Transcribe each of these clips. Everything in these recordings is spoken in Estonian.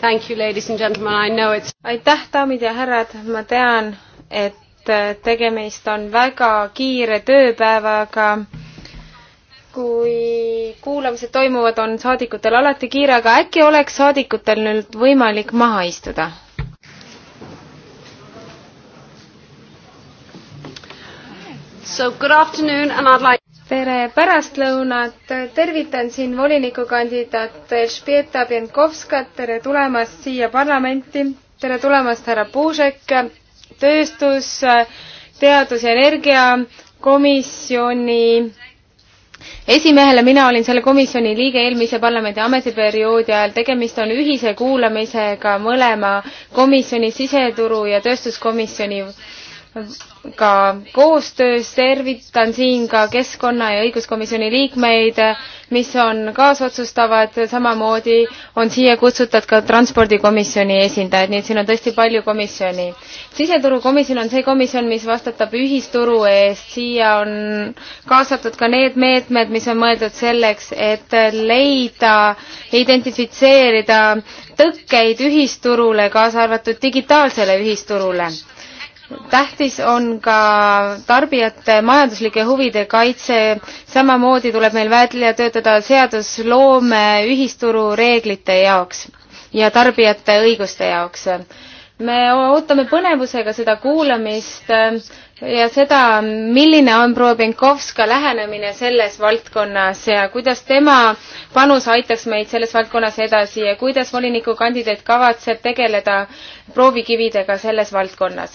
Thank you, ladies and gentlemen, I know it's aitäh, daamid ja härrad, ma tean, et tegemist on väga kiire tööpäevaga kui kuulamised toimuvad, on saadikutel alati kiire, aga äkki oleks saadikutel nüüd võimalik maha istuda? So good afternoon and I'd like tere pärastlõunat, tervitan siin volinikukandidaat Elžbieta Pienkovskat, tere tulemast siia parlamenti, tere tulemast, härra Puusek, tööstus, teadus ja energiakomisjoni esimehele, mina olin selle komisjoni liige eelmise parlamendi ametiperioodi ajal, tegemist on ühise kuulamisega mõlema komisjoni, siseturu ja tööstuskomisjoni ka koostöös, tervitan siin ka keskkonna ja õiguskomisjoni liikmeid, mis on kaasotsustavad, samamoodi on siia kutsutud ka transpordikomisjoni esindajad, nii et siin on tõesti palju komisjoni. siseturukomisjon on see komisjon, mis vastutab ühisturu eest, siia on kaasatud ka need meetmed, mis on mõeldud selleks, et leida, identifitseerida tõkkeid ühisturule, kaasa arvatud digitaalsele ühisturule tähtis on ka tarbijate majanduslike huvide kaitse, samamoodi tuleb meil välja töötada seadusloome ühisturu reeglite jaoks ja tarbijate õiguste jaoks. me ootame põnevusega seda kuulamist ja seda, milline on proua Benkovska lähenemine selles valdkonnas ja kuidas tema panus aitaks meid selles valdkonnas edasi ja kuidas volinikukandidaat kavatseb tegeleda proovikividega selles valdkonnas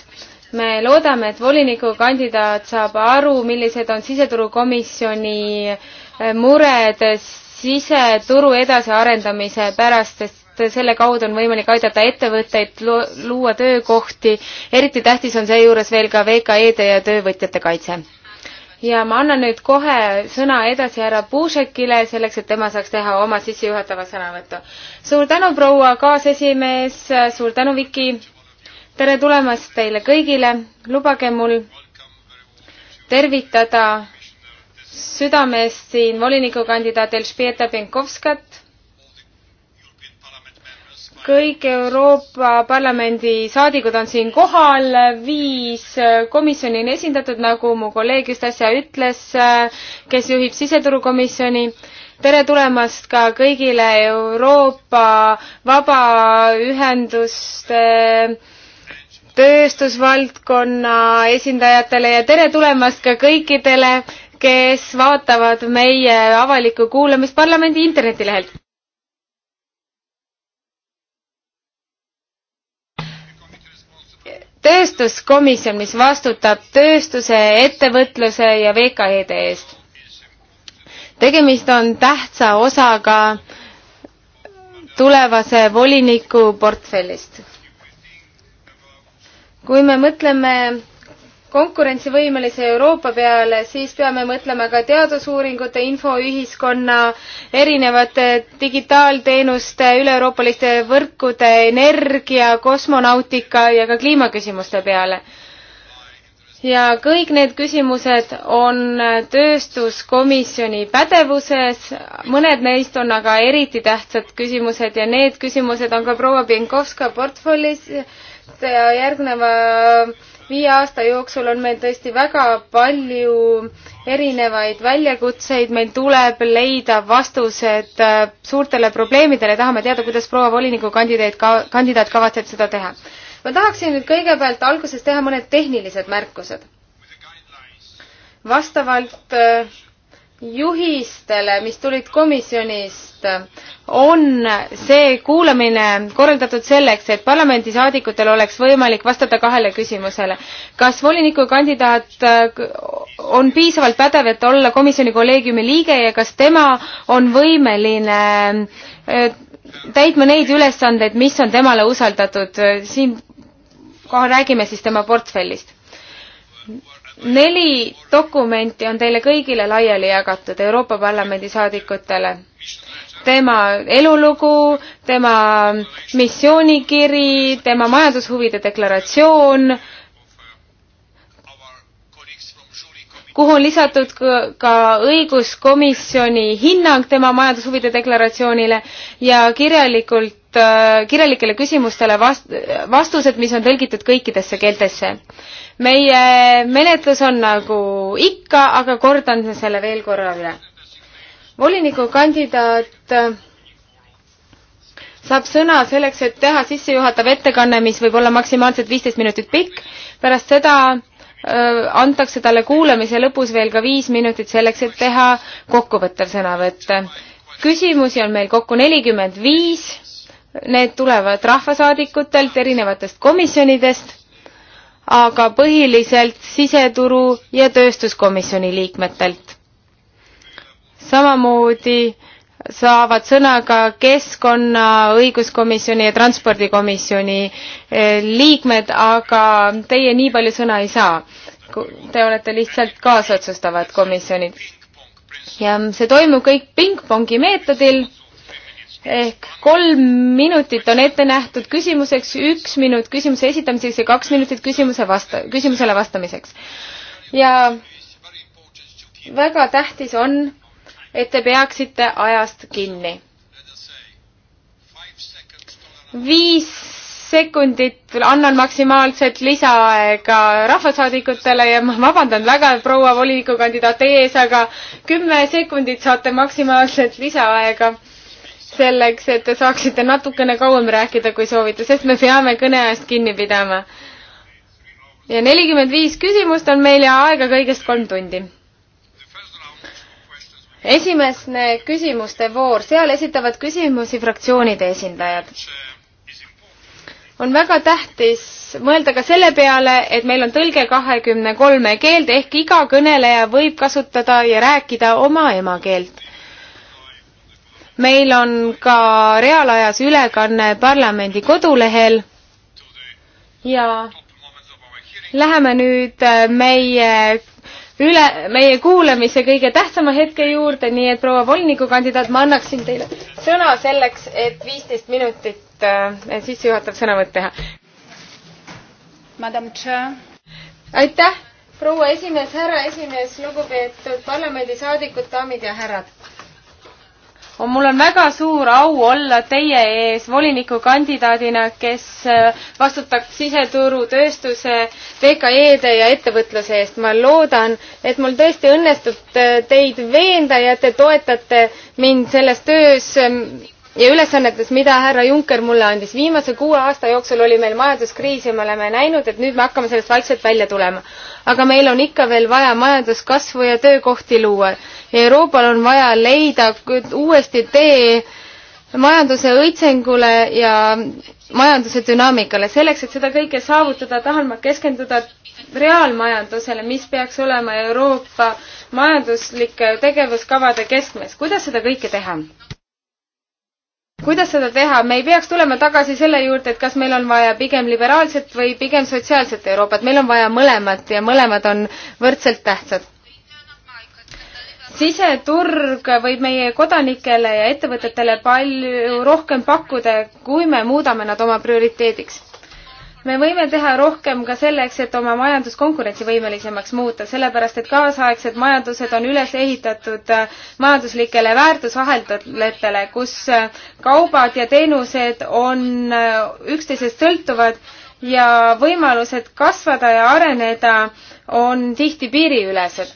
me loodame, et volinikukandidaat saab aru, millised on siseturukomisjoni eh, mured siseturu edasiarendamise pärast, sest selle kaudu on võimalik aidata ettevõtteid luua töökohti. eriti tähtis on seejuures veel ka VKE-de ja töövõtjate kaitse. ja ma annan nüüd kohe sõna edasi härra Puušekile, selleks et tema saaks teha oma sissejuhatava sõnavõttu. suur tänu, proua kaasesimees, suur tänu, Viki tere tulemast teile kõigile, lubage mul tervitada südamest siin volinikukandidaat Elžbieta Benkovskat, kõik Euroopa Parlamendi saadikud on siin kohal, viis komisjoni on esindatud, nagu mu kolleeg just äsja ütles, kes juhib siseturukomisjoni. tere tulemast ka kõigile Euroopa Vabaühenduste äh, tööstusvaldkonna esindajatele ja tere tulemast ka kõikidele, kes vaatavad meie avalikku kuulamist parlamendi internetilehelt. tööstuskomisjon, mis vastutab tööstuse, ettevõtluse ja VKE-de eest. tegemist on tähtsa osaga tulevase voliniku portfellist kui me mõtleme konkurentsivõimelise Euroopa peale, siis peame mõtlema ka teadusuuringute, infoühiskonna, erinevate digitaalteenuste, üle-euroopaliste võrkude, energia, kosmonautika ja ka kliimaküsimuste peale. ja kõik need küsimused on tööstuskomisjoni pädevuses, mõned neist on aga eriti tähtsad küsimused ja need küsimused on ka proua Pinkovska portfellis Äh, järgneva viie aasta jooksul on meil tõesti väga palju erinevaid väljakutseid, meil tuleb leida vastused äh, suurtele probleemidele, tahame teada, kuidas proua volinikukandidaat ka,, kandidaat kavatseb seda teha. ma tahaksin nüüd kõigepealt alguses teha mõned tehnilised märkused. vastavalt äh, juhistele, mis tulid komisjonist, on see kuulamine korraldatud selleks, et parlamendisaadikutel oleks võimalik vastata kahele küsimusele. kas volinikukandidaat äh, on piisavalt pädev, et olla komisjoni kolleegiumi liige ja kas tema on võimeline äh, täitma neid ülesandeid, mis on temale usaldatud, siin kohe räägime siis tema portfellist neli dokumenti on teile kõigile laiali jagatud Euroopa Parlamendi saadikutele. tema elulugu, tema missioonikiri, tema majandushuvide deklaratsioon, kuhu on lisatud ka õiguskomisjoni hinnang tema majandushuvide deklaratsioonile ja kirjalikult, äh, kirjalikele küsimustele vast-, vastused, mis on tõlgitud kõikidesse keeltesse. meie menetlus on nagu ikka, aga kordan selle veel korra üle. volinikukandidaat äh, saab sõna selleks, et teha sissejuhatav ettekanne, mis võib olla maksimaalselt viisteist minutit pikk, pärast seda Äh, antakse talle kuulamise lõpus veel ka viis minutit selleks, et teha kokkuvõttev sõnavõtt. küsimusi on meil kokku nelikümmend viis, need tulevad rahvasaadikutelt erinevatest komisjonidest, aga põhiliselt siseturu ja tööstuskomisjoni liikmetelt. samamoodi äh, saavad sõna ka keskkonna, õiguskomisjoni ja transpordikomisjoni eh, liikmed, aga teie nii palju sõna ei saa. Te olete lihtsalt kaasotsustavad komisjonid. ja see toimub kõik pingpongi meetodil ehk kolm minutit on ette nähtud küsimuseks, üks minut küsimuse esitamiseks ja kaks minutit küsimuse vasta-, küsimusele vastamiseks. ja väga tähtis on, et te peaksite ajast kinni. viis sekundit annan maksimaalselt lisaaega rahvasaadikutele ja ma vabandan väga proua volinikukandidaat teie ees, aga kümme sekundit saate maksimaalselt lisaaega selleks, et te saaksite natukene kauem rääkida, kui soovite, sest me peame kõneajast kinni pidama. ja nelikümmend viis küsimust on meil ja aega kõigest kolm tundi esimene küsimuste voor, seal esitavad küsimusi fraktsioonide esindajad. on väga tähtis mõelda ka selle peale, et meil on tõlge kahekümne kolme keelde ehk iga kõneleja võib kasutada ja rääkida oma emakeelt. meil on ka reaalajas ülekanne parlamendi kodulehel ja läheme nüüd meie üle meie kuulamise kõige tähtsama hetke juurde, nii et proua volinikukandidaat, ma annaksin teile sõna selleks, et viisteist minutit äh, sissejuhatav sõnavõtt teha. aitäh, proua esimees, härra esimees, lugupeetud parlamendisaadikud, daamid ja härrad on, mul on väga suur au olla teie ees volinikukandidaadina, kes äh, vastutab siseturu, tööstuse, VKE-de ja ettevõtluse eest. ma loodan, et mul tõesti õnnestub äh, teid veenda ja te toetate mind selles töös ähm, ja ülesannetes, mida härra Juncker mulle andis. viimase kuue aasta jooksul oli meil majanduskriis ja me oleme näinud, et nüüd me hakkame sellest vaikselt välja tulema. aga meil on ikka veel vaja majanduskasvu ja töökohti luua. ja Euroopal on vaja leida uuesti tee majanduse õitsengule ja majanduse dünaamikale. selleks, et seda kõike saavutada, tahan ma keskenduda reaalmajandusele, mis peaks olema Euroopa majanduslike tegevuskavade keskmes. kuidas seda kõike teha? kuidas seda teha, me ei peaks tulema tagasi selle juurde, et kas meil on vaja pigem liberaalset või pigem sotsiaalset Euroopat, meil on vaja mõlemat ja mõlemad on võrdselt tähtsad. siseturg võib meie kodanikele ja ettevõtetele palju rohkem pakkuda, kui me muudame nad oma prioriteediks me võime teha rohkem ka selleks, et oma majandus konkurentsivõimelisemaks muuta, sellepärast et kaasaegsed majandused on üles ehitatud äh, majanduslikele väärtusaheldatele, kus äh, kaubad ja teenused on äh, üksteisest sõltuvad ja võimalused kasvada ja areneda on tihti piiriülesed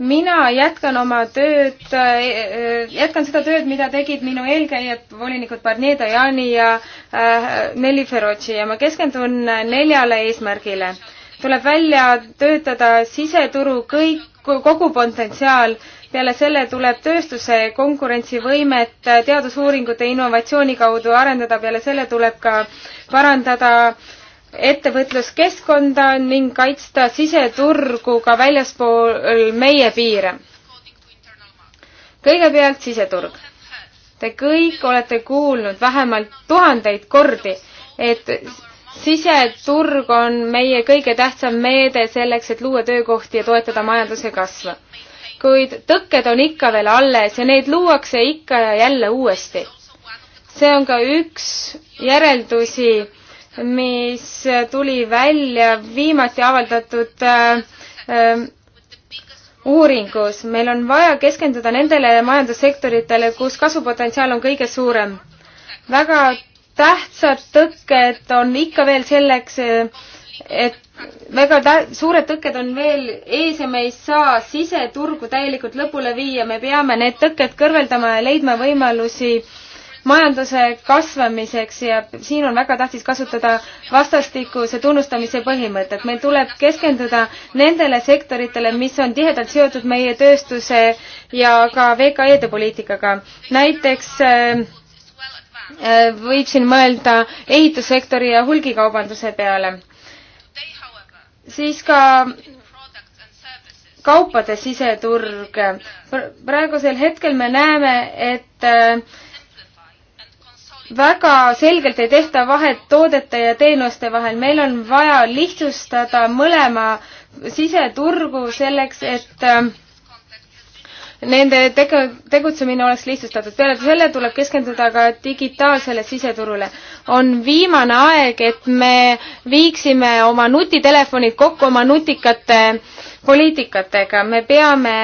mina jätkan oma tööd, äh, äh, jätkan seda tööd, mida tegid minu eelkäijad, volinikud Barnier, Tajani ja äh, Nelli Ferrocci ja ma keskendun neljale eesmärgile. tuleb välja töötada siseturu kõik, kogu potentsiaal peale selle tuleb tööstuse konkurentsivõimet teadusuuringute innovatsiooni kaudu arendada, peale selle tuleb ka parandada ettevõtluskeskkonda ning kaitsta siseturgu ka väljaspool meie piire. kõigepealt siseturg. Te kõik olete kuulnud vähemalt tuhandeid kordi, et siseturg on meie kõige tähtsam meede selleks, et luua töökohti ja toetada majanduse kasvu. kuid tõkked on ikka veel alles ja neid luuakse ikka ja jälle uuesti. see on ka üks järeldusi mis tuli välja viimati avaldatud äh, äh, uuringus. meil on vaja keskenduda nendele majandussektoritele, kus kasvupotentsiaal on kõige suurem. väga tähtsad tõkked on ikka veel selleks, et väga tä-, suured tõkked on veel ees ja me ei saa siseturgu täielikult lõpule viia, me peame need tõkked kõrveldama ja leidma võimalusi äh, majanduse kasvamiseks ja siin on väga tähtis kasutada vastastikuse tunnustamise põhimõtet. meil tuleb keskenduda nendele sektoritele, mis on tihedalt seotud meie tööstuse ja ka VKE-de poliitikaga. näiteks äh, äh, võib siin mõelda ehitussektori ja hulgikaubanduse peale. siis ka kaupade siseturg. praegusel hetkel me näeme, et äh, väga selgelt ei tehta vahet toodete ja teenuste vahel, meil on vaja lihtsustada mõlema siseturgu selleks, et ähm, nende tege-, tegutsemine oleks lihtsustatud. peale selle tuleb keskenduda ka digitaalsele siseturule. on viimane aeg, et me viiksime oma nutitelefonid kokku oma nutikate äh, poliitikatega, me peame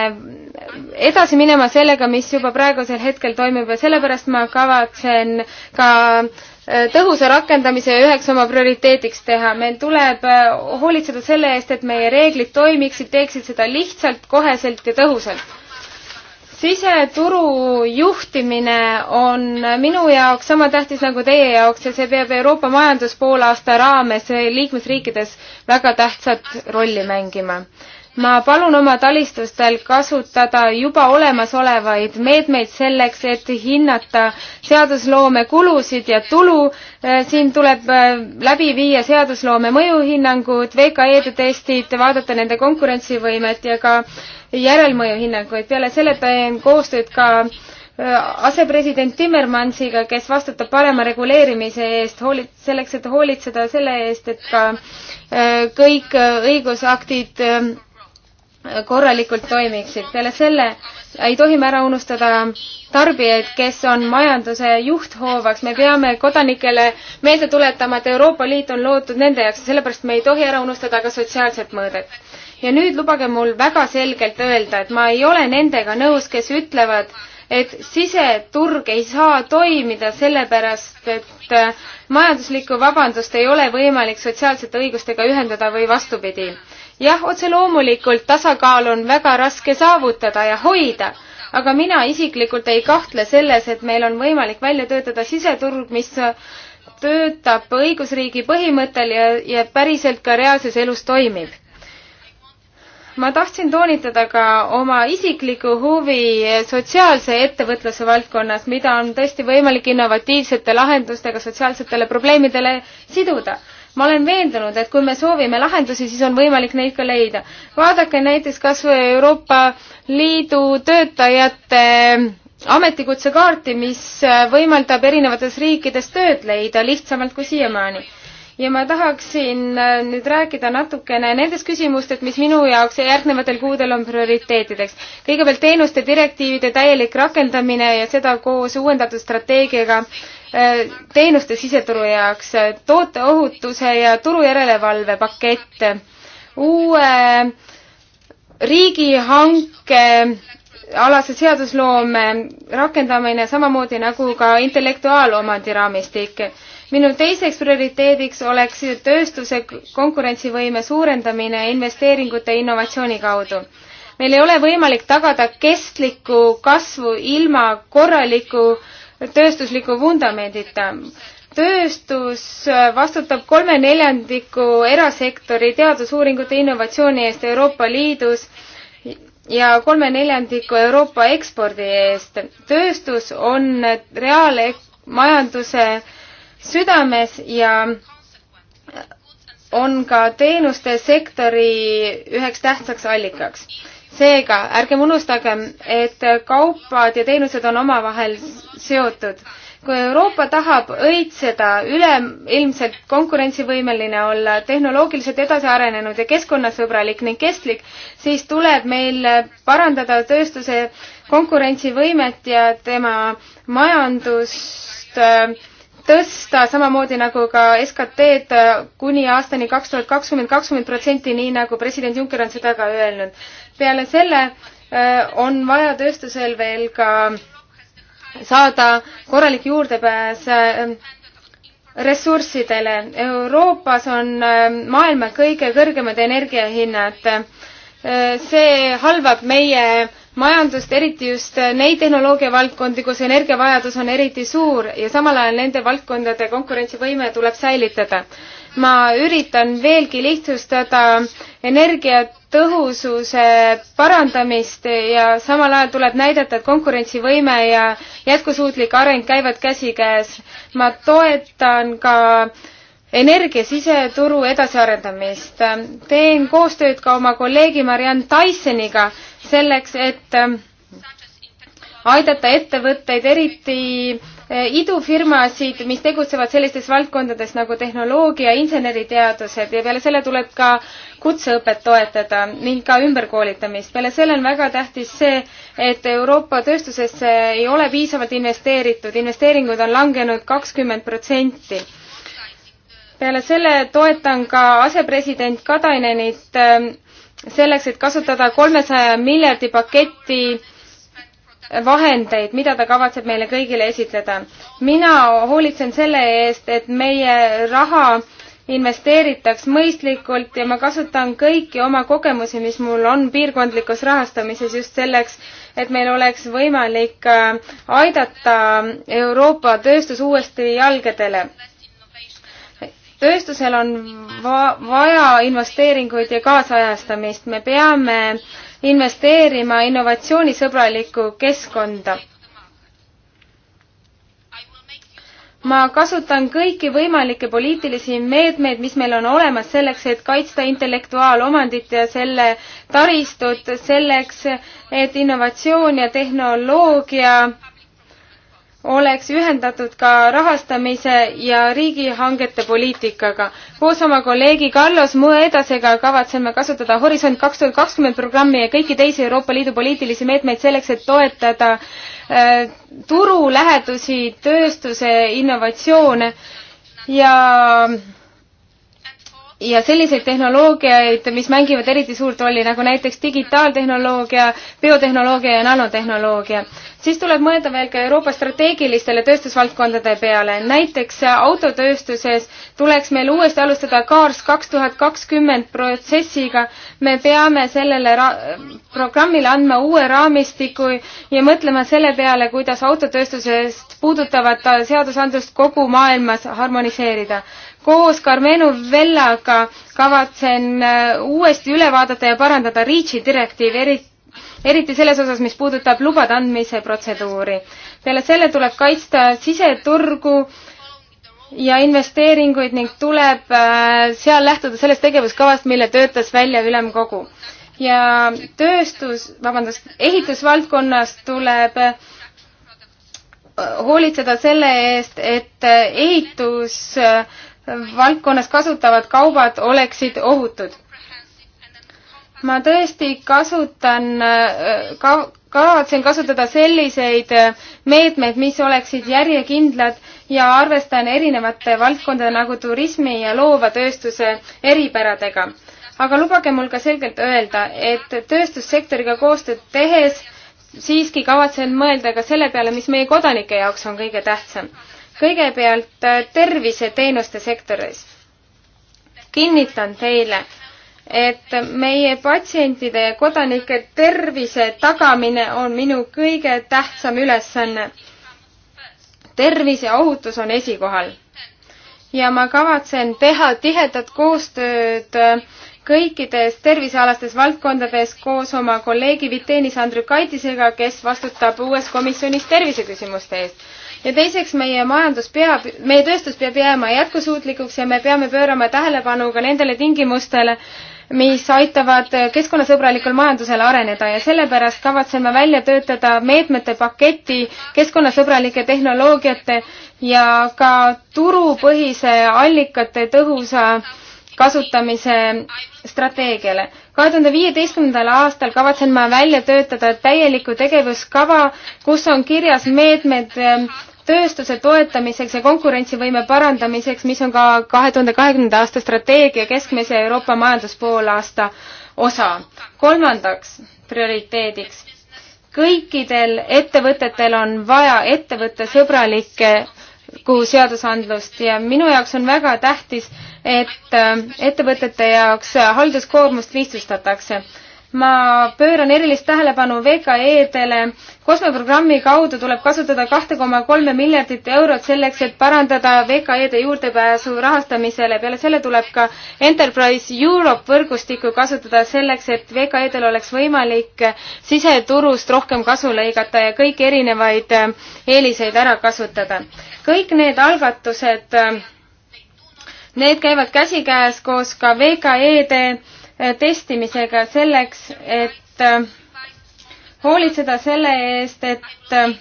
edasi minema sellega, mis juba praegusel hetkel toimub ja sellepärast ma kavatsen ka äh, tõhusa rakendamise üheks oma prioriteediks teha. meil tuleb äh, hoolitseda selle eest, et meie reeglid toimiksid, teeksid seda lihtsalt, koheselt ja tõhusalt. siseturu juhtimine on minu jaoks sama tähtis nagu teie jaoks ja see peab Euroopa majanduspoolaasta raames liikmesriikides väga tähtsat rolli mängima ma palun oma talistustel kasutada juba olemasolevaid meetmeid selleks, et hinnata seadusloome kulusid ja tulu. Eh, siin tuleb eh, läbi viia seadusloome mõjuhinnangud, VKE-de testid, vaadata nende konkurentsivõimet ja ka järelmõjuhinnanguid. peale selle teen koostööd ka eh, asepresident Timmermansiga, kes vastutab parema reguleerimise eest, hoolit-, selleks, et hoolitseda selle eest, et ka kõik õigusaktid korralikult toimiksid. peale selle ei tohi me ära unustada tarbijaid, kes on majanduse juhthoovaks. me peame kodanikele meelde tuletama, et Euroopa Liit on loodud nende jaoks ja sellepärast me ei tohi ära unustada ka sotsiaalset mõõdet. ja nüüd lubage mul väga selgelt öelda, et ma ei ole nendega nõus, kes ütlevad, et siseturg ei saa toimida sellepärast, et äh, majanduslikku vabandust ei ole võimalik sotsiaalsete õigustega ühendada või vastupidi jah, otse loomulikult tasakaal on väga raske saavutada ja hoida, aga mina isiklikult ei kahtle selles, et meil on võimalik välja töötada siseturg, mis töötab õigusriigi põhimõttel ja, ja päriselt ka reaalses elus toimib. ma tahtsin toonitada ka oma isiklikku huvi sotsiaalse ettevõtluse valdkonnas, mida on tõesti võimalik innovatiivsete lahendustega sotsiaalsetele probleemidele siduda ma olen veendunud, et kui me soovime lahendusi, siis on võimalik neid ka leida. vaadake näiteks kas või Euroopa Liidu töötajate ametikutsekaarti, mis võimaldab erinevates riikides tööd leida lihtsamalt kui siiamaani ja ma tahaksin äh, nüüd rääkida natukene nendest küsimustest, mis minu jaoks järgnevatel kuudel on prioriteetideks. kõigepealt teenuste direktiivide täielik rakendamine ja seda koos uuendatud strateegiaga äh, teenuste siseturu jaoks, äh, tooteohutuse ja turujärelevalve pakett, uue riigihanke alase seadusloome rakendamine, samamoodi nagu ka intellektuaalomandi raamistik minu teiseks prioriteediks oleks tööstuse konkurentsivõime suurendamine investeeringute innovatsiooni kaudu. meil ei ole võimalik tagada kestlikku kasvu ilma korraliku tööstusliku vundamendita. tööstus vastutab kolme neljandiku erasektori teadusuuringute innovatsiooni eest Euroopa Liidus ja kolme neljandiku Euroopa ekspordi eest. tööstus on reaalmajanduse südames ja on ka teenuste sektori üheks tähtsaks allikaks. seega ärgem unustagem, et kaupad ja teenused on omavahel seotud. kui Euroopa tahab õitseda üleilmselt konkurentsivõimeline olla, tehnoloogiliselt edasi arenenud ja keskkonnasõbralik ning kestlik, siis tuleb meil parandada tööstuse konkurentsivõimet ja tema majandust äh, tõsta samamoodi nagu ka SKT-d äh, kuni aastani kaks tuhat kakskümmend kakskümmend protsenti, nii nagu president Juncker on seda ka öelnud. peale selle äh, on vaja tööstusel veel ka saada korralik juurdepääs äh, ressurssidele. Euroopas on maailma kõige kõrgemad energiahinnad. see halvab meie majandust, eriti just neid tehnoloogiavaldkondi, kus energiavajadus on eriti suur ja samal ajal nende valdkondade konkurentsivõime tuleb säilitada. ma üritan veelgi lihtsustada energiatõhususe parandamist ja samal ajal tuleb näidata, et konkurentsivõime ja jätkusuutlik areng käivad käsikäes. ma toetan ka energia siseturu edasiarendamist. teen koostööd ka oma kolleegi Marianne Tysoniga selleks, et ähm, aidata ettevõtteid, eriti äh, idufirmasid, mis tegutsevad sellistes valdkondades nagu tehnoloogia, inseneriteadused ja peale selle tuleb ka kutseõpet toetada ning ka ümberkoolitamist. peale selle on väga tähtis see, et Euroopa tööstusesse ei ole piisavalt investeeritud, investeeringud on langenud kakskümmend protsenti. peale selle toetan ka asepresident Katainenit ähm, selleks, et kasutada kolmesaja miljardi paketti vahendeid, mida ta kavatseb meile kõigile esitleda. mina hoolitsen selle eest, et meie raha investeeritaks mõistlikult ja ma kasutan kõiki oma kogemusi, mis mul on piirkondlikus rahastamises just selleks, et meil oleks võimalik aidata Euroopa tööstus uuesti jalgadele tööstusel on va vaja investeeringuid ja kaasajastamist, me peame investeerima innovatsioonisõbralikku keskkonda. ma kasutan kõiki võimalikke poliitilisi meetmeid, mis meil on olemas selleks, et kaitsta intellektuaalomandit ja selle taristut, selleks, et innovatsioon ja tehnoloogia oleks ühendatud ka rahastamise ja riigihangete poliitikaga. koos oma kolleegi Carlos Moedasega kavatseme kasutada Horisont kaks tuhat kakskümmend programmi ja kõiki teisi Euroopa Liidu poliitilisi meetmeid selleks, et toetada äh, turulähedusi, tööstuse innovatsioone ja äh, ja selliseid tehnoloogiaid, mis mängivad eriti suurt rolli, nagu näiteks digitaaltehnoloogia, biotehnoloogia ja nanotehnoloogia. siis tuleb mõelda veel ka Euroopa strateegilistele tööstusvaldkondade peale. näiteks autotööstuses tuleks meil uuesti alustada Cars kaks tuhat kakskümmend protsessiga. me peame sellele programmile andma uue raamistiku ja mõtlema selle peale, kuidas autotööstusest puudutavat seadusandlust kogu maailmas harmoniseerida koos Carmenu Vellaga kavatsen äh, uuesti üle vaadata ja parandada REACH-i direktiivi, eriti eriti selles osas, mis puudutab lubade andmise protseduuri. peale selle tuleb kaitsta siseturgu ja investeeringuid ning tuleb äh, seal lähtuda sellest tegevuskavast, mille töötas välja ülemkogu. ja tööstus, vabandust, ehitusvaldkonnas tuleb äh, hoolitseda selle eest, et ehitus valdkonnas kasutavad kaubad oleksid ohutud. ma tõesti kasutan ka,, kavatsen kasutada selliseid meetmeid, mis oleksid järjekindlad ja arvestan erinevate valdkondade nagu turismi ja loova tööstuse eripäradega. aga lubage mul ka selgelt öelda, et tööstussektoriga koostööd tehes siiski kavatsen mõelda ka selle peale, mis meie kodanike jaoks on kõige tähtsam kõigepealt äh, terviseteenuste sektoris. kinnitan teile, et meie patsientide ja kodanike tervise tagamine on minu kõige tähtsam ülesanne. terviseohutus on esikohal ja ma kavatsen teha tihedat koostööd äh, kõikides tervisealastes valdkondades koos oma kolleegi Vitenis Andrukaitisega, kes vastutab uues komisjonis terviseküsimuste eest ja teiseks, meie majandus peab, meie tööstus peab jääma jätkusuutlikuks ja me peame pöörama tähelepanu ka nendele tingimustele, mis aitavad keskkonnasõbralikul majandusel areneda ja sellepärast kavatsen ma välja töötada meetmete paketi keskkonnasõbralike tehnoloogiate ja ka turupõhise allikate tõhusa äh, kasutamise strateegiale. kahe tuhande viieteistkümnendal aastal kavatsen ma välja töötada täieliku tegevuskava, kus on kirjas meetmed ähm, tööstuse toetamiseks ja konkurentsivõime parandamiseks, mis on ka kahe tuhande kahekümnenda aasta strateegia keskmise Euroopa majanduspoolaasta osa. kolmandaks prioriteediks. kõikidel ettevõtetel on vaja ettevõttesõbralikke seadusandlust ja minu jaoks on väga tähtis, et äh, ettevõtete jaoks äh, halduskoormust lihtsustatakse. ma pööran erilist tähelepanu VKE-dele. kosmoprogrammi kaudu tuleb kasutada kahte koma kolme miljardit eurot selleks, et parandada VKE-de juurdepääsu rahastamisele. peale selle tuleb ka Enterprise Europe võrgustikku kasutada selleks, et VKE-del oleks võimalik siseturust rohkem kasu lõigata ja kõiki erinevaid äh, eeliseid ära kasutada. kõik need algatused Need käivad käsikäes koos ka VKE-de eh, testimisega selleks, et eh, hoolitseda selle eest, et eh,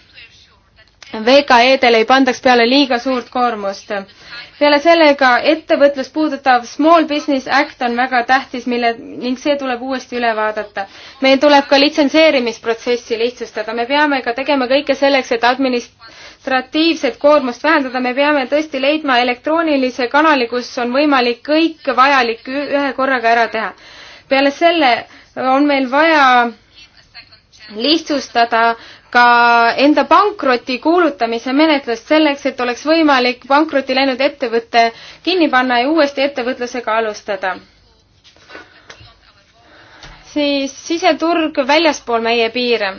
VKE-del ei pandaks peale liiga suurt koormust. peale sellega ettevõtlust puudutav Small Business Act on väga tähtis, mille ning see tuleb uuesti üle vaadata. meil tuleb ka litsenseerimisprotsessi lihtsustada, me peame ka tegema kõike selleks, et administratiivset koormust vähendada, me peame tõesti leidma elektroonilise kanali, kus on võimalik kõik vajalik ühe korraga ära teha. peale selle on meil vaja lihtsustada ka enda pankroti kuulutamise menetlust selleks, et oleks võimalik pankrotti läinud ettevõte kinni panna ja uuesti ettevõtlusega alustada. siis siseturg väljaspool meie piire.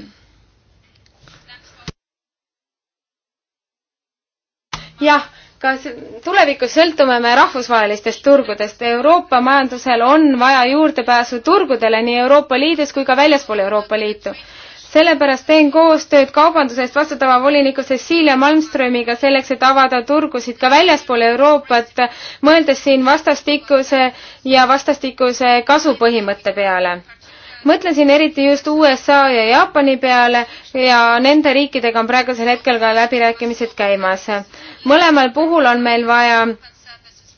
jah kas tulevikus sõltume me rahvusvahelistest turgudest? Euroopa majandusel on vaja juurdepääsu turgudele nii Euroopa Liidus kui ka väljaspool Euroopa Liitu. sellepärast teen koostööd kaubandusest vastutava voliniku Cecilia Malmströmiga selleks, et avada turgusid ka väljaspool Euroopat, mõeldes siin vastastikuse ja vastastikuse kasu põhimõtte peale mõtlesin eriti just USA ja Jaapani peale ja nende riikidega on praegusel hetkel ka läbirääkimised käimas. mõlemal puhul on meil vaja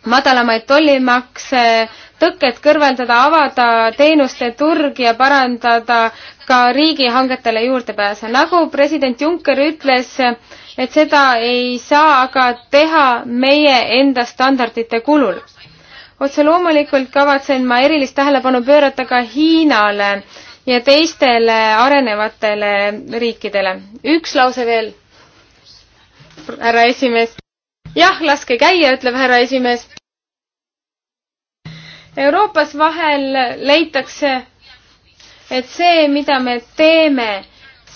madalamaid tollimakse, tõkked kõrvaldada, avada teenuste turg ja parandada ka riigihangetele juurdepääse. nagu president Juncker ütles, et seda ei saa aga teha meie enda standardite kulul otse loomulikult kavatsen ma erilist tähelepanu pöörata ka Hiinale ja teistele arenevatele riikidele. üks lause veel, härra esimees. jah, laske käia, ütleb härra esimees. Euroopas vahel leitakse, et see, mida me teeme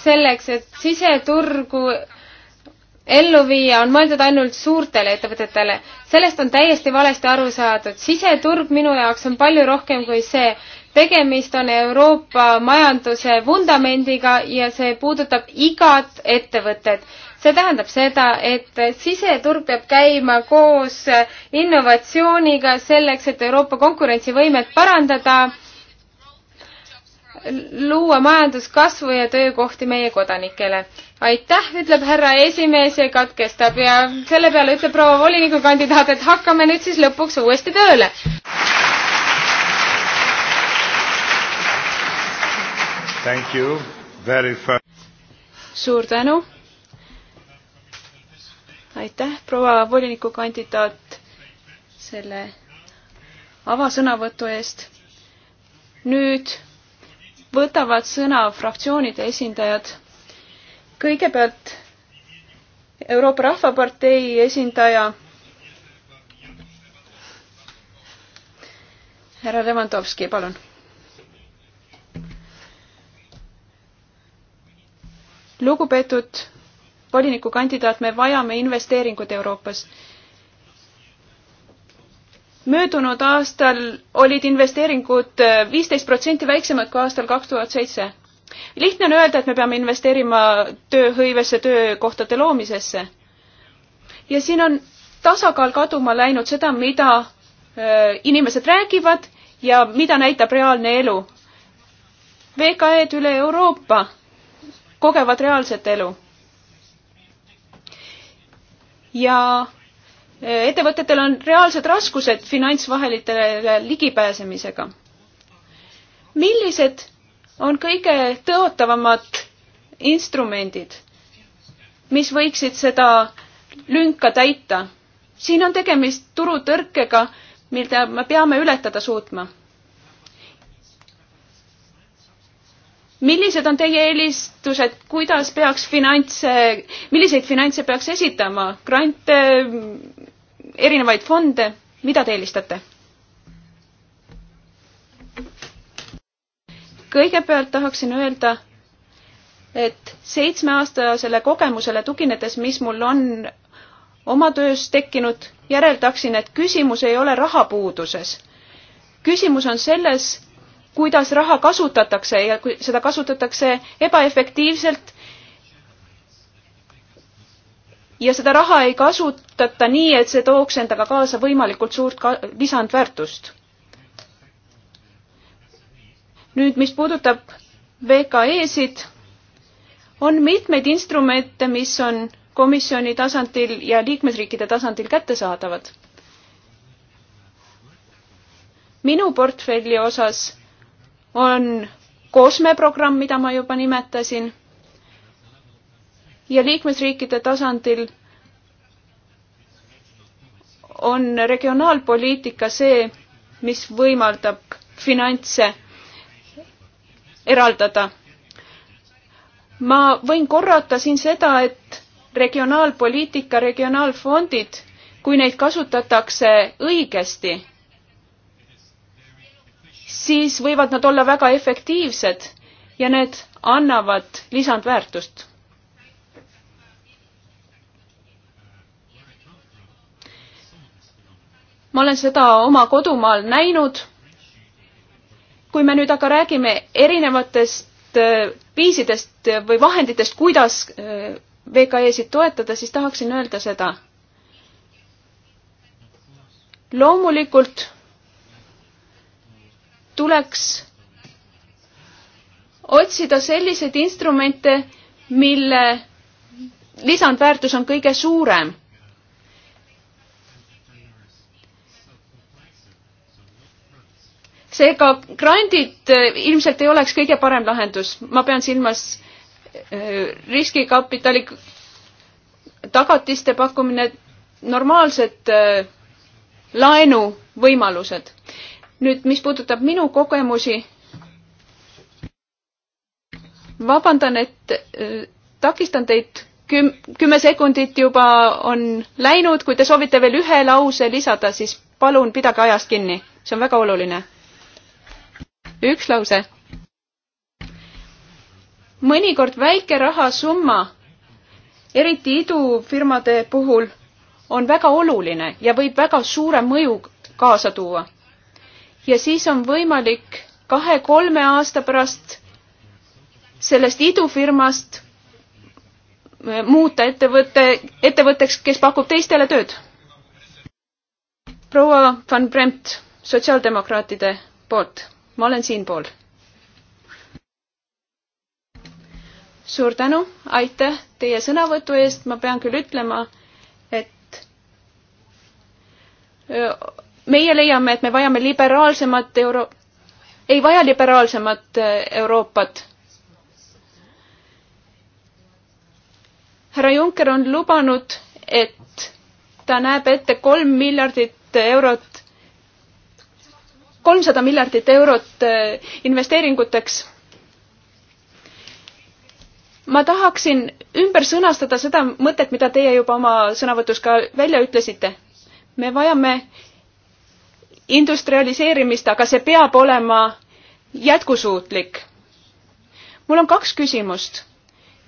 selleks, et siseturgu ellu viia, on mõeldud ainult suurtele ettevõtetele. sellest on täiesti valesti aru saadud. siseturg minu jaoks on palju rohkem kui see. tegemist on Euroopa majanduse vundamendiga ja see puudutab igat ettevõtet. see tähendab seda, et siseturg peab käima koos innovatsiooniga selleks, et Euroopa konkurentsivõimet parandada luua majanduskasvu ja töökohti meie kodanikele. aitäh, ütleb härra esimees ja katkestab ja selle peale ütleb proua volinikukandidaat, et hakkame nüüd siis lõpuks uuesti tööle. suur tänu. aitäh, proua volinikukandidaat selle avasõnavõtu eest. nüüd võtavad sõna fraktsioonide esindajad. kõigepealt Euroopa Rahvapartei esindaja härra Levanovski, palun. lugupeetud volinikukandidaat, me vajame investeeringuid Euroopas möödunud aastal olid investeeringud äh, viisteist protsenti väiksemad kui aastal kaks tuhat seitse. lihtne on öelda, et me peame investeerima tööhõivesse, töökohtade loomisesse. ja siin on tasakaal kaduma läinud seda, mida äh, inimesed räägivad ja mida näitab reaalne elu. VKE-d üle Euroopa kogevad reaalset elu. ja ettevõtetel on reaalsed raskused finantsvahelitele ligipääsemisega. millised on kõige tõotavamad instrumendid, mis võiksid seda lünka täita? siin on tegemist turutõrkega, mida me peame ületada suutma millised on teie eelistused, kuidas peaks finantse, milliseid finantse peaks esitama, grante, erinevaid fonde, mida te eelistate? kõigepealt tahaksin öelda, et seitsmeaastasele kogemusele tuginedes, mis mul on oma töös tekkinud, järeldaksin, et küsimus ei ole rahapuuduses. küsimus on selles, kuidas raha kasutatakse ja kui seda kasutatakse ebaefektiivselt ja seda raha ei kasutata nii, et see tooks endaga kaasa võimalikult suurt ka lisandväärtust. nüüd, mis puudutab VKE-sid, on mitmeid instrumente, mis on komisjoni tasandil ja liikmesriikide tasandil kättesaadavad. minu portfelli osas on COSME programm, mida ma juba nimetasin, ja liikmesriikide tasandil on regionaalpoliitika see, mis võimaldab finantse eraldada. ma võin korrata siin seda, et regionaalpoliitika, regionaalfondid, kui neid kasutatakse õigesti, siis võivad nad olla väga efektiivsed ja need annavad lisandväärtust. ma olen seda oma kodumaal näinud. kui me nüüd aga räägime erinevatest äh, viisidest või vahenditest, kuidas äh, VKE-sid toetada, siis tahaksin öelda seda. loomulikult tuleks otsida selliseid instrumente, mille lisandväärtus on kõige suurem. seega grandid äh, ilmselt ei oleks kõige parem lahendus, ma pean silmas äh, riskikapitali tagatiste pakkumine, normaalsed äh, laenuvõimalused nüüd, mis puudutab minu kogemusi, vabandan, et äh, takistan teid küm-, kümme sekundit juba on läinud, kui te soovite veel ühe lause lisada, siis palun pidage ajast kinni, see on väga oluline. üks lause. mõnikord väike rahasumma, eriti idufirmade puhul, on väga oluline ja võib väga suure mõju kaasa tuua ja siis on võimalik kahe-kolme aasta pärast sellest idufirmast eh, muuta ettevõte, ettevõtteks, kes pakub teistele tööd. proua Van Bremt sotsiaaldemokraatide poolt, ma olen siinpool. suur tänu, aitäh teie sõnavõtu eest, ma pean küll ütlema, et eh, meie leiame, et me vajame liberaalsemat euro-, ei vaja liberaalsemat äh, Euroopat. härra Juncker on lubanud, et ta näeb ette kolm miljardit eurot, kolmsada miljardit eurot äh, investeeringuteks. ma tahaksin ümber sõnastada seda mõtet, mida teie juba oma sõnavõtus ka välja ütlesite. me vajame industrialiseerimist, aga see peab olema jätkusuutlik. mul on kaks küsimust.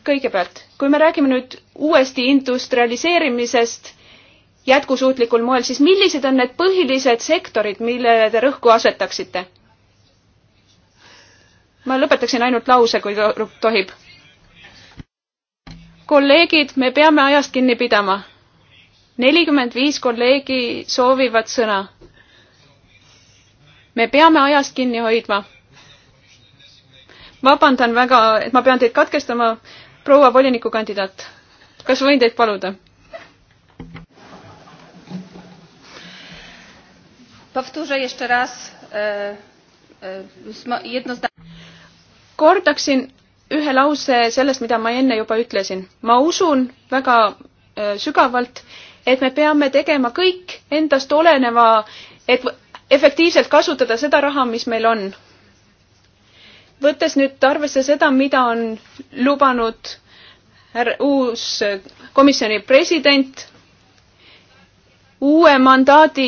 kõigepealt, kui me räägime nüüd uuesti industrialiseerimisest jätkusuutlikul moel, siis millised on need põhilised sektorid, millele te rõhku asetaksite? ma lõpetaksin ainult lause, kui tohib. kolleegid, me peame ajast kinni pidama. nelikümmend viis kolleegi soovivad sõna me peame ajast kinni hoidma. vabandan väga, et ma pean teid katkestama, proua volinikukandidaat. kas võin teid paluda? E, e, kordaksin ühe lause sellest, mida ma enne juba ütlesin. ma usun väga e, sügavalt, et me peame tegema kõik endast oleneva, et efektiivselt kasutada seda raha, mis meil on. võttes nüüd arvesse seda, mida on lubanud uus komisjoni president, uue mandaadi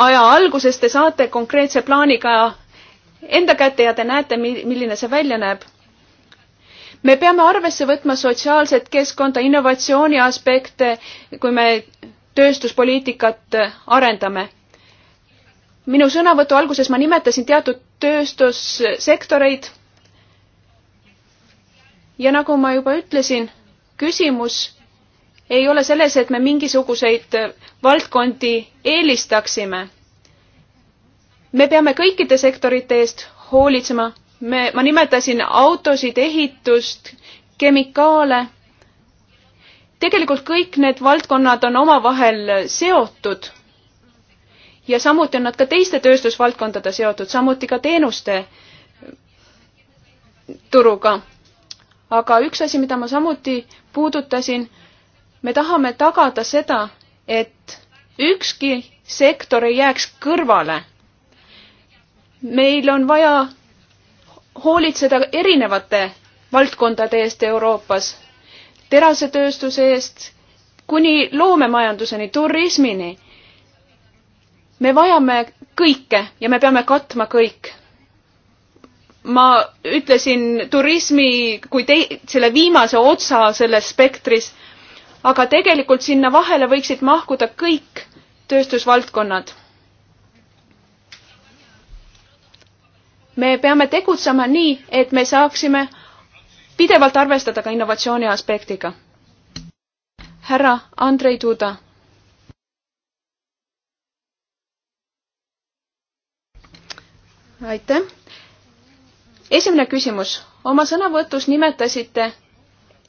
aja alguses te saate konkreetse plaaniga enda kätte ja te näete, milline see välja näeb. me peame arvesse võtma sotsiaalset keskkonda, innovatsiooni aspekte, kui me tööstuspoliitikat arendame minu sõnavõtu alguses ma nimetasin teatud tööstussektoreid. ja nagu ma juba ütlesin, küsimus ei ole selles, et me mingisuguseid valdkondi eelistaksime. me peame kõikide sektorite eest hoolitsema. me, ma nimetasin autosid, ehitust, kemikaale. tegelikult kõik need valdkonnad on omavahel seotud ja samuti on nad ka teiste tööstusvaldkondade seotud, samuti ka teenuste turuga. aga üks asi, mida ma samuti puudutasin, me tahame tagada seda, et ükski sektor ei jääks kõrvale. meil on vaja hoolitseda erinevate valdkondade eest Euroopas, terasetööstuse eest kuni loomemajanduseni, turismini me vajame kõike ja me peame katma kõik. ma ütlesin turismi kui tei-, selle viimase otsa selles spektris, aga tegelikult sinna vahele võiksid mahkuda kõik tööstusvaldkonnad. me peame tegutsema nii, et me saaksime pidevalt arvestada ka innovatsiooni aspektiga. härra Andrei Duda aitäh. esimene küsimus. oma sõnavõtus nimetasite,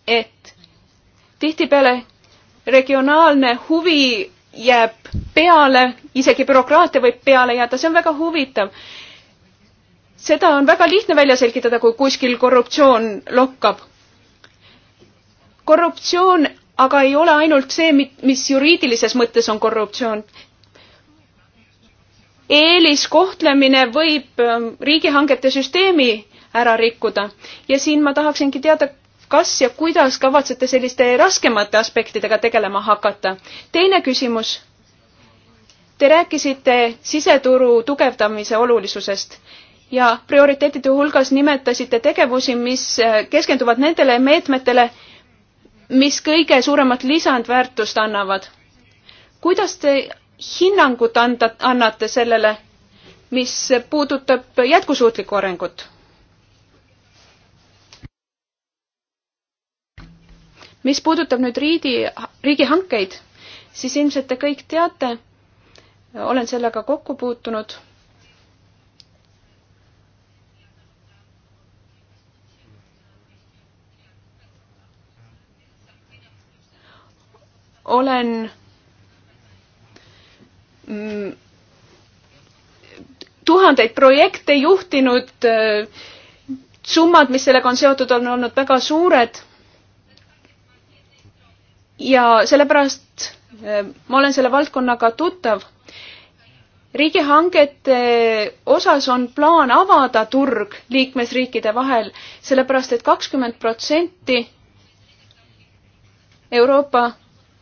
et tihtipeale regionaalne huvi jääb peale, isegi bürokraatia võib peale jääda, see on väga huvitav. seda on väga lihtne välja selgitada, kui kuskil korruptsioon lokkab. korruptsioon aga ei ole ainult see, mis juriidilises mõttes on korruptsioon eeliskohtlemine võib ähm, riigihangete süsteemi ära rikkuda ja siin ma tahaksingi teada, kas ja kuidas kavatsete selliste raskemate aspektidega tegelema hakata? teine küsimus. Te rääkisite siseturu tugevdamise olulisusest ja prioriteetide hulgas nimetasite tegevusi, mis äh, keskenduvad nendele meetmetele, mis kõige suuremat lisandväärtust annavad. kuidas te hinnangut anda, annate sellele, mis puudutab jätkusuutlikku arengut? mis puudutab nüüd riidi, riigihankeid, siis ilmselt te kõik teate, olen sellega kokku puutunud olen Mm, tuhandeid projekte juhtinud, äh, summad, mis sellega on seotud, on olnud väga suured. ja sellepärast äh, ma olen selle valdkonnaga tuttav. riigihangete äh, osas on plaan avada turg liikmesriikide vahel, sellepärast et kakskümmend protsenti Euroopa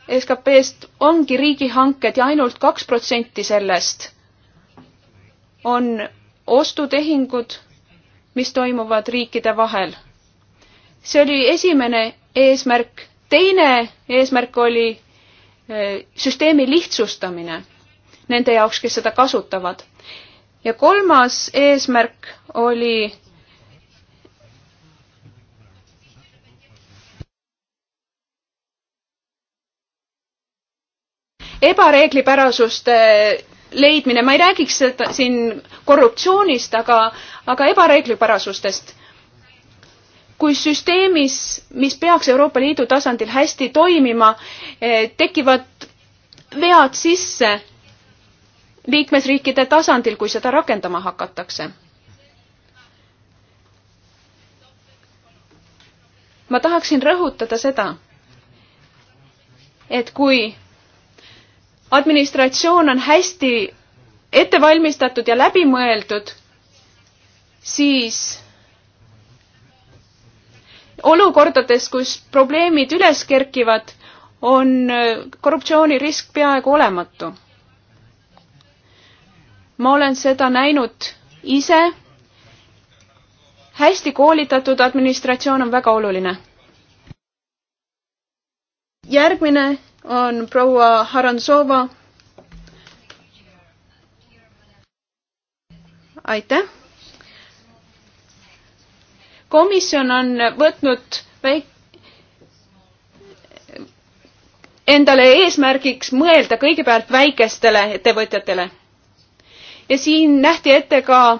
SKP-st ongi riigihanked ja ainult kaks protsenti sellest on ostutehingud, mis toimuvad riikide vahel. see oli esimene eesmärk. teine eesmärk oli eh, süsteemi lihtsustamine nende jaoks, kes seda kasutavad. ja kolmas eesmärk oli ebareeglipärasuste eh, leidmine, ma ei räägiks seda siin korruptsioonist, aga, aga ebareeglipärasustest. kui süsteemis, mis peaks Euroopa Liidu tasandil hästi toimima, eh, tekivad vead sisse liikmesriikide tasandil, kui seda rakendama hakatakse ma tahaksin rõhutada seda, et kui administratsioon on hästi ette valmistatud ja läbimõeldud, siis olukordades, kus probleemid üles kerkivad, on äh, korruptsioonirisk peaaegu olematu. ma olen seda näinud ise. hästi koolitatud administratsioon on väga oluline. järgmine on proua Harantsova. aitäh. komisjon on võtnud väik-, endale eesmärgiks mõelda kõigepealt väikestele ettevõtjatele. ja siin nähti ette ka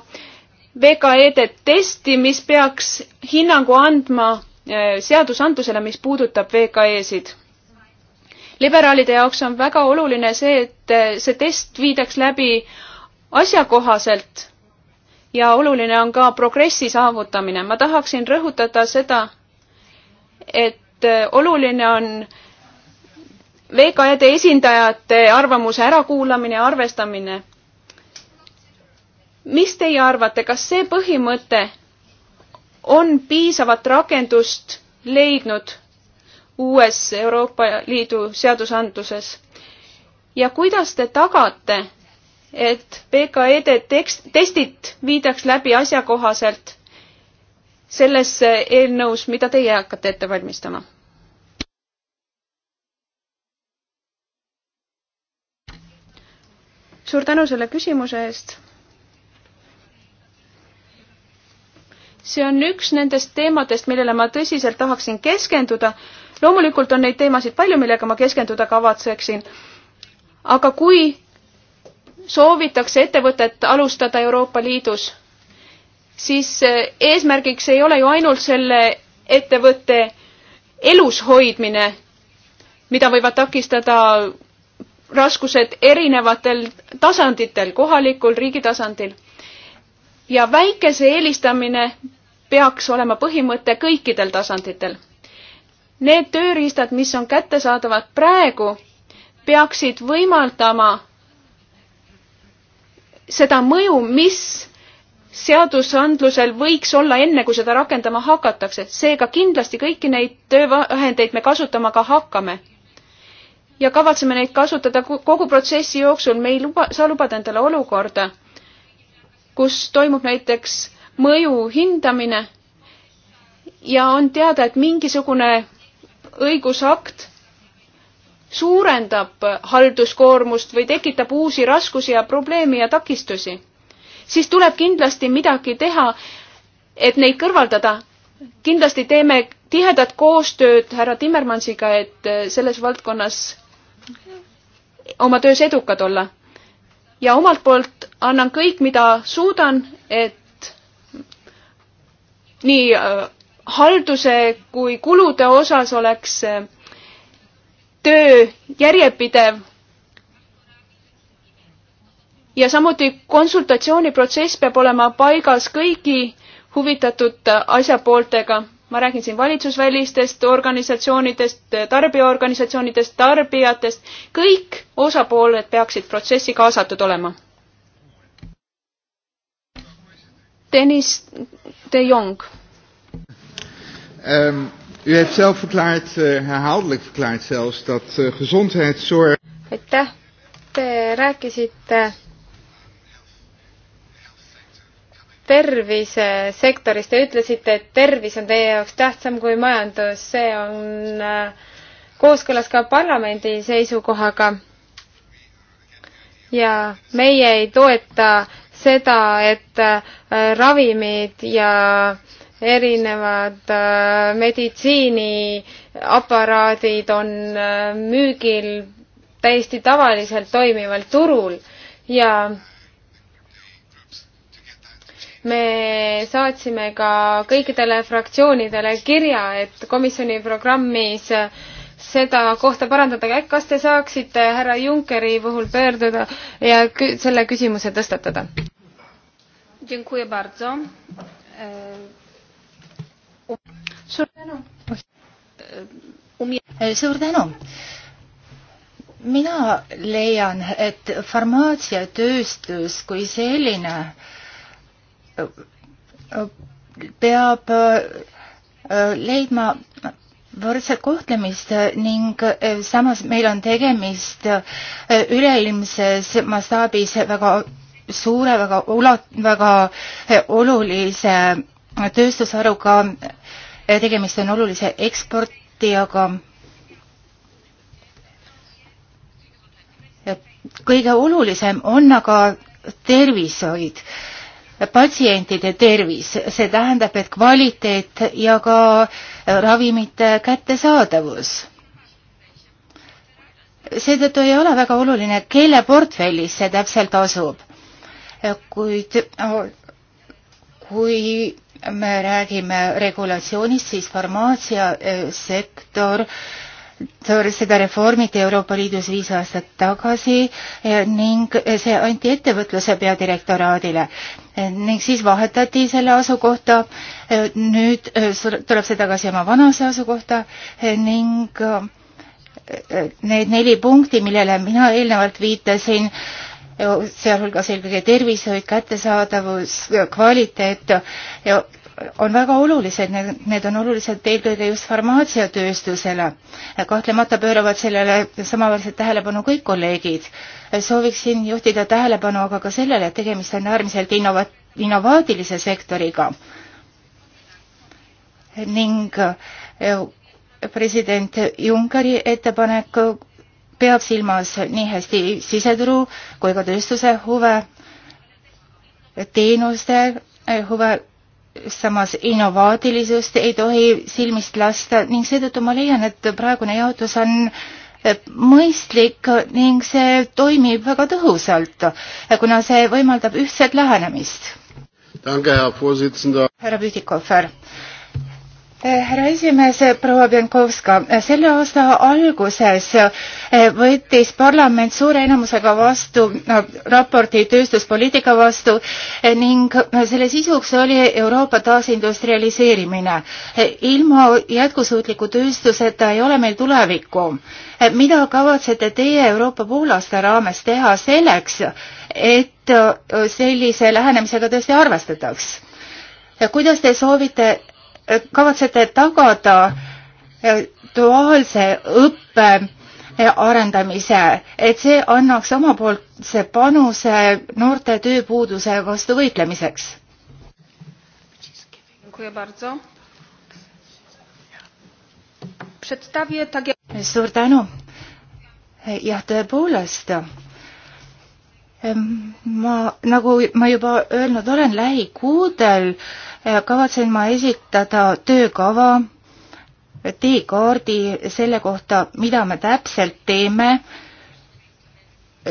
VKE-de testi, mis peaks hinnangu andma eh, seadusandlusele, mis puudutab VKE-sid liberaalide jaoks on väga oluline see, et eh, see test viidaks läbi asjakohaselt ja oluline on ka progressi saavutamine. ma tahaksin rõhutada seda, et eh, oluline on VKD esindajate arvamuse ärakuulamine ja arvestamine. mis teie arvate, kas see põhimõte on piisavat rakendust leidnud uues Euroopa Liidu seadusandluses? ja kuidas te tagate, et PKE-de tekst, testid viidaks läbi asjakohaselt selles eelnõus, mida teie hakkate ette valmistama? suur tänu selle küsimuse eest. see on üks nendest teemadest, millele ma tõsiselt tahaksin keskenduda loomulikult on neid teemasid palju, millega ma keskenduda kavatseksin. aga kui soovitakse ettevõtet alustada Euroopa Liidus, siis eh, eesmärgiks ei ole ju ainult selle ettevõtte elus hoidmine, mida võivad takistada raskused erinevatel tasanditel, kohalikul, riigi tasandil. ja väikese eelistamine peaks olema põhimõte kõikidel tasanditel need tööriistad, mis on kättesaadavad praegu, peaksid võimaldama seda mõju, mis seadusandlusel võiks olla enne, kui seda rakendama hakatakse. seega kindlasti kõiki neid töövahendeid me kasutama ka hakkame. ja kavatseme neid kasutada kogu protsessi jooksul. me ei luba, saa lubada endale olukorda, kus toimub näiteks mõju hindamine ja on teada, et mingisugune õigusakt suurendab halduskoormust või tekitab uusi raskusi ja probleeme ja takistusi, siis tuleb kindlasti midagi teha, et neid kõrvaldada. kindlasti teeme tihedat koostööd härra Timmermansiga, et äh, selles valdkonnas oma töös edukad olla. ja omalt poolt annan kõik, mida suudan, et nii äh, halduse kui kulude osas oleks äh, töö järjepidev ja samuti konsultatsiooniprotsess peab olema paigas kõigi huvitatud äh, asjapooltega. ma räägin siin valitsusvälistest organisatsioonidest, äh, tarbijaorganisatsioonidest, tarbijatest, kõik osapooled peaksid protsessi kaasatud olema. Tõnis De Jong Um, u heeft zelf verklaard, uh, herhaaldelijk verklaard zelfs, dat uh, gezondheidszorg. Aitäh. Te rääkisite tervisesektorist ja ütlesite, et tervis on teie jaoks tähtsam kui majandus. see on äh, kooskõlas ka parlamendi seisukohaga. ja meie ei toeta seda, et äh, ravimid ja äh, erinevad äh, meditsiiniaparaadid on äh, müügil täiesti tavaliselt toimival turul ja me saatsime ka kõikidele fraktsioonidele kirja, et komisjoni programmis seda kohta parandada, kas te saaksite härra Junckeri puhul pöörduda ja kü selle küsimuse tõstatada? suur tänu. Äh, suur tänu mina leian, et farmaatsiatööstus kui selline äh, peab äh, leidma võrdset kohtlemist ning samas meil on tegemist üleilmses mastaabis väga suure, väga ulat-, väga olulise tööstusharuga äh, Äh, tegemist on olulise eksportijaga. kõige olulisem on aga tervishoid, patsientide tervis, see tähendab, et kvaliteet ja ka ravimite kättesaadavus. seetõttu ei ole väga oluline, kelle portfellis see täpselt asub. kuid kui me räägime regulatsioonist, siis farmaatsiasektor seda reformiti Euroopa Liidus viis aastat tagasi eh, ning see anti ettevõtluse peadirektoraadile ning siis vahetati selle asukohta. Eh, nüüd eh, tuleb see tagasi oma vanase asukohta ning need neli punkti, millele mina eelnevalt viitasin, sealhulgas eelkõige tervishoid, kättesaadavus, kvaliteet on väga olulised, need on olulised eelkõige just farmaatsiatööstusele. kahtlemata pööravad sellele samaväärset tähelepanu kõik kolleegid. sooviksin juhtida tähelepanu aga ka sellele, et tegemist on äärmiselt innova-, innovaatilise sektoriga ning eh, president Junckeri ettepanek peab silmas nii hästi siseturu kui ka tööstuse huve, teenuste eh, huve, samas innovaatilisust ei tohi silmist lasta ning seetõttu ma leian, et praegune jaotus on eh, mõistlik ning see toimib väga tõhusalt, eh, kuna see võimaldab ühtset lähenemist. härra Pütikofer härra esimees, proua Pienkovska, selle aasta alguses eh, võttis parlament suure enamusega vastu raporti tööstuspoliitika vastu eh, ning eh, selle sisuks oli Euroopa taasindustrialiseerimine. ilma jätkusuutliku tööstuseta ei ole meil tulevikku. mida kavatsete teie Euroopa poolaasta raames teha selleks, et sellise lähenemisega tõesti arvestataks? kuidas te soovite kavatsete tagada eh, duaalse õppe eh, arendamise, et see annaks omapoolse panuse noorte tööpuuduse vastu võitlemiseks? suur tänu. jah, tõepoolest ma, nagu ma juba öelnud olen, lähikuudel eh, kavatsen ma esitada töökava, eh, teekaardi selle kohta, mida me täpselt teeme,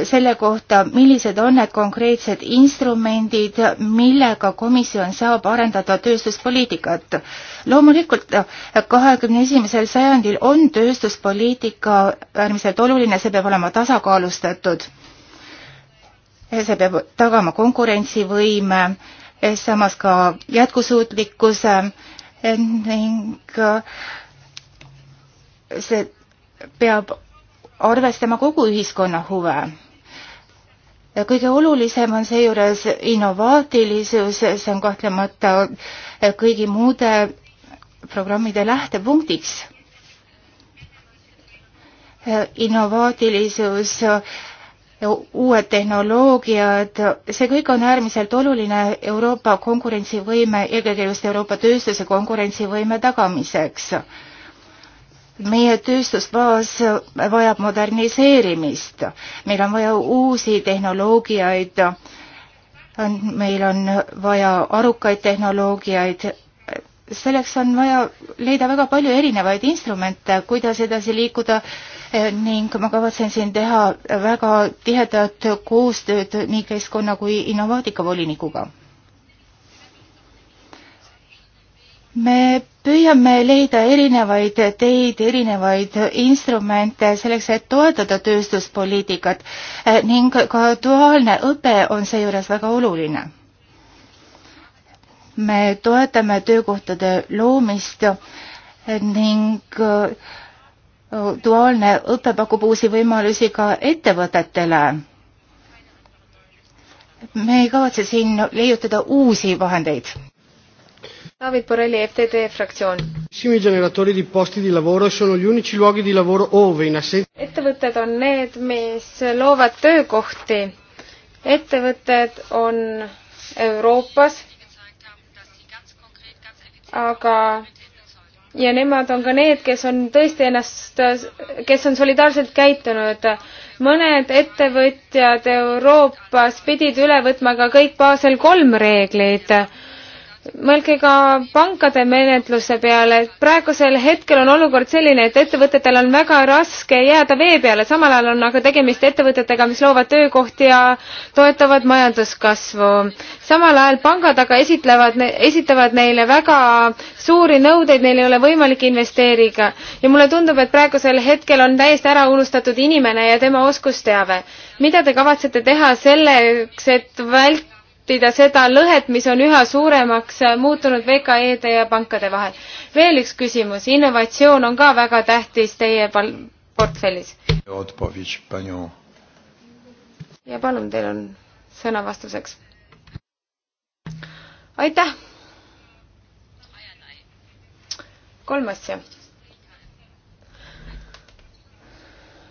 selle kohta, millised on need konkreetsed instrumendid, millega komisjon saab arendada tööstuspoliitikat. loomulikult eh, kahekümne esimesel sajandil on tööstuspoliitika äärmiselt oluline, see peab olema tasakaalustatud see peab tagama konkurentsivõime, samas ka jätkusuutlikkuse ning äh, see peab arvestama kogu ühiskonna huve ja kõige olulisem on seejuures innovaatilisus, see on kahtlemata kõigi muude programmide lähtepunktiks. innovaatilisus uued tehnoloogiad, see kõik on äärmiselt oluline Euroopa konkurentsivõime, eelkõige just Euroopa tööstuse konkurentsivõime tagamiseks. meie tööstusbaas vajab moderniseerimist, meil on vaja uusi tehnoloogiaid, meil on vaja arukaid tehnoloogiaid, selleks on vaja leida väga palju erinevaid instrumente, kuidas edasi liikuda äh, Eh, ning ma kavatsen siin teha väga tihedat koostööd nii keskkonna kui innovaatika volinikuga. me püüame leida erinevaid teid, erinevaid instrumente selleks, et toetada tööstuspoliitikat eh, ning ka duaalne õpe on seejuures väga oluline. me toetame töökohtade loomist eh, ning äh, duaalne õpe pakub uusi võimalusi ka ettevõtetele. me ei kavatse siin leiutada uusi vahendeid. David Borrelli, FTD fraktsioon. ettevõtted on need, mis loovad töökohti. ettevõtted on Euroopas, aga ja nemad on ka need, kes on tõesti ennast, kes on solidaarselt käitunud. mõned ettevõtjad Euroopas pidid üle võtma ka kõik Basel kolm reeglid mõelge ka pankade menetluse peale, et praegusel hetkel on olukord selline, et ettevõtetel on väga raske jääda vee peale, samal ajal on aga tegemist ettevõtetega, mis loovad töökohti ja toetavad majanduskasvu. samal ajal pangad aga esitlevad, esitavad neile väga suuri nõudeid, neil ei ole võimalik investeerida. ja mulle tundub, et praegusel hetkel on täiesti ära unustatud inimene ja tema oskusteave. mida te kavatsete teha selleks, et vält-, vältida seda lõhet, mis on üha suuremaks muutunud VKE-de ja pankade vahel. veel üks küsimus, innovatsioon on ka väga tähtis teie portfellis. ja palun, teil on sõna vastuseks. aitäh! kolm asja,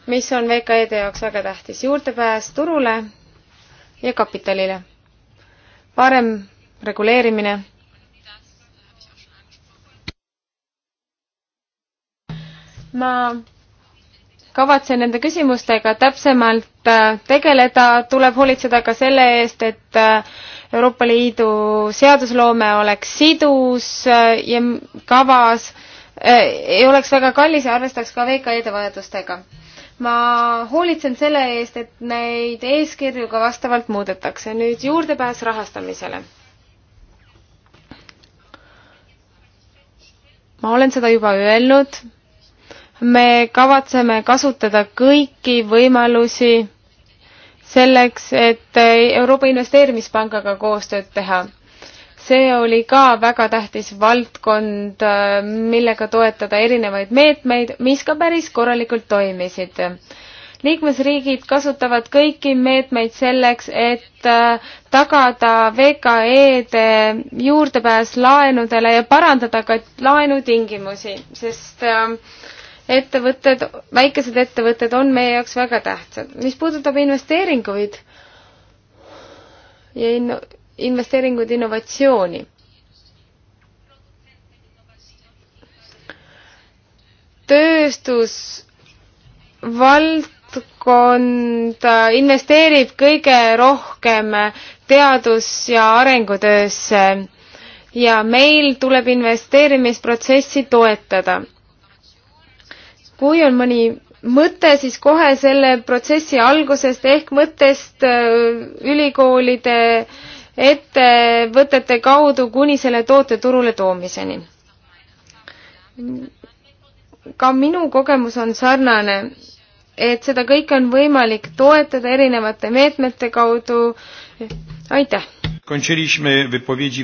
mis on VKE-de jaoks väga tähtis, juurdepääs turule ja kapitalile parem reguleerimine. ma kavatsen nende küsimustega täpsemalt äh, tegeleda, tuleb hoolitseda ka selle eest, et äh, Euroopa Liidu seadusloome oleks sidus äh, ja kavas, ei oleks väga kallis ja arvestaks ka VKE-de vajadustega ma hoolitsen selle eest, et neid eeskirju ka vastavalt muudetakse. nüüd juurdepääs rahastamisele. ma olen seda juba öelnud. me kavatseme kasutada kõiki võimalusi selleks, et Euroopa Investeerimispangaga koostööd teha see oli ka väga tähtis valdkond, äh, millega toetada erinevaid meetmeid, mis ka päris korralikult toimisid. liikmesriigid kasutavad kõiki meetmeid selleks, et äh, tagada VKE-de juurdepääs laenudele ja parandada ka laenutingimusi, sest äh, ettevõtted, väikesed ettevõtted on meie jaoks väga tähtsad. mis puudutab investeeringuid ja in-, investeeringuid innovatsiooni. tööstusvaldkond investeerib kõige rohkem teadus- ja arengutöösse ja meil tuleb investeerimisprotsessi toetada. kui on mõni mõte, siis kohe selle protsessi algusest ehk mõttest äh, ülikoolide äh, ettevõtete kaudu kuni selle toote turule toomiseni. ka minu kogemus on sarnane, et seda kõike on võimalik toetada erinevate meetmete kaudu. aitäh! aitäh,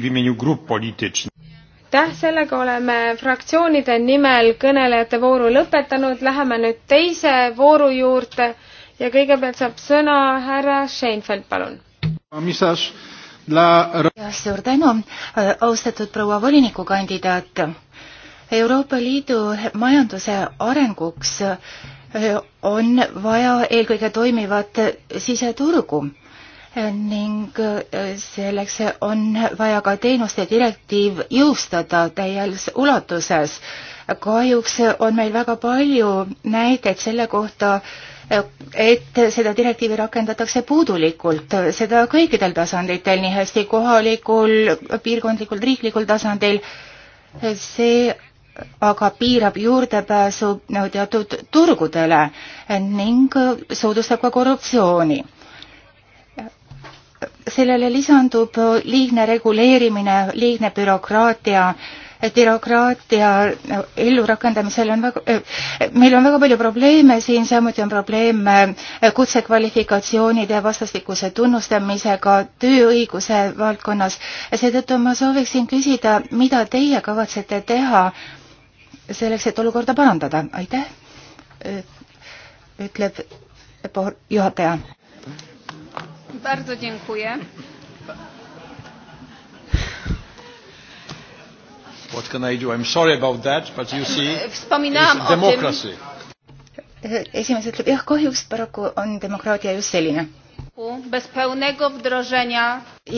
sellega oleme fraktsioonide nimel kõnelejate vooru lõpetanud, läheme nüüd teise vooru juurde ja kõigepealt saab sõna härra Scheinfeld, palun la... Ja, suur tänu, austatud proua volinikukandidaat. Euroopa Liidu majanduse arenguks eh, on vaja eelkõige toimivat siseturgu eh, ning eh, selleks on vaja ka teenuste direktiiv jõustada täies ulatuses. kahjuks on meil väga palju näiteid selle kohta, et seda direktiivi rakendatakse puudulikult, seda kõikidel tasanditel, nii hästi kohalikul, piirkondlikul, riiklikul tasandil. see aga piirab juurdepääsu no, teatud turgudele ning soodustab ka korruptsiooni. sellele lisandub liigne reguleerimine, liigne bürokraatia bürokraatia ellurakendamisel on väga, eh, meil on väga palju probleeme siin, samuti on probleeme eh, kutsekvalifikatsioonide vastastikuse tunnustamisega tööõiguse valdkonnas. seetõttu ma sooviksin küsida, mida teie kavatsete teha selleks, et olukorda parandada, aitäh, eh, ütleb juhataja. Bardzo dziękuję. What can I do? I am sorry about that, but you see, it's democracy. esimees ütleb jah, kahjuks paraku on demokraatia just selline.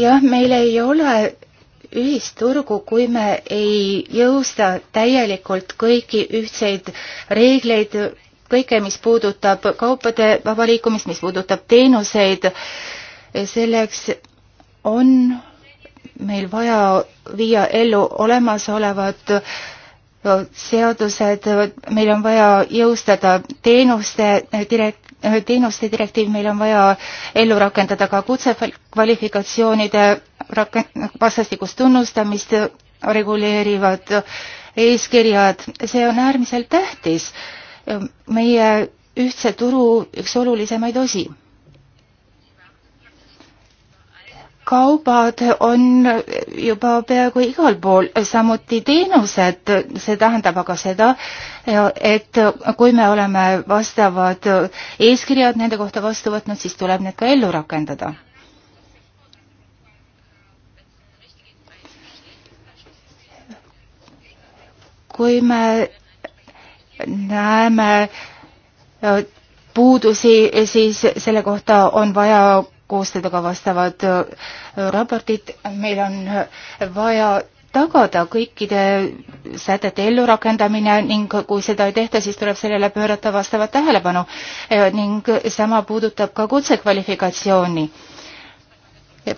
jah, meil ei ole ühisturgu, kui me ei jõusta täielikult kõiki ühtseid reegleid, kõike, mis puudutab kaupade vaba liikumist, mis puudutab teenuseid, selleks on meil vaja viia ellu olemasolevad äh, seadused, meil on vaja jõustada teenuste direkt-, äh, teenuste direktiiv, meil on vaja ellu rakendada ka kutsekvalifikatsioonide rak-, vastastikust tunnustamist reguleerivad eeskirjad, see on äärmiselt tähtis. meie ühtse turu üks olulisemaid osi kaubad on juba peaaegu igal pool, samuti teenused, see tähendab aga seda, et kui me oleme vastavad eeskirjad nende kohta vastu võtnud, siis tuleb need ka ellu rakendada. kui me näeme puudusi, siis selle kohta on vaja koostada ka vastavad äh, raportid, meil on äh, vaja tagada kõikide sätete ellurakendamine ning kui seda ei tehta, siis tuleb sellele pöörata vastavat tähelepanu äh, ning sama puudutab ka kutsekvalifikatsiooni.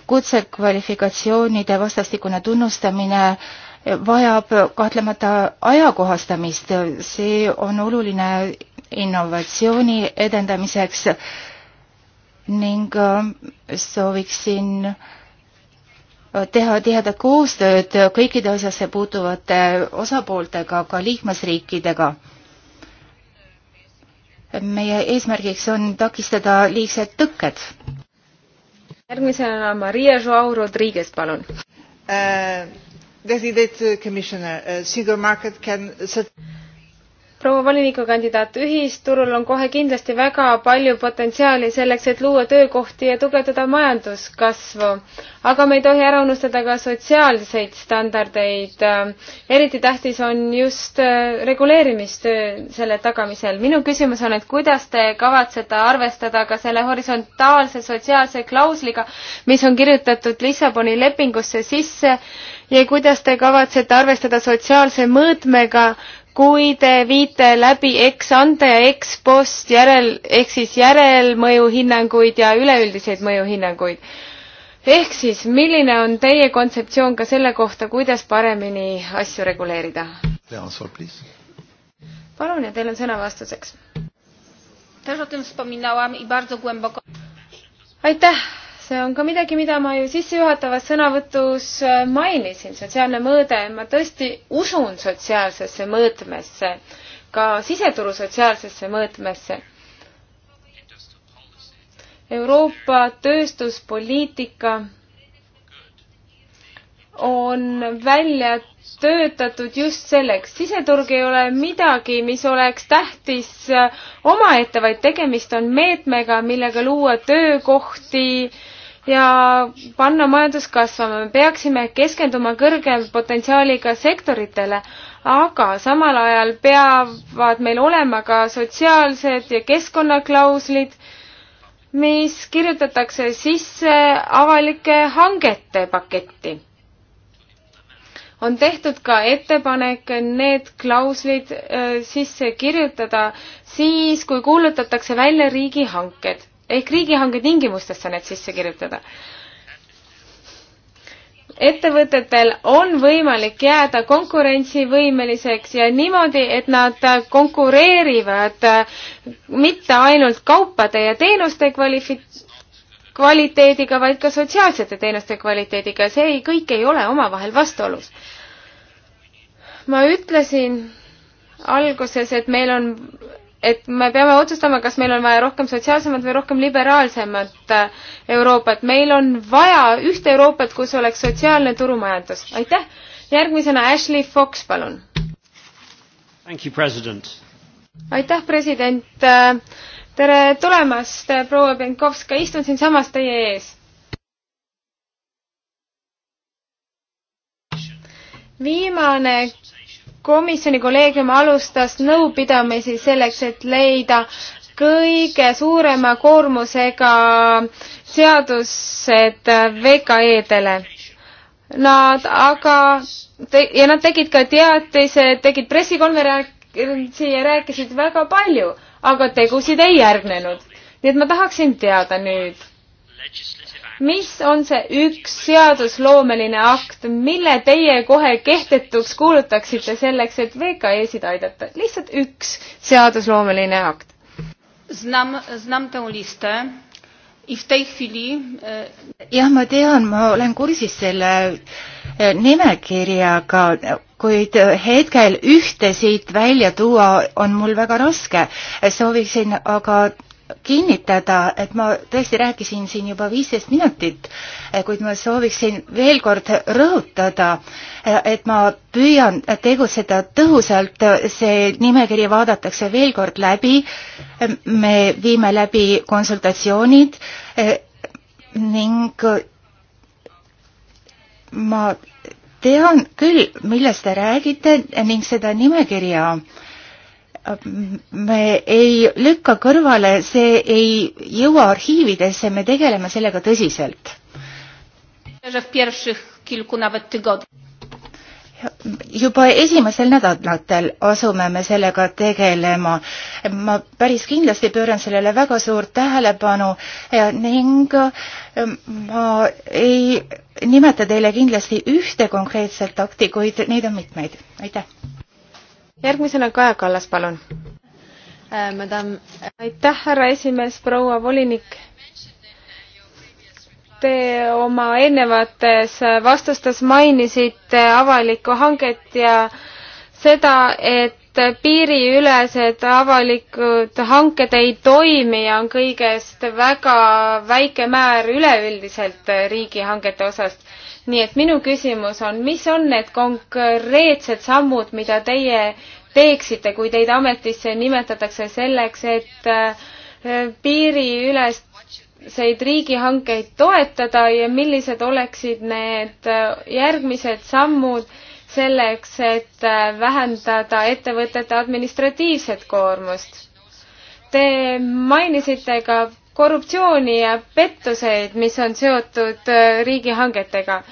kutsekvalifikatsioonide vastastikune tunnustamine vajab kahtlemata ajakohastamist, see on oluline innovatsiooni edendamiseks ning äh, sooviksin äh, teha tihedat koostööd kõikide osasse puutuvate osapooltega, ka liikmesriikidega. meie eesmärgiks on takistada liigsed tõkked. järgmisena Maria Joao Rodriguez, palun uh,. Designated commissioner uh,, single market can proua volinikukandidaat, ühisturul on kohe kindlasti väga palju potentsiaali selleks, et luua töökohti ja tugevdada majanduskasvu. aga me ei tohi ära unustada ka sotsiaalseid standardeid. eriti tähtis on just äh, reguleerimistöö selle tagamisel. minu küsimus on, et kuidas te kavatsete arvestada ka selle horisontaalse sotsiaalse klausliga, mis on kirjutatud Lissaboni lepingusse sisse ja kuidas te kavatsete arvestada sotsiaalse mõõtmega, kui te viite läbi ex-ante ja ex-post järel, ehk siis järelmõjuhinnanguid ja üleüldiseid mõjuhinnanguid. ehk siis, milline on teie kontseptsioon ka selle kohta, kuidas paremini asju reguleerida? palun ja teil on sõna vastuseks. aitäh, see on ka midagi, mida ma ju sissejuhatavas sõnavõtus äh, mainisin, sotsiaalne mõõde, ma tõesti usun sotsiaalsesse mõõtmesse, ka siseturu sotsiaalsesse mõõtmesse. Euroopa tööstuspoliitika on välja töötatud just selleks. siseturg ei ole midagi, mis oleks tähtis äh, omaette, vaid tegemist on meetmega, millega luua töökohti äh, ja panna majandus kasvama. me peaksime keskenduma kõrgem potentsiaaliga sektoritele, aga samal ajal peavad meil olema ka sotsiaalsed ja keskkonnaklauslid, mis kirjutatakse sisse avalike hangete paketti. on tehtud ka ettepanek need klauslid äh, sisse kirjutada siis, kui kuulutatakse välja riigihanked ehk riigihange tingimustesse need sisse kirjutada. ettevõtetel on võimalik jääda konkurentsivõimeliseks ja niimoodi, et nad konkureerivad mitte ainult kaupade ja teenuste kvalifi-, kvaliteediga, vaid ka sotsiaalsete teenuste kvaliteediga ja see ei, kõik ei ole omavahel vastuolus. ma ütlesin alguses, et meil on et me peame otsustama, kas meil on vaja rohkem sotsiaalsemat või rohkem liberaalsemat äh, Euroopat. meil on vaja ühte Euroopat, kus oleks sotsiaalne turumajandus. aitäh. järgmisena Ashley Fox, palun. aitäh, president. Äh, tere tulemast, äh, proua Benkovska, istun siinsamas teie ees. viimane komisjoni kolleegium alustas nõupidamisi selleks, et leida kõige suurema koormusega seadused VKE-dele. Nad aga, ja nad tegid ka teatise, tegid pressikonverentsi ja rääkisid väga palju, aga tegusid ei järgnenud. nii et ma tahaksin teada nüüd, mis on see üks seadusloomeline akt, mille teie kohe kehtetuks kuulutaksite selleks, et VKE-sid aidata? lihtsalt üks seadusloomeline akt. Znam, znam tę listę i w tej chwili... E, jah, ma tean, ma olen kursis selle e, nimekirjaga, kuid e, hetkel ühte siit välja tuua on mul väga raske. sooviksin aga kinnitada, et ma tõesti rääkisin siin juba viisteist minutit, eh, kuid ma sooviksin veel kord rõhutada, eh, et ma püüan tegutseda tõhusalt, see nimekiri vaadatakse veel kord läbi, me viime läbi konsultatsioonid eh, ning ma tean küll, millest te räägite ning seda nimekirja äh, me ei lükka kõrvale, see ei jõua arhiividesse, me tegeleme sellega tõsiselt. juba esimesel nädalatel asume me sellega tegelema. ma päris kindlasti pööran sellele väga suurt tähelepanu ning ähm, ma ei nimeta teile kindlasti ühte konkreetset akti, kuid neid on mitmeid. aitäh! järgmisena Kaja Kallas, palun äh,. Madam. Äh, aitäh, härra esimees, proua volinik. Te oma eelnevates vastustes mainisite avalikku hanget ja seda, et piiriülesed avalikud hanked ei toimi ja on kõigest väga väike määr üleüldiselt riigihangete osas nii et minu küsimus on, mis on need konkreetsed sammud, mida teie teeksite, kui teid ametisse nimetatakse selleks, et äh, piiriüleseid riigihankeid toetada ja millised oleksid need äh, järgmised sammud selleks, et äh, vähendada ettevõtete administratiivset koormust? Te mainisite ka korruptsiooni ja pettuseid, mis on seotud äh, riigihangetega.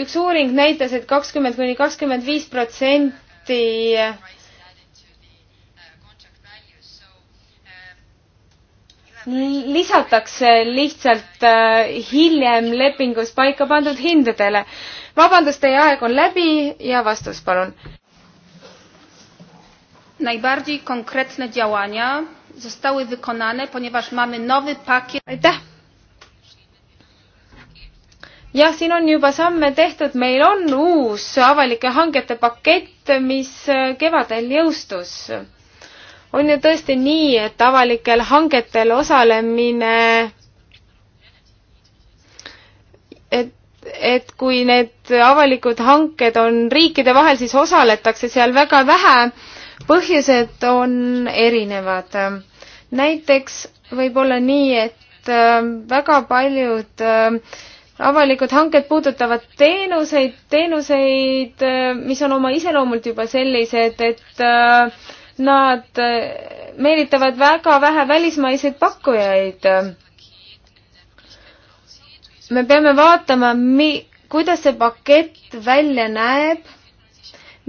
üks uuring näitas et, et kakskümmend kuni kakskümmend viis protsenti äh, lisatakse lihtsalt äh, hiljem lepingus paika pandud hindadele. vabandust, teie aeg on läbi ja vastus palun. Najbardziej konkretne działania zostały wykonane, ponieważ mamy nowy pakiet. aitäh! jah, siin on juba samme tehtud, meil on uus avalike hangete pakett, mis kevadel jõustus. on ju tõesti nii, et avalikel hangetel osalemine, et et kui need avalikud hanked on riikide vahel, siis osaletakse seal väga vähe. põhjused on erinevad näiteks võib olla nii, et ähm, väga paljud ähm, avalikud hanked puudutavad teenuseid, teenuseid, äh, mis on oma iseloomult juba sellised, et äh, nad äh, meelitavad väga vähe välismaiseid pakkujaid. me peame vaatama, mi-, kuidas see pakett välja näeb.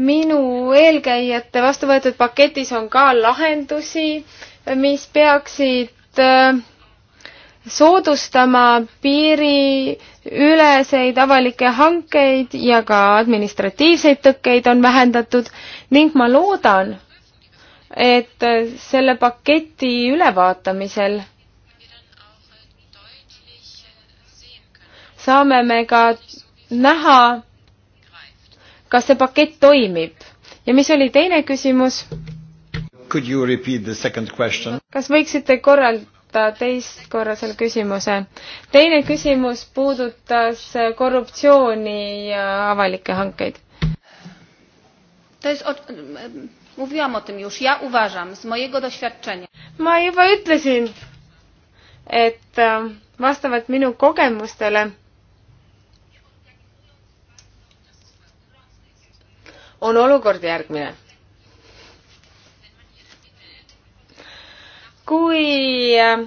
minu eelkäijate vastu võetud paketis on ka lahendusi äh, mis peaksid äh, soodustama piiriüleseid avalikke hankeid ja ka administratiivseid tõkkeid on vähendatud ning ma loodan, et äh, selle paketi ülevaatamisel saame me ka näha, kas see pakett toimib. ja mis oli teine küsimus? Could you repeat the second question? kas võiksite korrata teist korra selle küsimuse? teine küsimus puudutas korruptsiooni ja avalikke hankeid. Mówiłam o tym już. Ja uważam z mojego doświadczenia. Ma juba ütlesin, et ähm, vastavalt minu kogemustele on olukord järgmine kui äh,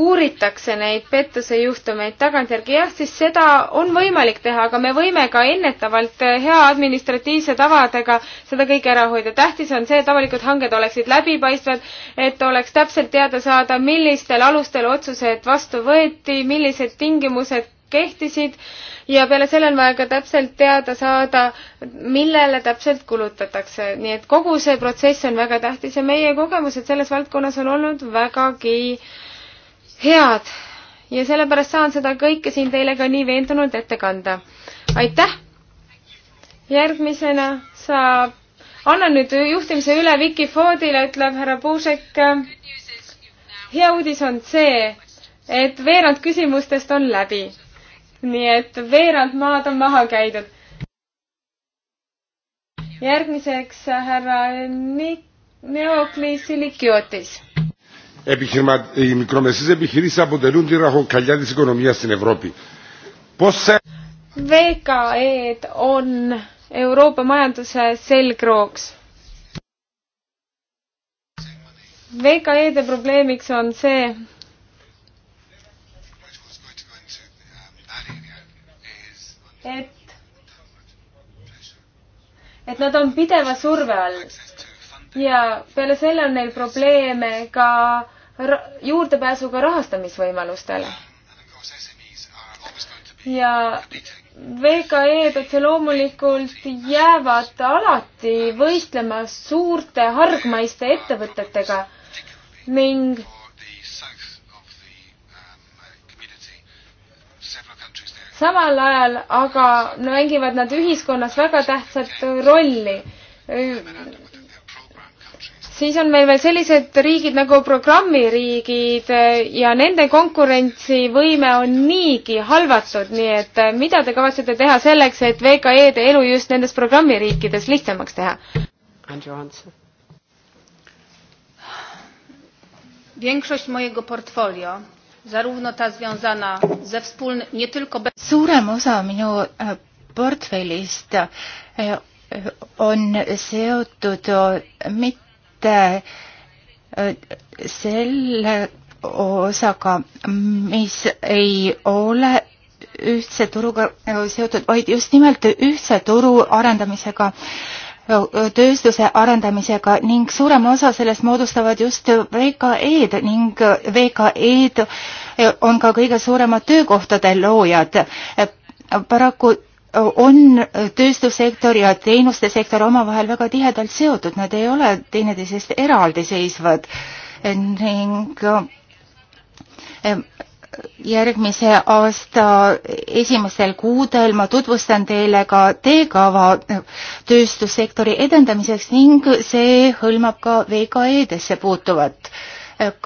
uuritakse neid pettusejuhtumeid tagantjärgi, jah, siis seda on võimalik teha, aga me võime ka ennetavalt äh, hea administratiivse tavadega seda kõike ära hoida. tähtis on see, et avalikud hanged oleksid läbipaistvad, et oleks täpselt teada saada, millistel alustel otsused vastu võeti, millised tingimused kehtisid ja peale selle on vaja ka täpselt teada saada, millele täpselt kulutatakse. nii et kogu see protsess on väga tähtis ja meie kogemused selles valdkonnas on olnud vägagi head. ja sellepärast saan seda kõike siin teile ka nii veendunult ette kanda. aitäh! järgmisena saab, annan nüüd juhtimise üle Vikifoodile, ütleb härra Puusek. hea uudis on see, et veerand küsimustest on läbi nii et veerand maad on maha käidud. järgmiseks härra Nik-, Neoklis Ilikiotis. Επιχειρημα... Οι μικρομεσαίες επιχειρήσεις αποτελούν τη ραχοκαλιά της οικονομίας στην Ευρώπη. Πώς σε... VKE-d on Euroopa majanduse selgrooks. VKE-de probleemiks on see, et, et nad on pideva surve all. ja peale selle on neil probleeme ka ra juurdepääsuga rahastamisvõimalustele. ja VKE-d otse loomulikult jäävad alati võistlema suurte hargmaiste ettevõtetega ning samal ajal aga mängivad nad ühiskonnas väga tähtsat rolli. siis on meil veel sellised riigid nagu programmiriigid ja nende konkurentsivõime on niigi halvatud, nii et mida te kavatsete teha selleks, et VKE-de elu just nendes programmiriikides lihtsamaks teha? większość mojego portfolio nie tylko suurem osa minu e, portfellist e, e, on seotud mitte selle osaga, mis ei ole ühtse turuga seotud, vaid just nimelt ühtse turu arendamisega äh, tööstuse arendamisega ning suurema osa sellest moodustavad just VKE-d ning VKE-d on ka kõige suuremad töökohtade loojad. paraku on tööstussektor ja teenuste sektor omavahel väga tihedalt seotud, nad ei ole teineteisest eraldiseisvad ning järgmise aasta esimestel kuudel ma tutvustan teile ka teekava tööstussektori edendamiseks ning see hõlmab ka VKE-desse puutuvat.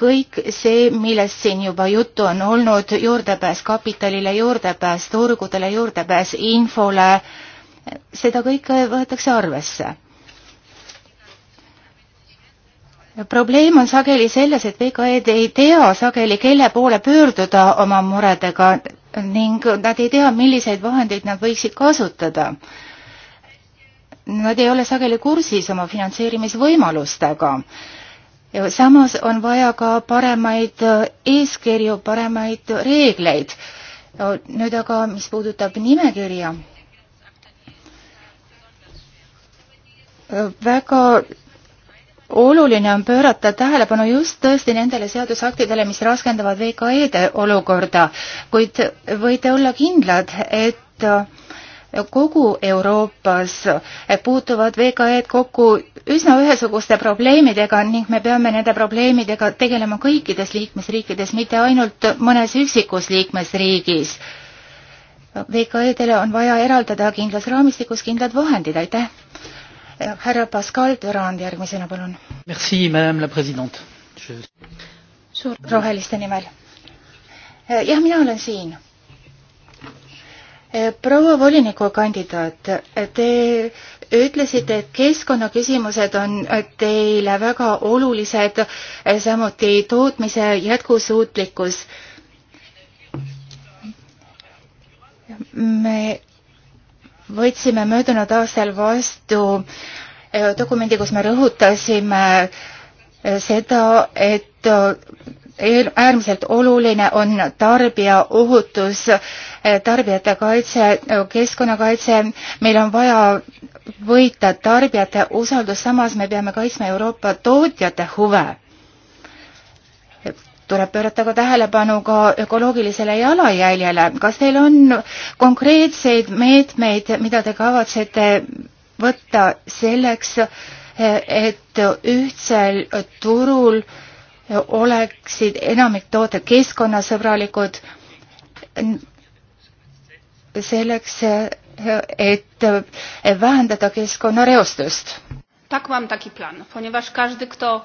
kõik see, millest siin juba juttu on olnud, juurdepääs kapitalile, juurdepääs turgudele, juurdepääs infole, seda kõike võetakse arvesse probleem on sageli selles, et VKE-d ei tea sageli, kelle poole pöörduda oma muredega ning nad ei tea, milliseid vahendeid nad võiksid kasutada. Nad ei ole sageli kursis oma finantseerimisvõimalustega. samas on vaja ka paremaid eeskirju, paremaid reegleid. nüüd aga, mis puudutab nimekirja, väga oluline on pöörata tähelepanu just tõesti nendele seadusaktidele, mis raskendavad VKE-de olukorda, kuid võite olla kindlad, et kogu Euroopas puutuvad VKE-d kokku üsna ühesuguste probleemidega ning me peame nende probleemidega tegelema kõikides liikmesriikides, mitte ainult mõnes üksikus liikmesriigis. VKE-dele on vaja eraldada kindlas raamistikus kindlad vahendid, aitäh! härra Pascal Durand järgmisena, palun. Merci, madame la president Je.... suur roheliste nimel. jah, mina olen siin. Eh, proua volinikukandidaat, te ütlesite, et keskkonnaküsimused on teile väga olulised, samuti tootmise jätkusuutlikkus. me võtsime möödunud aastal vastu äh, dokumendi, kus me rõhutasime äh, seda, et äh, äärmiselt oluline on tarbija ohutus, tarbijate kaitse, keskkonnakaitse, meil on vaja võita tarbijate usaldus, samas me peame kaitsma Euroopa tootjate huve tuleb pöörata ka tähelepanu ka ökoloogilisele jalajäljele. kas teil on konkreetseid meetmeid, mida te kavatsete võtta selleks, et ühtsel turul oleksid enamik tooted keskkonnasõbralikud selleks, et vähendada keskkonnareostust. Tak mam taki plan, ponieważ każdy, kto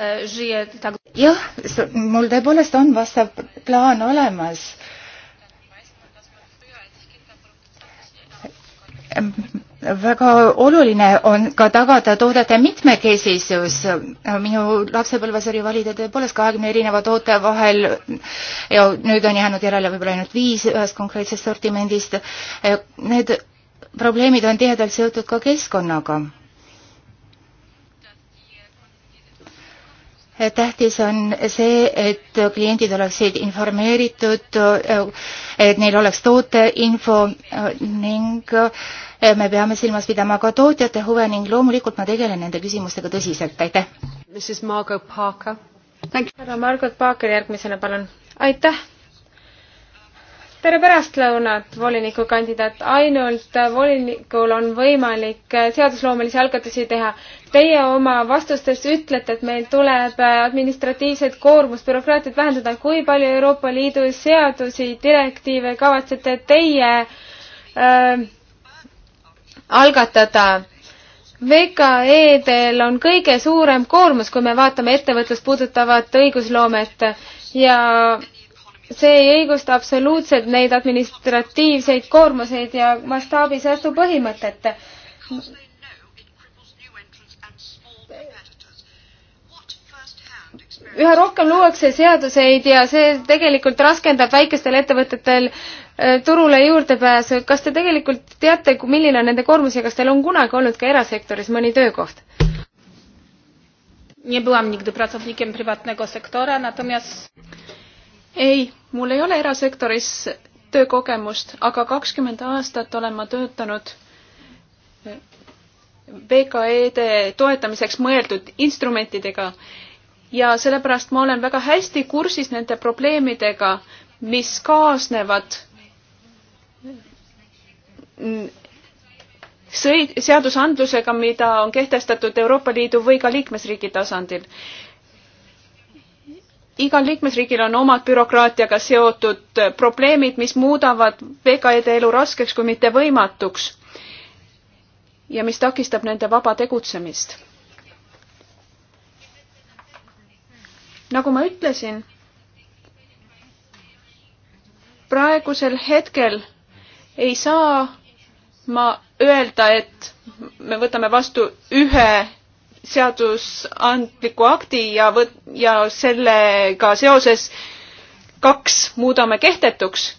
Äh, žije tako... jah, mul tõepoolest on vastav plaan olemas. väga oluline on ka tagada toodete mitmekesisus. minu lapsepõlves oli valida tõepoolest kahekümne erineva toote vahel ja nüüd on jäänud järele võib-olla ainult viis ühest konkreetsest sortimendist. Need probleemid on tihedalt seotud ka keskkonnaga tähtis on see, et kliendid oleksid informeeritud, et neil oleks tooteinfo ning me peame silmas pidama ka tootjate huve ning loomulikult ma tegelen nende küsimustega tõsiselt, aitäh! härra Margot Parker järgmisena, palun! aitäh! tere pärastlõunat, volinikukandidaat. ainult volinikul on võimalik äh, seadusloomelisi algatusi teha. Teie oma vastustes ütlete, et meil tuleb äh, administratiivset koormust, bürokraatiat vähendada. kui palju Euroopa Liidu seadusi, direktiive kavatsete teie äh, algatada? VKE-del on kõige suurem koormus, kui me vaatame ettevõtlust puudutavat õigusloomet ja see ei õigusta absoluutselt neid administratiivseid koormuseid ja mastaabisäästu põhimõtet. üha rohkem luuakse seaduseid ja see tegelikult raskendab väikestel ettevõtetel äh, turule juurdepääsu. kas te tegelikult teate, milline on nende koormus ja kas teil on kunagi olnud ka erasektoris mõni töökoht? nie byłam nigdy pracownikiem prywatnego sektora natomiast ei, mul ei ole erasektoris töökogemust, aga kakskümmend aastat olen ma töötanud eh, VKE-de toetamiseks mõeldud instrumentidega ja sellepärast ma olen väga hästi kursis nende probleemidega, mis kaasnevad mm, sõid-, seadusandlusega, mida on kehtestatud Euroopa Liidu või ka liikmesriigi tasandil igal liikmesriigil on omad bürokraatiaga seotud probleemid, mis muudavad VKE-de elu raskeks, kui mitte võimatuks ja mis takistab nende vaba tegutsemist. nagu ma ütlesin, praegusel hetkel ei saa ma öelda, et me võtame vastu ühe seadusandliku akti ja võt- ja sellega seoses kaks muudame kehtetuks.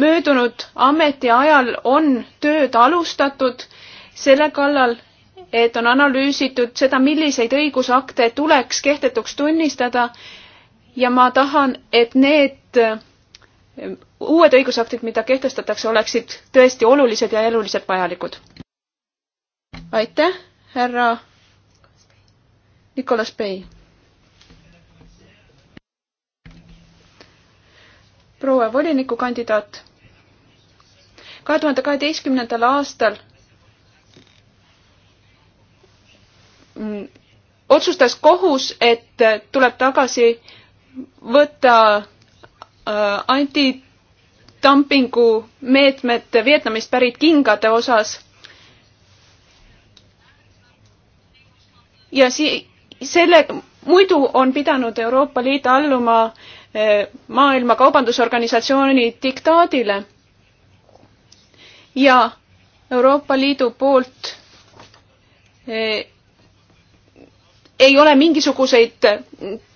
möödunud ametiajal on tööd alustatud selle kallal, et on analüüsitud seda, milliseid õigusakte tuleks kehtetuks tunnistada ja ma tahan, et need äh, uued õigusaktid, mida kehtestatakse, oleksid tõesti olulised ja eluliselt vajalikud aitäh, härra Nicolas Bay. proua volinikukandidaat. kahe tuhande kaheteistkümnendal aastal mm, otsustas kohus, et tuleb tagasi võtta äh, antidumpingu meetmed Vietnamist pärit kingade osas ja si-, selle, muidu on pidanud Euroopa Liit alluma eh, Maailma Kaubandusorganisatsiooni diktaadile ja Euroopa Liidu poolt eh, ei ole mingisuguseid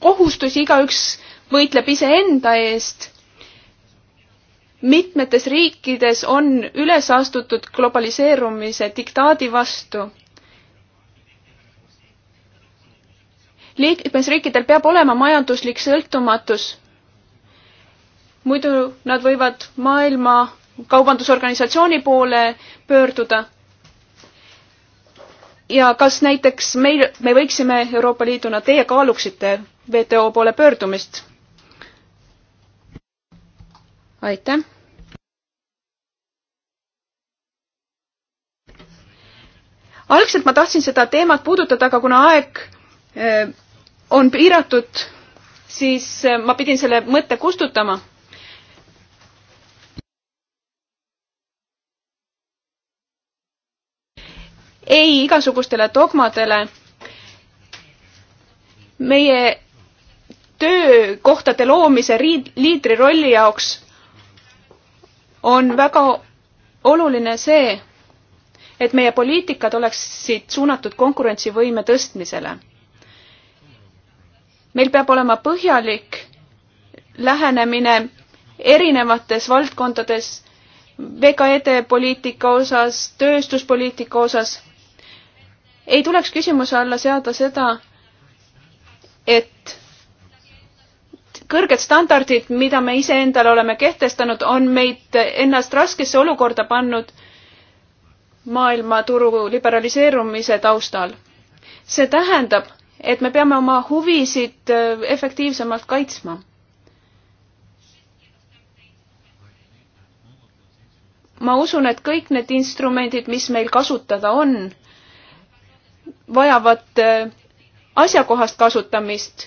kohustusi, igaüks võitleb iseenda eest. mitmetes riikides on üles astutud globaliseerumise diktaadi vastu liikmesriikidel peab olema majanduslik sõltumatus. muidu nad võivad maailma kaubandusorganisatsiooni poole pöörduda. ja kas näiteks meil, me võiksime Euroopa Liiduna, teie kaaluksite WTO poole pöördumist? aitäh. algselt ma tahtsin seda teemat puudutada, aga kuna aeg Äh, on piiratud, siis äh, ma pidin selle mõtte kustutama. ei igasugustele dogmadele. meie töökohtade loomise riid-, liidri rolli jaoks on väga oluline see, et meie poliitikad oleksid suunatud konkurentsivõime tõstmisele meil peab olema põhjalik lähenemine erinevates valdkondades, VKE-de poliitika osas, tööstuspoliitika osas. ei tuleks küsimuse alla seada seda, et kõrged standardid, mida me iseendale oleme kehtestanud, on meid ennast raskesse olukorda pannud maailmaturu liberaliseerumise taustal. see tähendab, et me peame oma huvisid äh, efektiivsemalt kaitsma. ma usun, et kõik need instrumendid, mis meil kasutada on, vajavad äh, asjakohast kasutamist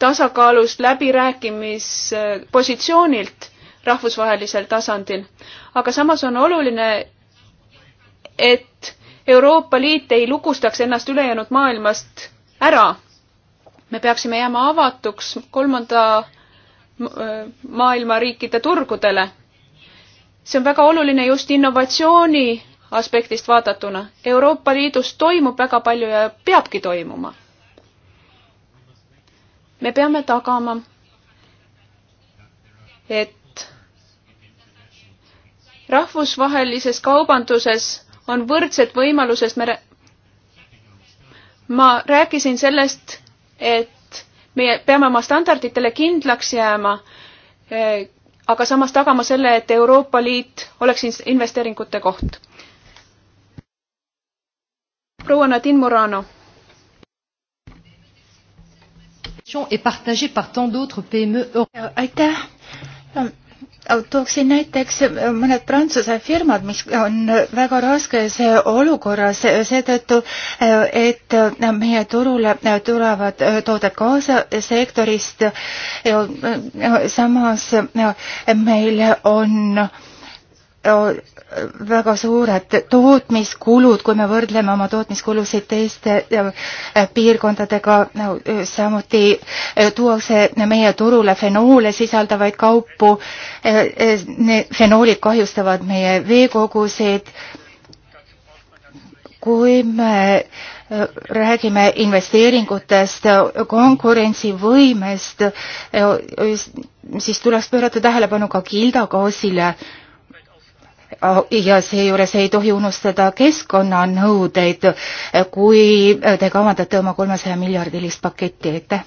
tasakaalust läbirääkimispositsioonilt rahvusvahelisel tasandil. aga samas on oluline, et Euroopa Liit ei lukustaks ennast ülejäänud maailmast ära. me peaksime jääma avatuks kolmanda äh, maailma riikide turgudele. see on väga oluline just innovatsiooni aspektist vaadatuna. Euroopa Liidus toimub väga palju ja peabki toimuma. me peame tagama, et rahvusvahelises kaubanduses on võrdsed võimalused, me ma rääkisin sellest, et me peame oma standarditele kindlaks jääma, eh, aga samas tagama selle, et Euroopa Liit oleks investeeringute koht. proua Nadine Murano. E. aitäh no tooksin näiteks mõned Prantsuse firmad, mis on väga raskes olukorras seetõttu, et meie turule tulevad tooted Gaza sektorist. samas meil on Äh, väga suured tootmiskulud, kui me võrdleme oma tootmiskulusid teiste äh, piirkondadega, äh, samuti tuuakse meie turule fenoole sisaldavaid kaupu, fenoolid kahjustavad meie veekogusid, kui me räägime investeeringutest, konkurentsivõimest, siis tuleks pöörata tähelepanu ka kildagaasile Äh, ja seejuures ei tohi unustada keskkonnanõudeid, äh, kui te kavandate oma kolmesaja miljardilist paketti, aitäh.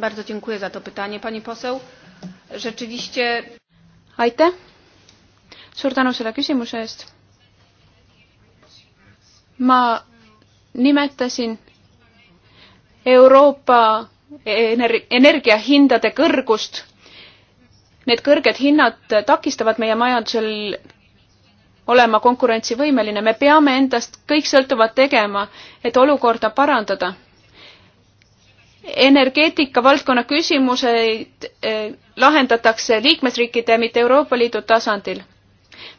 Bardzo dziękuję za to pytanie, pani poseł. Rzeczywiście... Aitäh! Suur tänu selle küsimuse eest. Ma nimetasin Euroopa ener energiahindade kõrgust. Need kõrged hinnad takistavad meie majandusel olema konkurentsivõimeline, me peame endast kõik sõltuvad tegema, et olukorda parandada. energeetika valdkonna küsimuseid eh, lahendatakse liikmesriikide, mitte Euroopa Liidu tasandil.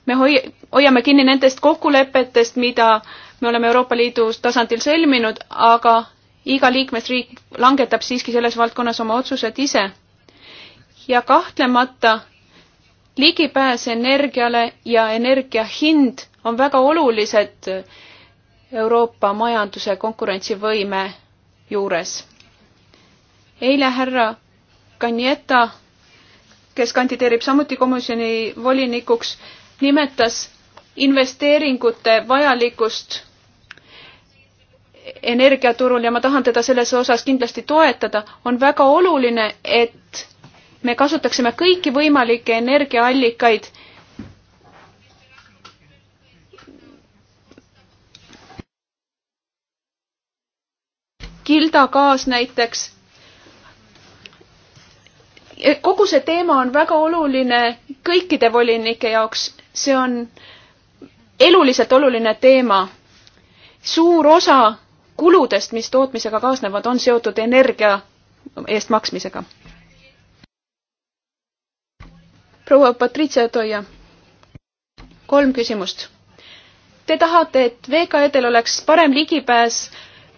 me hoi-, hoiame kinni nendest kokkulepetest, mida me oleme Euroopa Liidu tasandil sõlminud, aga iga liikmesriik langetab siiski selles valdkonnas oma otsused ise. ja kahtlemata ligipääs energiale ja energia hind on väga olulised Euroopa majanduse konkurentsivõime juures. eile härra Kanieta, kes kandideerib samuti komisjoni volinikuks, nimetas investeeringute vajalikkust energiaturul ja ma tahan teda selles osas kindlasti toetada, on väga oluline, et me kasutaksime kõiki võimalikke energiaallikaid kildagaas näiteks. kogu see teema on väga oluline kõikide volinike jaoks, see on eluliselt oluline teema. suur osa kuludest, mis tootmisega kaasnevad, on seotud energia eest maksmisega proua Patricia Toia, kolm küsimust. Te tahate, et VKE-del oleks parem ligipääs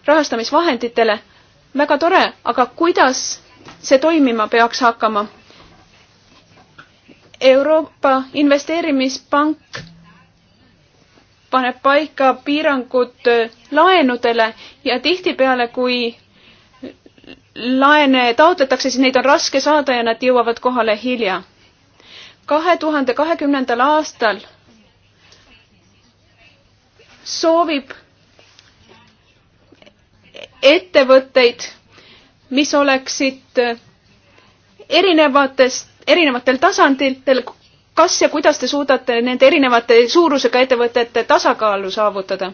rahastamisvahenditele. väga tore, aga kuidas see toimima peaks hakkama? Euroopa Investeerimispank paneb paika piirangud laenudele ja tihtipeale, kui laene taotletakse, siis neid on raske saada ja nad jõuavad kohale hilja kahe tuhande kahekümnendal aastal soovib ettevõtteid, mis oleksid erinevatest, erinevatel tasanditel, kas ja kuidas te suudate nende erinevate suurusega ettevõtete tasakaalu saavutada?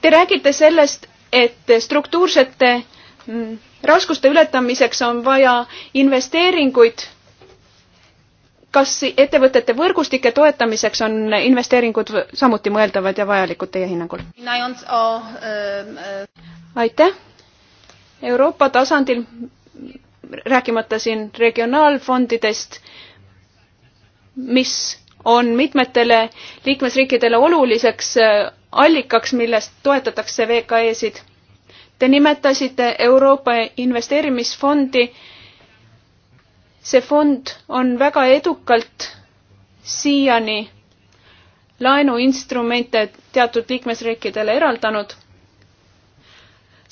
Te räägite sellest, et struktuursete mm, raskuste ületamiseks on vaja investeeringuid. kas ettevõtete võrgustike toetamiseks on investeeringud samuti mõeldavad ja vajalikud teie hinnangul? aitäh. Euroopa tasandil, rääkimata siin regionaalfondidest, mis on mitmetele liikmesriikidele oluliseks äh, allikaks, millest toetatakse VKE-sid Te nimetasite Euroopa Investeerimisfondi. see fond on väga edukalt siiani laenuinstrumente teatud liikmesriikidele eraldanud.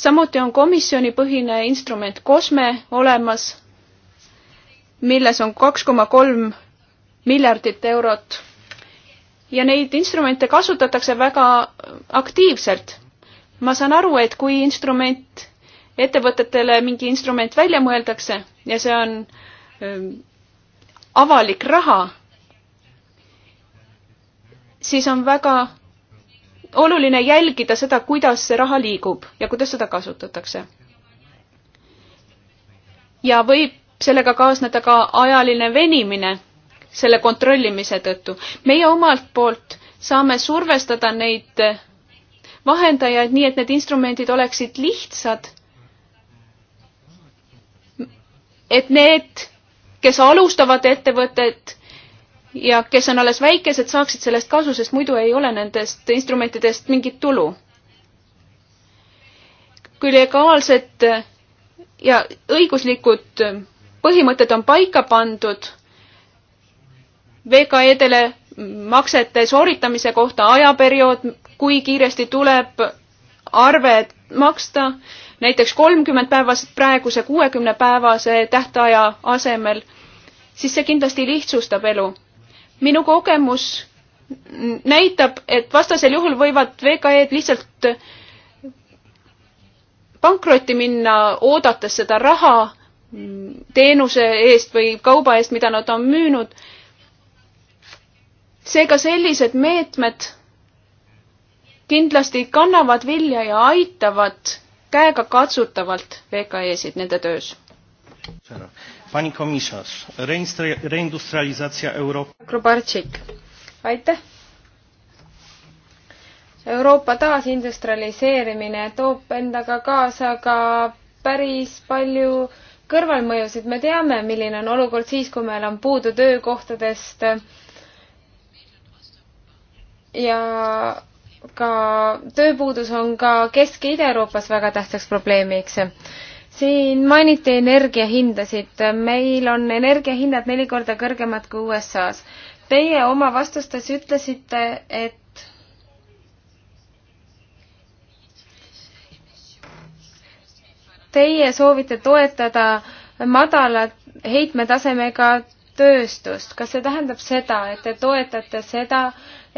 samuti on komisjonipõhine instrument COSME olemas, milles on kaks koma kolm miljardit eurot ja neid instrumente kasutatakse väga aktiivselt ma saan aru, et kui instrument, ettevõtetele mingi instrument välja mõeldakse ja see on ähm, avalik raha, siis on väga oluline jälgida seda, kuidas see raha liigub ja kuidas seda kasutatakse. ja võib sellega kaasneda ka ajaline venimine selle kontrollimise tõttu. meie omalt poolt saame survestada neid äh, vahendajaid, nii et need instrumendid oleksid lihtsad. et need, kes alustavad ettevõtet ja kes on alles väikesed, saaksid sellest kasu, sest muidu ei ole nendest instrumentidest mingit tulu. kui legaalsed ja õiguslikud põhimõtted on paika pandud VKE-dele maksete sooritamise kohta ajaperiood, kui kiiresti tuleb arve maksta, näiteks kolmkümmend päevast praeguse kuuekümne päevase tähtaja asemel, siis see kindlasti lihtsustab elu. minu kogemus näitab, et vastasel juhul võivad VKE-d lihtsalt pankrotti minna, oodates seda raha mm, teenuse eest või kauba eest, mida nad on müünud. seega sellised meetmed kindlasti kannavad vilja ja aitavad käegakatsutavalt VKE-sid nende töös. Pani komisarz, reindustrializacja Euroopa. Grubarczyk, aitäh. Euroopa taasindustrialiseerimine toob endaga kaasa ka päris palju kõrvalmõjusid. me teame, milline on olukord siis, kui meil on puudu töökohtadest ja ka, tööpuudus on ka Kesk- ja Ida-Euroopas väga tähtsaks probleemiks. siin mainiti energiahindasid, meil on energiahinnad neli korda kõrgemad kui USA-s. Teie oma vastustes ütlesite, et Teie soovite toetada madala heitmetasemega tööstust, kas see tähendab seda, et te toetate seda,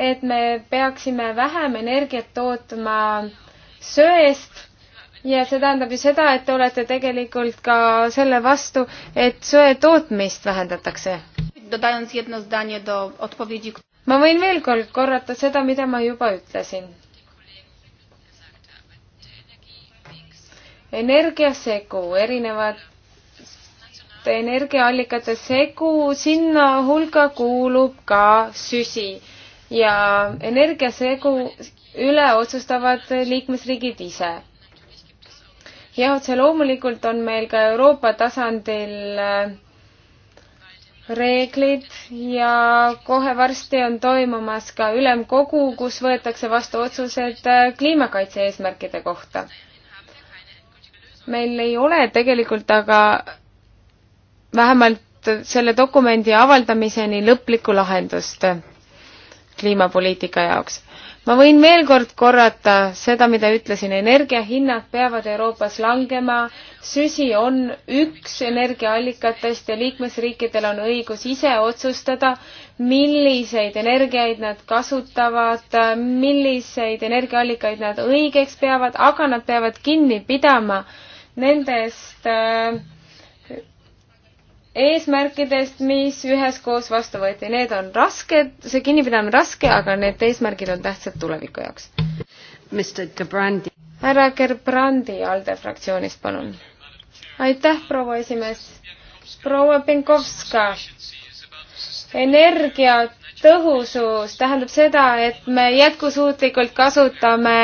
et me peaksime vähem energiat tootma söest ja see tähendab ju seda, et te olete tegelikult ka selle vastu, et söe tootmist vähendatakse? ma võin veel kord korrata seda, mida ma juba ütlesin. energiasegu, erinevad energiaallikate segu, sinna hulka kuulub ka süsi ja energiasegu üle otsustavad liikmesriigid ise. jah, otse loomulikult on meil ka Euroopa tasandil äh, reeglid ja kohe varsti on toimumas ka ülemkogu, kus võetakse vastu otsused äh, kliimakaitse eesmärkide kohta. meil ei ole tegelikult aga vähemalt selle dokumendi avaldamiseni lõplikku lahendust kliimapoliitika jaoks. ma võin veel kord korrata seda, mida ütlesin, energiahinnad peavad Euroopas langema, süsi on üks energiaallikatest ja liikmesriikidel on õigus ise otsustada, milliseid energiaid nad kasutavad, milliseid energiaallikaid nad õigeks peavad, aga nad peavad kinni pidama nendest äh, eesmärkidest, mis üheskoos vastu võeti, need on rasked, see kinnipidamine on raske, aga need eesmärgid on tähtsad tuleviku jaoks. härra Gerbrandi ALDE fraktsioonist, palun. aitäh, proua esimees. proua Pinkovska, energia tõhusus tähendab seda, et me jätkusuutlikult kasutame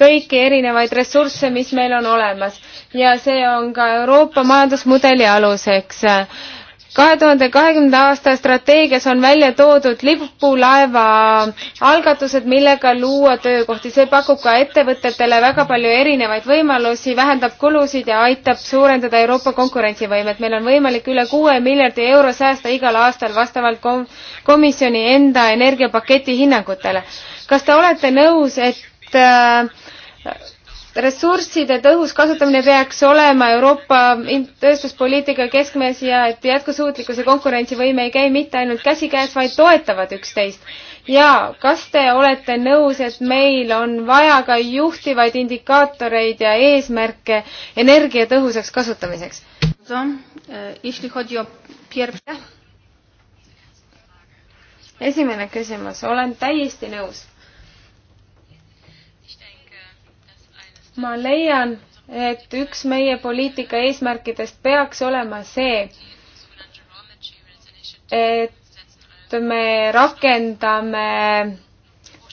kõiki erinevaid ressursse, mis meil on olemas ja see on ka Euroopa majandusmudeli aluseks kahe tuhande kahekümnenda aasta strateegias on välja toodud lipulaeva algatused, millega luua töökohti. see pakub ka ettevõtetele väga palju erinevaid võimalusi, vähendab kulusid ja aitab suurendada Euroopa konkurentsivõimet. meil on võimalik üle kuue miljardi euro säästa igal aastal vastavalt kom-, komisjoni enda energiapaketi hinnangutele. kas te olete nõus, et äh, ressursside tõhus kasutamine peaks olema Euroopa tööstuspoliitika keskmes ja et jätkusuutlikkus ja konkurentsivõime ei käi mitte ainult käsikäes, vaid toetavad üksteist. ja kas te olete nõus, et meil on vaja ka juhtivaid indikaatoreid ja eesmärke energia tõhusaks kasutamiseks? Eh, esimene küsimus, olen täiesti nõus ma leian, et üks meie poliitika eesmärkidest peaks olema see, et me rakendame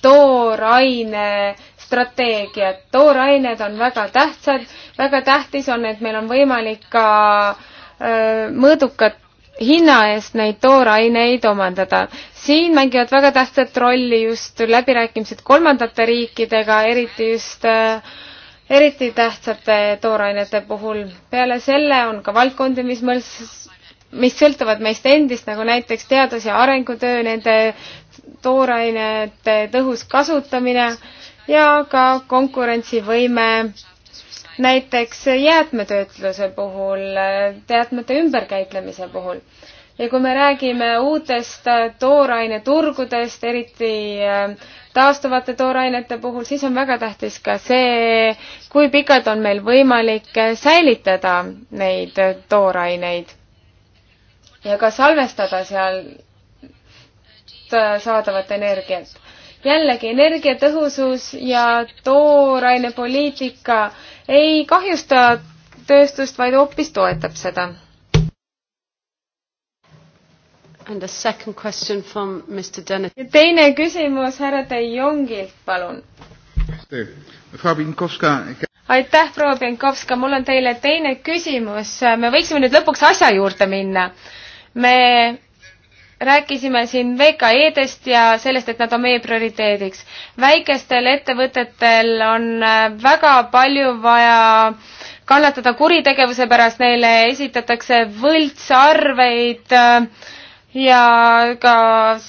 tooraine strateegiat. toorained on väga tähtsad, väga tähtis on, et meil on võimalik ka öö, äh, mõõdukat hinna eest neid tooraineid omandada. siin mängivad väga tähtsat rolli just läbirääkimised kolmandate riikidega, eriti just öö, äh, eriti tähtsate toorainete puhul. peale selle on ka valdkondi, mis mõls-, mis sõltuvad meist endist, nagu näiteks teadus- ja arengutöö, nende toorainete tõhus kasutamine ja ka konkurentsivõime näiteks jäätmetöötluse puhul, jäätmete ümberkäitlemise puhul ja kui me räägime uutest äh, tooraineturgudest, eriti äh, taastuvate toorainete puhul, siis on väga tähtis ka see, kui pikalt on meil võimalik äh, säilitada neid tooraineid ja ka salvestada seal saadavat energiat. jällegi, energiatõhusus ja toorainepoliitika ei kahjusta tööstust, vaid hoopis toetab seda And a second question from Mr Dennis. ja teine küsimus härra De Jongilt, palun. aitäh, proua Pienkovska, mul on teile teine küsimus. me võiksime nüüd lõpuks asja juurde minna. me rääkisime siin VKE-dest ja sellest, et nad on meie prioriteediks. väikestel ettevõtetel on äh, väga palju vaja kannatada kuritegevuse pärast, neile esitatakse võltsarveid äh, ja ka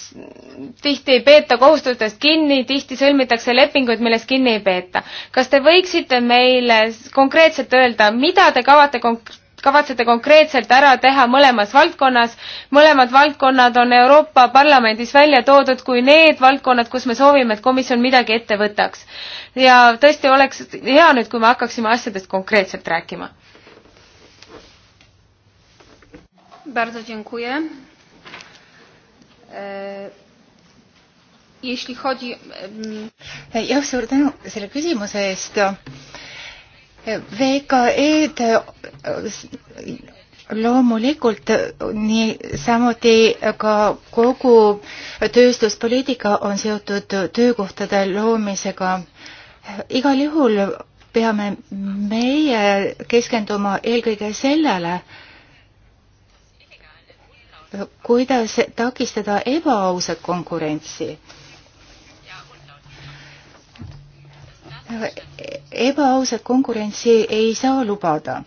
tihti ei peeta kohustustest kinni, tihti sõlmitakse lepinguid, millest kinni ei peeta. kas te võiksite meile konkreetselt öelda, mida te kavate konk-, kavatsete konkreetselt ära teha mõlemas valdkonnas. mõlemad valdkonnad on Euroopa Parlamendis välja toodud kui need valdkonnad, kus me soovime, et komisjon midagi ette võtaks. ja tõesti oleks hea nüüd, kui me hakkaksime asjadest konkreetselt rääkima. Bardzo dziękuję. Äh, jah, suur tänu selle küsimuse eest. VKE-d äh, loomulikult nii samuti ka kogu tööstuspoliitika on seotud töökohtade loomisega. igal juhul peame meie keskenduma eelkõige sellele, kuidas takistada ebaausat konkurentsi. ebaausat konkurentsi ei saa lubada.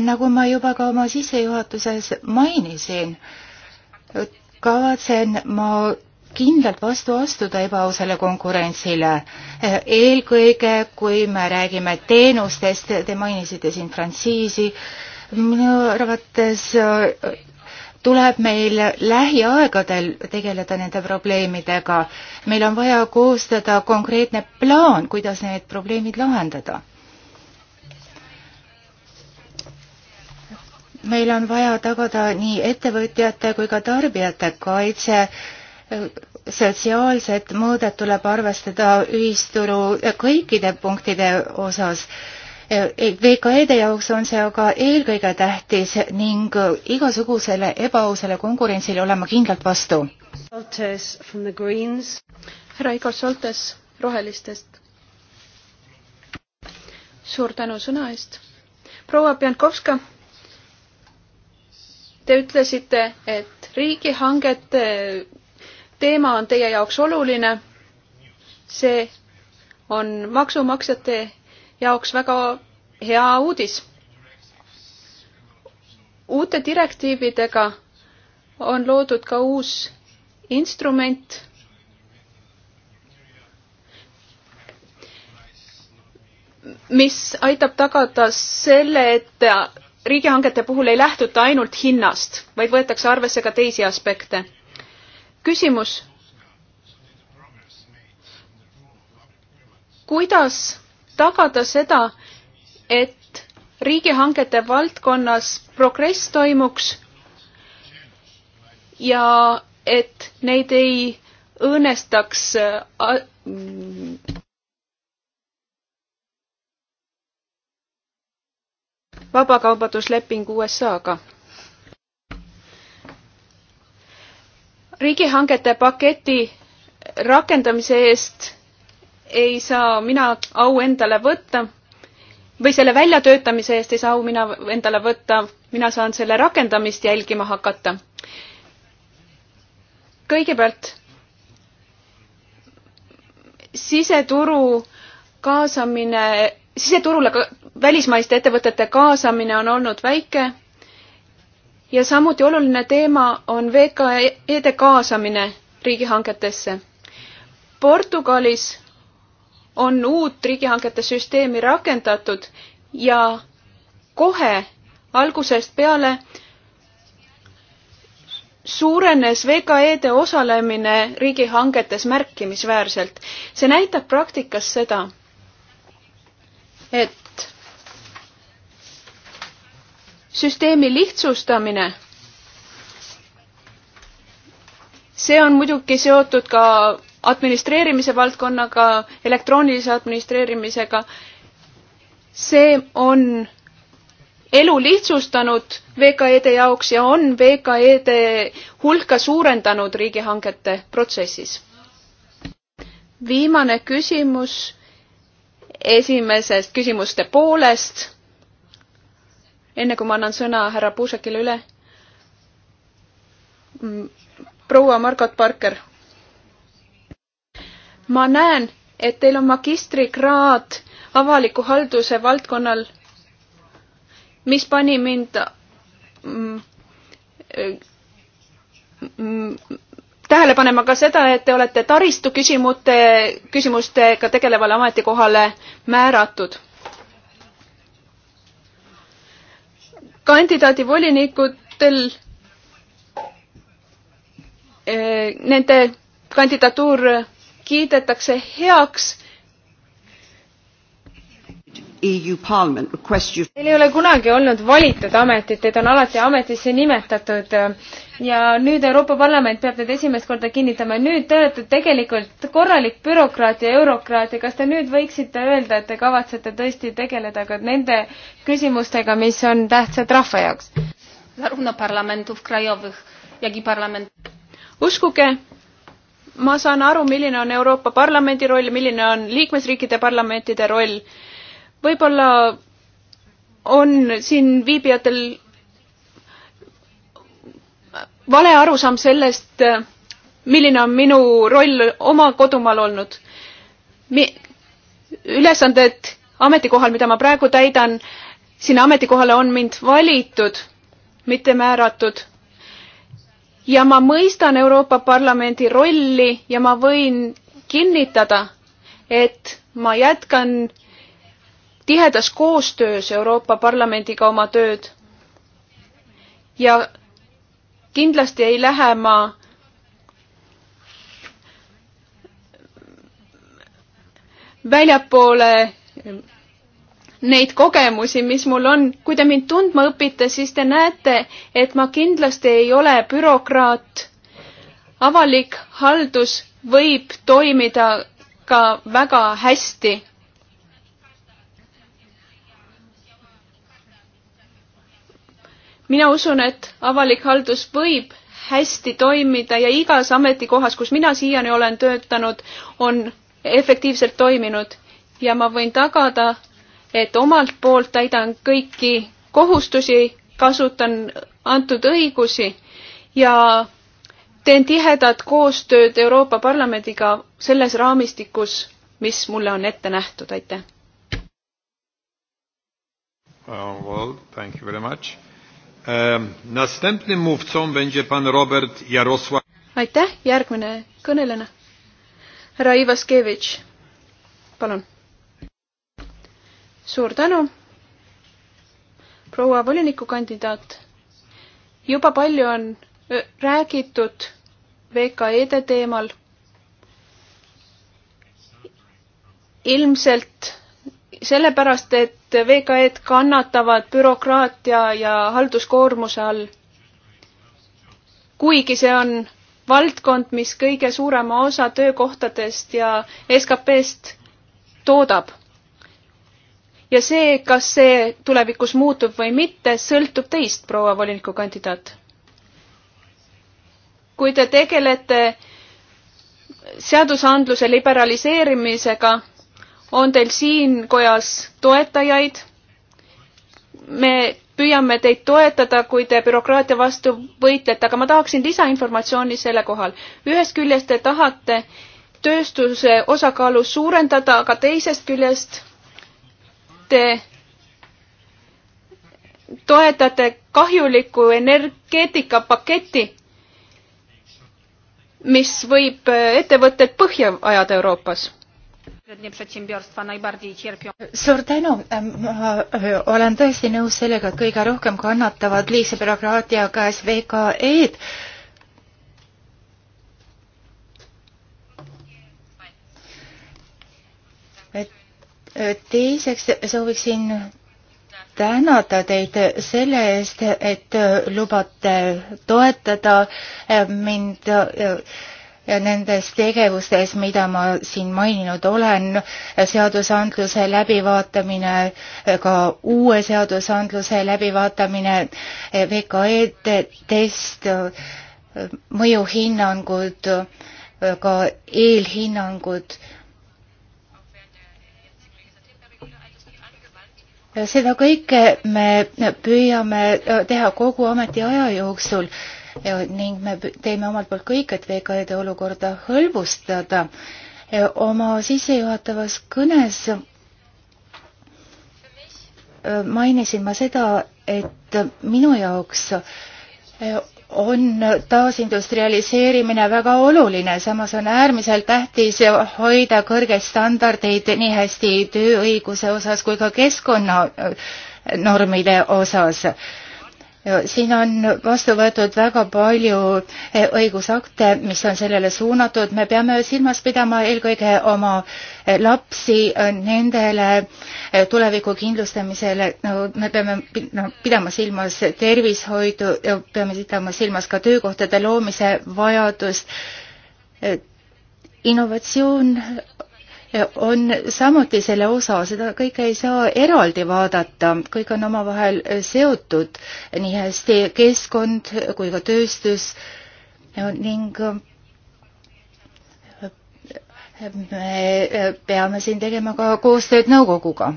nagu ma juba ka oma sissejuhatuses mainisin, kavatsen ma kindlalt vastu astuda ebaausale konkurentsile. eelkõige, kui me räägime teenustest, te mainisite siin frantsiisi, minu arvates äh, tuleb meil lähiaegadel tegeleda nende probleemidega. meil on vaja koostada konkreetne plaan, kuidas need probleemid lahendada. meil on vaja tagada nii ettevõtjate kui ka tarbijate kaitse sotsiaalset mõõdet tuleb arvestada ühisturu kõikide punktide osas. E, VKE-de jaoks on see aga eelkõige tähtis ning igasugusele ebaausale konkurentsile olema kindlalt vastu. härra Igor Soltes Rohelistest. suur tänu sõna eest. proua Pjankovska, te ütlesite, et riigihangete teema on teie jaoks oluline. see on maksumaksjate jaoks väga hea uudis. uute direktiividega on loodud ka uus instrument, mis aitab tagada selle, et riigihangete puhul ei lähtuta ainult hinnast, vaid võetakse arvesse ka teisi aspekte küsimus. kuidas tagada seda, et riigihangete valdkonnas progress toimuks ja et neid ei õõnestaks äh, vabakaubandusleping USA-ga riigihangete paketi rakendamise eest ei saa mina au endale võtta või selle väljatöötamise eest ei saa au mina endale võtta, mina saan selle rakendamist jälgima hakata. kõigepealt siseturu kaasamine, siseturule ka, välismaiste ettevõtete kaasamine on olnud väike ja samuti oluline teema on VKE-de e kaasamine riigihangetesse. Portugalis on uut riigihangete süsteemi rakendatud ja kohe algusest peale suurenes VKE-de osalemine riigihangetes märkimisväärselt. see näitab praktikas seda, et süsteemi lihtsustamine. see on muidugi seotud ka administreerimise valdkonnaga, elektroonilise administreerimisega. see on elu lihtsustanud VKE-de jaoks ja on VKE-de hulka suurendanud riigihangete protsessis. viimane küsimus esimesest küsimuste poolest enne kui ma annan sõna härra Puusakile üle. Mm, proua Margot Parker. ma näen, et teil on magistrikraad avaliku halduse valdkonnal, mis pani mind mm, mm, tähele panema ka seda, et te olete taristu küsimute, küsimustega tegelevale ametikohale määratud kandidaadivolinikutel, eh, nende kandidatuur kiidetakse heaks E Teil ei ole kunagi olnud valitud ametit, teid on alati ametisse nimetatud ja nüüd Euroopa Parlament peab teid esimest korda kinnitama. nüüd te olete tegelikult korralik bürokraat ja eurokraat ja kas te nüüd võiksite öelda, et te kavatsete tõesti tegeleda ka nende küsimustega, mis on tähtsad rahva jaoks? uskuge, ma saan aru, milline on Euroopa Parlamendi roll, milline on liikmesriikide parlamentide roll võib-olla on siin viibijatel vale arusaam sellest, milline on minu roll oma kodumaal olnud. ülesanded ametikohal, mida ma praegu täidan, sinna ametikohale on mind valitud, mitte määratud. ja ma mõistan Euroopa Parlamendi rolli ja ma võin kinnitada, et ma jätkan tihedas koostöös Euroopa Parlamendiga oma tööd. ja kindlasti ei lähe ma väljapoole neid kogemusi, mis mul on. kui te mind tundma õpite, siis te näete, et ma kindlasti ei ole bürokraat. avalik haldus võib toimida ka väga hästi mina usun, et avalik haldus võib hästi toimida ja igas ametikohas, kus mina siiani olen töötanud, on efektiivselt toiminud ja ma võin tagada, et omalt poolt täidan kõiki kohustusi, kasutan antud õigusi ja teen tihedat koostööd Euroopa Parlamendiga selles raamistikus, mis mulle on ette nähtud, aitäh. Uh, well, thank you very much. Ehm, aitäh, järgmine kõneleja. härra Ivaskevitš, palun. suur tänu, proua volinikukandidaat. juba palju on räägitud VKE-de e teemal. ilmselt sellepärast, et et VKE-d kannatavad bürokraatia ja halduskoormuse all. kuigi see on valdkond, mis kõige suurema osa töökohtadest ja SKP-st toodab. ja see, kas see tulevikus muutub või mitte, sõltub teist, proua volinikukandidaat. kui te tegelete seadusandluse liberaliseerimisega on teil siin kojas toetajaid. me püüame teid toetada, kui te bürokraatia vastu võitlete, aga ma tahaksin lisainformatsiooni selle kohal. ühest küljest te tahate tööstuse osakaalu suurendada, aga teisest küljest te toetate kahjulikku energeetikapaketti, mis võib äh, ettevõtted põhja ajada Euroopas suur tänu, ähm, ma äh, olen tõesti nõus sellega, et kõige rohkem kannatavad liigse bürokraatia käes VKE-d. Äh, teiseks sooviksin tänada teid selle eest, et äh, lubate toetada mind nendes tegevustes, mida ma siin maininud olen, seadusandluse läbivaatamine, ka uue seadusandluse läbivaatamine, VKE-d test, mõjuhinnangud, ka eelhinnangud seda kõike me püüame teha kogu ametiaja jooksul ning me teeme omalt poolt kõik, et VKE-de olukorda hõlbustada. oma sissejuhatavas kõnes äh, mainisin ma seda, et minu jaoks äh, on taasindustrialiseerimine väga oluline, samas on äärmiselt tähtis hoida kõrgeid standardeid nii hästi tööõiguse osas kui ka keskkonnanormide osas siin on vastu võetud väga palju eh, õigusakte, mis on sellele suunatud, me peame silmas pidama eelkõige oma eh, lapsi eh, nendele tuleviku kindlustamisele, no me peame pidama silmas tervishoidu, peame pidama silmas ka töökohtade loomise vajadust. innovatsioon on samuti selle osa, seda kõike ei saa eraldi vaadata, kõik on omavahel äh, seotud, äh, nii hästi keskkond kui ka tööstus ning äh, me peame siin tegema ka koostööd nõukoguga.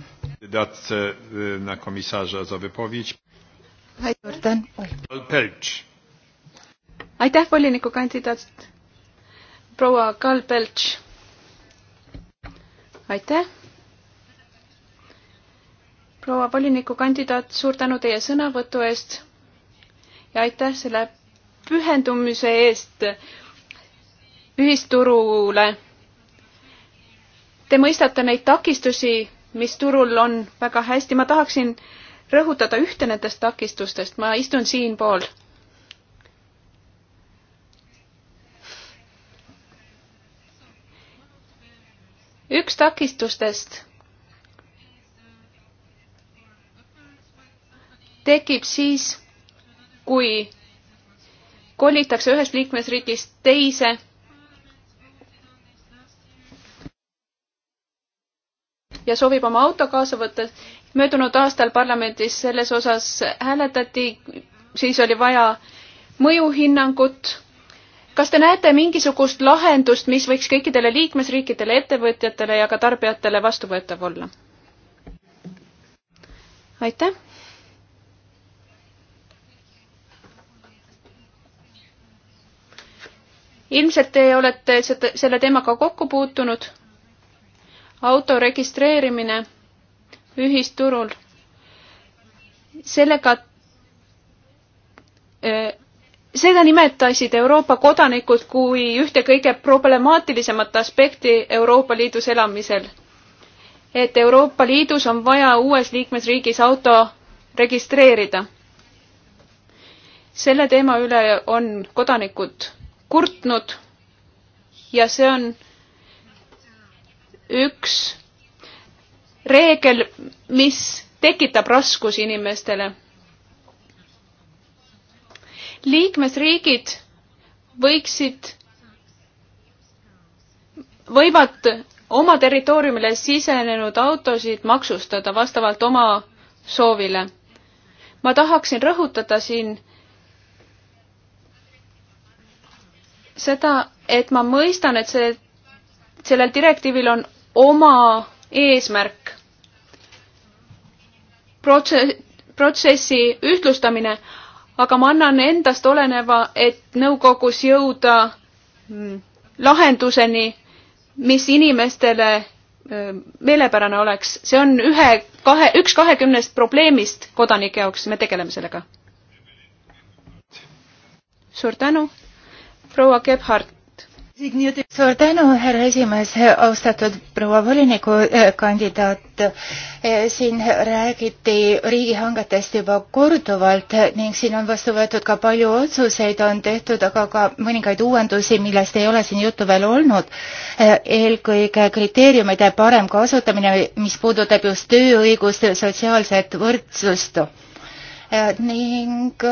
aitäh, volinikukandidaat proua Karl Pelts aitäh. proua volinikukandidaat, suur tänu teie sõnavõtu eest ja aitäh selle pühendumise eest ühisturule. Te mõistate neid takistusi, mis turul on väga hästi, ma tahaksin rõhutada ühte nendest takistustest, ma istun siinpool üks takistustest tekib siis, kui kolitakse ühest liikmesriigist teise. ja soovib oma auto kaasa võtta. möödunud aastal parlamendis selles osas hääletati, siis oli vaja mõjuhinnangut kas te näete mingisugust lahendust, mis võiks kõikidele liikmesriikidele, ettevõtjatele ja ka tarbijatele vastuvõetav olla? aitäh. ilmselt te olete selle teemaga kokku puutunud. auto registreerimine ühisturul, sellega öö, äh, seda nimetasid Euroopa kodanikud kui ühte kõige problemaatilisemat aspekti Euroopa Liidus elamisel. et Euroopa Liidus on vaja uues liikmesriigis auto registreerida. selle teema üle on kodanikud kurtnud ja see on üks reegel, mis tekitab raskusi inimestele liikmesriigid võiksid, võivad oma territooriumile sisenenud autosid maksustada vastavalt oma soovile. ma tahaksin rõhutada siin seda, et ma mõistan, et see, sellel direktiivil on oma eesmärk. protse-, protsessi ühtlustamine, aga ma annan endast oleneva, et nõukogus jõuda mm, lahenduseni, mis inimestele mm, meelepärane oleks, see on ühe, kahe, üks kahekümnest probleemist kodanike jaoks, me tegeleme sellega. suur tänu, proua Gebhardt suur tänu, härra esimees, austatud proua volinikukandidaat. Eh, eh, siin räägiti riigihangetest juba korduvalt eh, ning siin on vastu võetud ka palju otsuseid, on tehtud aga ka mõningaid uuendusi, millest ei ole siin juttu veel olnud. eelkõige kriteeriumide parem kasutamine, mis puudutab just tööõigust, sotsiaalset võrdsust ning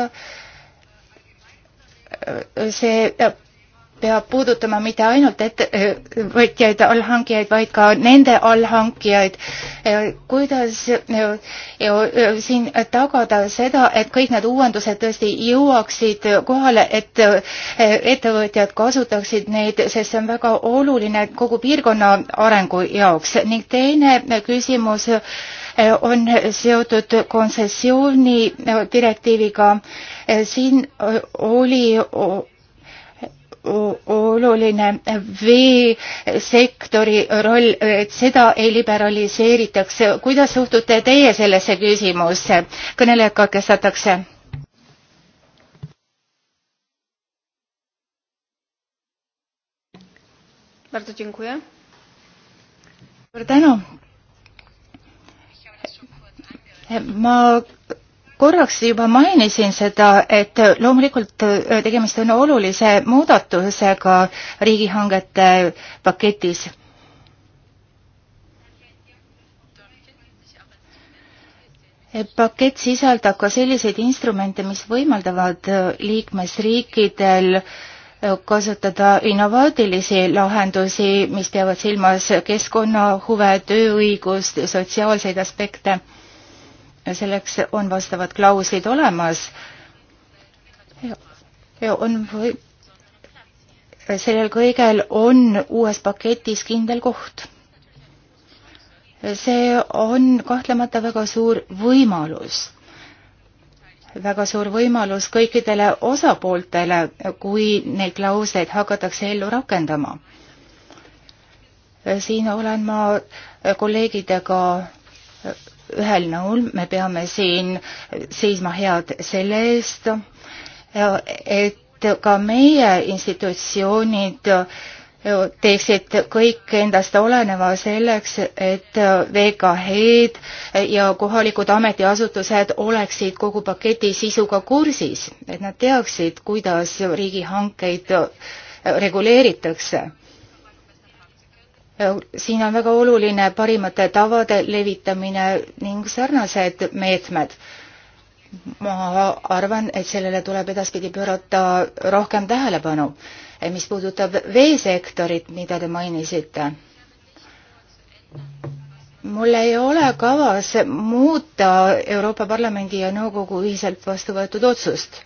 see peab puudutama mitte ainult ettevõtjaid, äh, allhankijaid, vaid ka nende allhankijaid. Äh, kuidas äh, siin tagada seda, et kõik need uuendused tõesti jõuaksid kohale, et ettevõtjad kasutaksid neid, sest see on väga oluline kogu piirkonna arengu jaoks ning teine küsimus on seotud kontsessiooni direktiiviga. siin oli oluline veesektori roll, et seda ei liberaliseeritaks. kuidas suhtute teie sellesse küsimusse? kõneleja katkestatakse. suur tänu. ma korraks juba mainisin seda, et loomulikult äh, tegemist on olulise muudatusega riigihangete paketis. pakett sisaldab ka selliseid instrumente, mis võimaldavad äh, liikmesriikidel äh, kasutada innovaatilisi lahendusi, mis peavad silmas keskkonnahuve, tööõigust, sotsiaalseid aspekte selleks on vastavad klauslid olemas. on või, sellel kõigel on uues paketis kindel koht. see on kahtlemata väga suur võimalus, väga suur võimalus kõikidele osapooltele, kui neid klauseid hakatakse ellu rakendama. siin olen ma kolleegidega ühel nõul, me peame siin seisma head selle eest, et ka meie institutsioonid teeksid kõik endast oleneva selleks, et VKH-d ja kohalikud ametiasutused oleksid kogu paketi sisuga kursis, et nad teaksid, kuidas riigihankeid reguleeritakse siin on väga oluline parimate tavade levitamine ning sarnased meetmed. ma arvan, et sellele tuleb edaspidi pöörata rohkem tähelepanu. mis puudutab veesektorit, mida te mainisite, mul ei ole kavas muuta Euroopa Parlamendi ja Nõukogu ühiselt vastu võetud otsust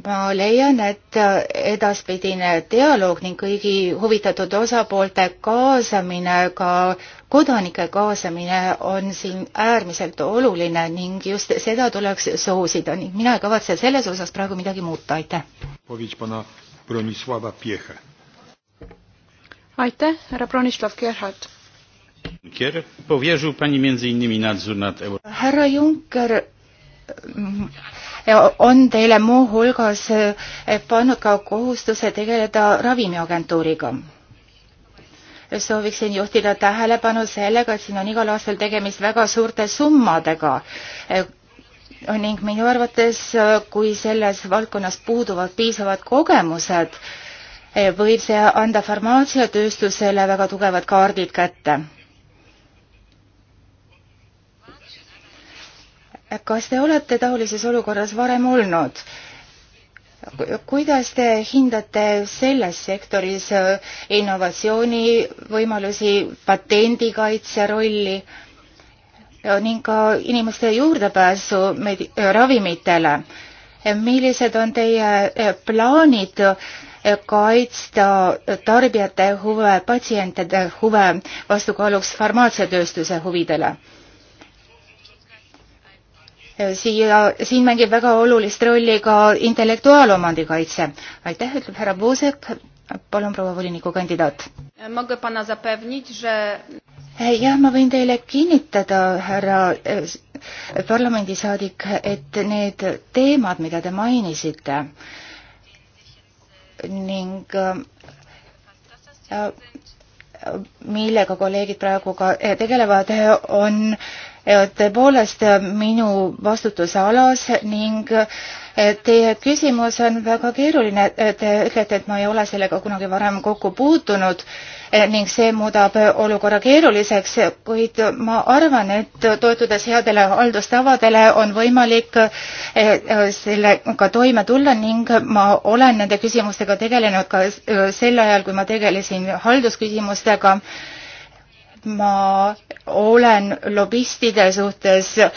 ma leian, et äh, edaspidine dialoog ning kõigi huvitatud osapoolte kaasamine, ka kodanike kaasamine on siin äärmiselt oluline ning just seda tuleks soosida ning mina ei kavatse selles osas praegu midagi muuta, aitäh. aitäh, härra Bronislav Gerhard. härra Juncker on teile muuhulgas eh, pannud ka kohustuse tegeleda ravimiagentuuriga. sooviksin juhtida tähelepanu sellega, et siin on igal aastal tegemist väga suurte summadega eh, ning minu arvates, eh, kui selles valdkonnas puuduvad piisavad kogemused, võib see anda farmaatsiatööstusele väga tugevad kaardid kätte kas te olete taolises olukorras varem olnud? kuidas te hindate selles sektoris äh, innovatsioonivõimalusi, patendikaitse rolli äh, ning ka inimeste juurdepääsu äh, ravimitele? millised on teie plaanid kaitsta tarbijate huve, patsientide huve vastukaaluks farmaatsiatööstuse huvidele? siia, siin mängib väga olulist rolli ka intellektuaalomandi kaitse. aitäh, ütleb härra Puusek, palun, proua volinikukandidaat. Eh, jah, ma võin teile kinnitada, härra eh, parlamendisaadik, et need teemad, mida te mainisite ning eh, millega kolleegid praegu ka tegelevad, on äh, Eh, tõepoolest eh, minu vastutusalas ning eh, teie küsimus on väga keeruline. Te ütlete, et ma ei ole sellega kunagi varem kokku puutunud ning see muudab olukorra keeruliseks, kuid ma arvan, et toetudes headele haldustavadele on võimalik sellega toime tulla ning ma olen nende küsimustega tegelenud ka sel ajal, kui ma tegelesin haldusküsimustega ma olen lobistide suhtes äh,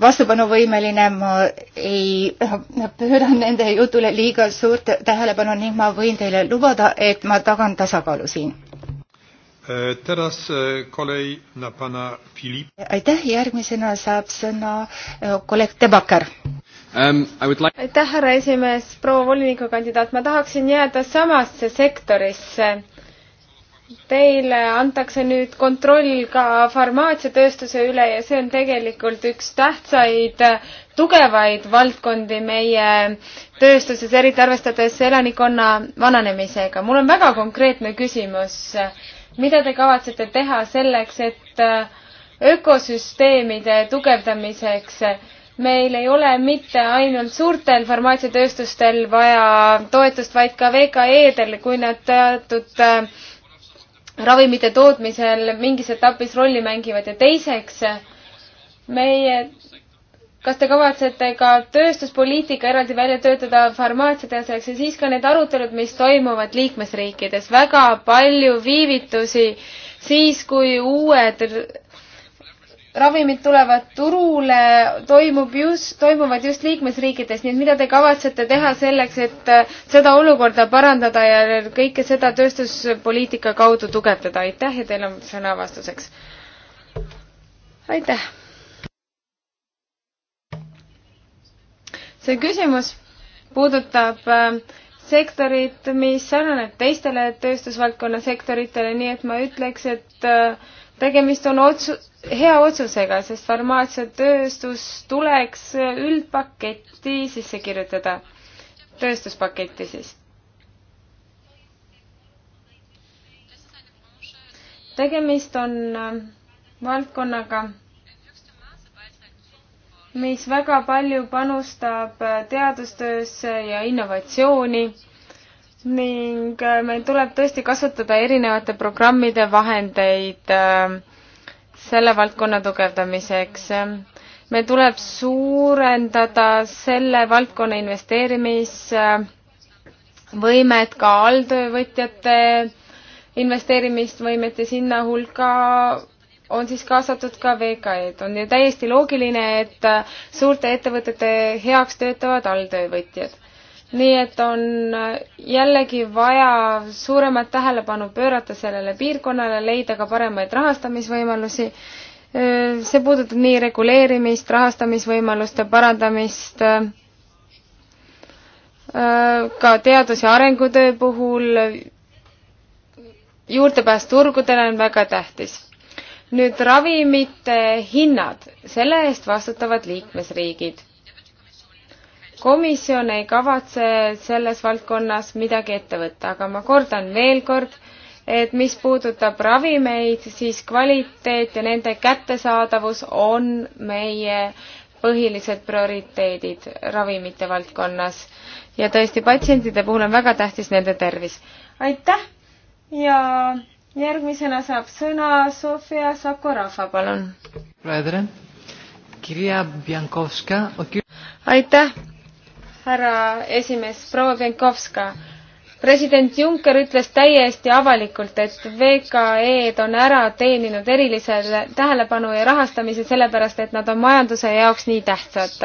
vastupanuvõimeline, ma ei pööra nende jutule liiga suurt tähelepanu ning ma võin teile lubada, et ma tagan tasakaalu siin. Äh, teraz äh, kolej na pana Filip. aitäh, järgmisena saab sõna kolleeg Tebaker. Um, like... aitäh, härra esimees, proua volinikukandidaat, ma tahaksin jääda samasse sektorisse Teile antakse nüüd kontroll ka farmaatsiatööstuse üle ja see on tegelikult üks tähtsaid tugevaid valdkondi meie tööstuses, eriti arvestades elanikkonna vananemisega. mul on väga konkreetne küsimus. mida te kavatsete teha selleks, et ökosüsteemide tugevdamiseks meil ei ole mitte ainult suurtel farmaatsiatööstustel vaja toetust, vaid ka VKE-del, kui nad teatud äh, ravimite tootmisel mingis etapis rolli mängivad ja teiseks meie, kas te kavatsete ka tööstuspoliitika eraldi välja töötada farmaatsiatehaseks ja siis ka need arutelud, mis toimuvad liikmesriikides, väga palju viivitusi siis, kui uued ravimid tulevad turule, toimub just, toimuvad just liikmesriikides, nii et mida te kavatsete teha selleks, et äh, seda olukorda parandada ja kõike seda tööstuspoliitika kaudu tugevdada, aitäh ja teil on sõna vastuseks. aitäh. see küsimus puudutab äh, sektorit, mis sarnaneb teistele tööstusvaldkonna sektoritele, nii et ma ütleks, et äh, tegemist on otsu-, hea otsusega, sest farmaatsiatööstus tuleks üldpaketti sisse kirjutada, tööstuspaketti siis. tegemist on äh, valdkonnaga, mis väga palju panustab äh, teadustöösse ja innovatsiooni ning äh, meil tuleb tõesti kasutada erinevate programmide vahendeid äh, selle valdkonna tugevdamiseks. meil tuleb suurendada selle valdkonna investeerimisvõimet ka alltöövõtjate investeerimisvõimet ja sinna hulka on siis kaasatud ka VKE-d. on ju täiesti loogiline, et suurte ettevõtete heaks töötavad alltöövõtjad nii et on jällegi vaja suuremat tähelepanu pöörata sellele piirkonnale, leida ka paremaid rahastamisvõimalusi. see puudutab nii reguleerimist, rahastamisvõimaluste parandamist, ka teadus- ja arengutöö puhul juurdepääs turgudele on väga tähtis. nüüd ravimite hinnad, selle eest vastutavad liikmesriigid komisjon ei kavatse selles valdkonnas midagi ette võtta, aga ma kordan veel kord, et mis puudutab ravimeid, siis kvaliteet ja nende kättesaadavus on meie põhilised prioriteedid ravimite valdkonnas. ja tõesti, patsientide puhul on väga tähtis nende tervis. aitäh ja järgmisena saab sõna Sofia Sakorafa, palun. aitäh, härra esimees, proua Pienkovska. president Juncker ütles täiesti avalikult, et VKE-d on ära teeninud erilise tähelepanu ja rahastamise sellepärast, et nad on majanduse jaoks nii tähtsad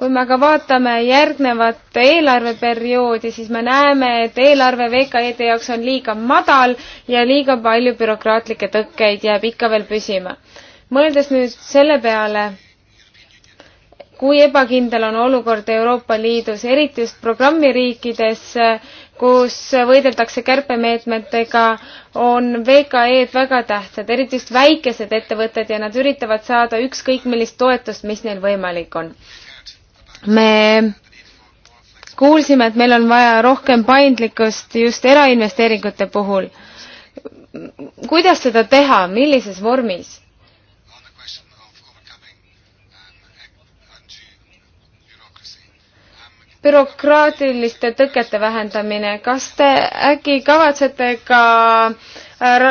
kui me aga vaatame järgnevat eelarveperioodi, siis me näeme, et eelarve VKE-de jaoks on liiga madal ja liiga palju bürokraatlikke tõkkeid jääb ikka veel püsima. mõeldes nüüd selle peale, kui ebakindel on olukord Euroopa Liidus, eriti just programmiriikides, kus võideldakse kärpemeetmetega, on VKE-d väga tähtsad, eriti just väikesed ettevõtted ja nad üritavad saada ükskõik millist toetust, mis neil võimalik on. me kuulsime, et meil on vaja rohkem paindlikkust just erainvesteeringute puhul. kuidas seda teha, millises vormis? bürokraatiliste tõkete vähendamine, kas te äkki kavatsete ka äh,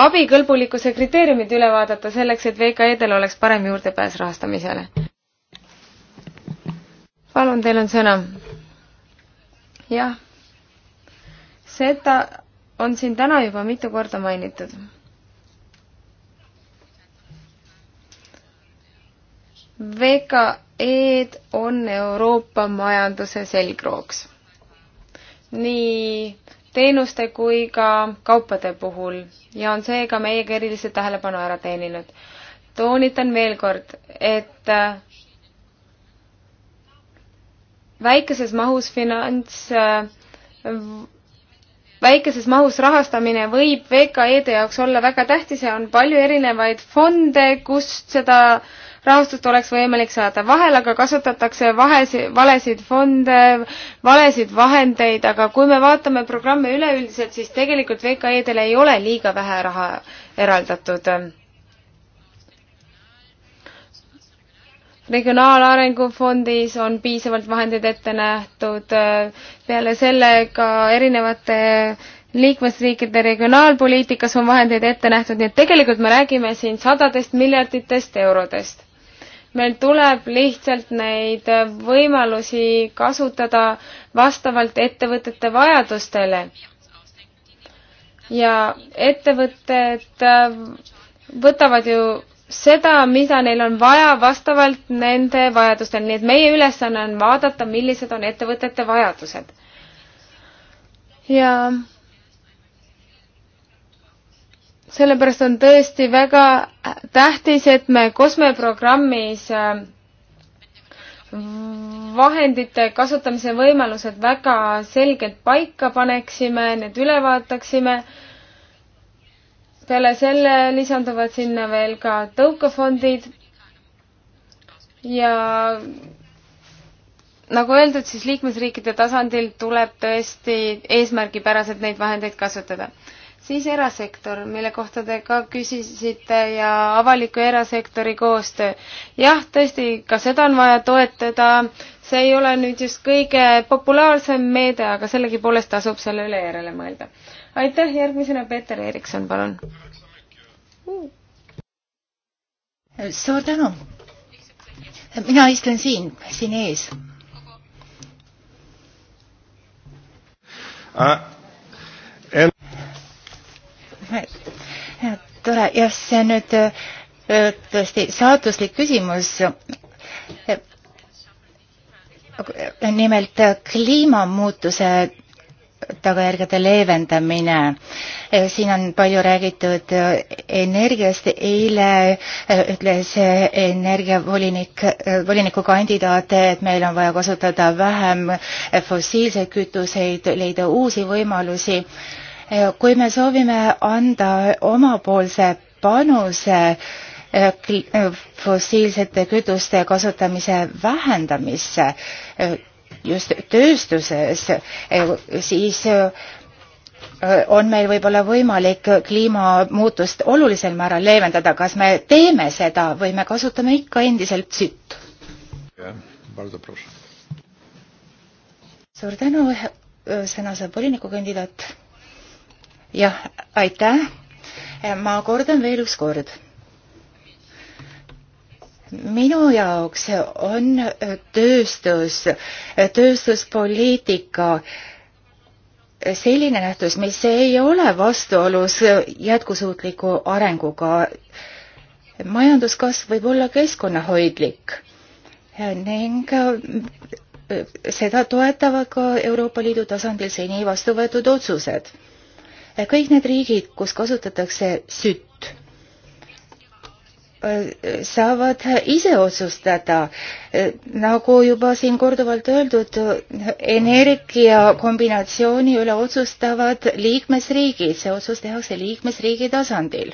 abikõlbulikkuse kriteeriumid üle vaadata selleks, et VKE-del oleks parem juurdepääs rahastamisele? palun, teil on sõna. jah, seda on siin täna juba mitu korda mainitud. VK e VKE-d on Euroopa majanduse selgrooks. nii teenuste kui ka kaupade puhul ja on seega meiega erilise tähelepanu ära teeninud. toonitan veel kord, et äh, väikeses mahus finants, äh, väikeses mahus rahastamine võib VKE-de jaoks olla väga tähtis ja on palju erinevaid fonde, kust seda äh, rahastust oleks võimalik saada. vahel aga kasutatakse vahesi, valesid fonde, valesid vahendeid, aga kui me vaatame programme üleüldiselt, siis tegelikult VKE-dele ei ole liiga vähe raha eraldatud. regionaalarengu fondis on piisavalt vahendeid ette nähtud, peale selle ka erinevate liikmesriikide regionaalpoliitikas on vahendeid ette nähtud, nii et tegelikult me räägime siin sadadest miljarditest eurodest meil tuleb lihtsalt neid võimalusi kasutada vastavalt ettevõtete vajadustele. ja ettevõtted äh, võtavad ju seda, mida neil on vaja vastavalt nende vajadustele, nii et meie ülesanne on vaadata, millised on ettevõtete vajadused. ja sellepärast on tõesti väga tähtis, et me COSME programmis äh, vahendite kasutamise võimalused väga selgelt paika paneksime, need üle vaataksime. peale selle lisanduvad sinna veel ka tõukefondid ja nagu öeldud, siis liikmesriikide tasandil tuleb tõesti eesmärgipäraselt neid vahendeid kasutada siis erasektor, mille kohta te ka küsisite ja avaliku ja erasektori koostöö. jah, tõesti, ka seda on vaja toetada, see ei ole nüüd just kõige populaarsem meede, aga sellegipoolest tasub selle üle järele mõelda. aitäh, järgmisena Peeter Erikson, palun. suur tänu. mina istun siin, siin ees uh tore, jah, see on nüüd äh, tõesti saatuslik küsimus. nimelt äh, kliimamuutuse tagajärgede leevendamine. Äh, siin on palju räägitud energiast, eile ütles energiavolinik, volinikukandidaat, et meil on vaja kasutada vähem fossiilseid kütuseid, leida uusi võimalusi Eh, kui me soovime anda omapoolse panuse eh, eh, fossiilsete kütuste kasutamise vähendamisse just tööstuses, siis on meil võib-olla võimalik kliimamuutust olulisel määral leevendada, kas me teeme seda või me kasutame ikka endiselt sütt? suur tänu, sõna saab volinikukandidaat jah, aitäh. ma kordan veel ükskord. minu jaoks on tööstus, tööstuspoliitika selline nähtus, mis ei ole vastuolus jätkusuutliku arenguga. majanduskasv võib olla keskkonnahoidlik ning seda toetavad ka Euroopa Liidu tasandil seni vastu võetud otsused kõik need riigid, kus kasutatakse sütt, äh, saavad ise otsustada, äh, nagu juba siin korduvalt öeldud, energiakombinatsiooni üle otsustavad liikmesriigid, see otsus tehakse liikmesriigi tasandil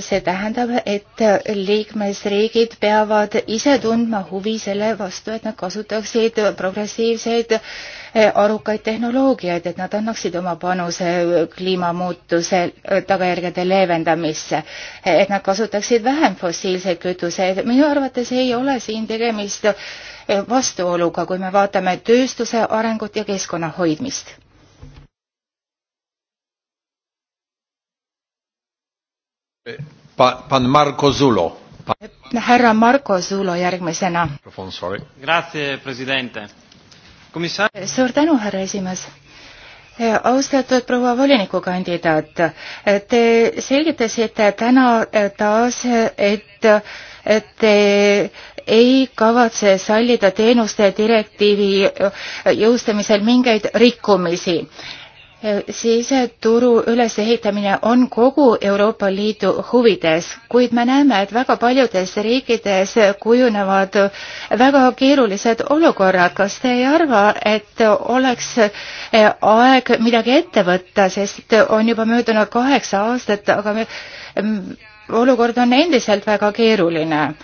see tähendab, et liikmesriigid peavad ise tundma huvi selle vastu, et nad kasutaksid progressiivseid eh, arukaid tehnoloogiaid, et nad annaksid oma panuse kliimamuutuse eh, tagajärgede leevendamisse, eh, et nad kasutaksid vähem fossiilseid kütuseid. minu arvates ei ole siin tegemist vastuoluga, kui me vaatame tööstuse arengut ja keskkonna hoidmist pa-, pan Marko Zulo pa.... härra Marko Zulo järgmisena. Komissar... suur tänu, härra esimees austatud proua volinikukandidaat, te selgitasite täna taas, et, et te ei kavatse sallida teenuste direktiivi jõustamisel mingeid rikkumisi siseturu ülesehitamine on kogu Euroopa Liidu huvides, kuid me näeme, et väga paljudes riikides kujunevad väga keerulised olukorrad. kas te ei arva, et oleks eh, aeg midagi ette võtta, sest on juba möödunud kaheksa aastat, aga me, mm, olukord on endiselt väga keeruline.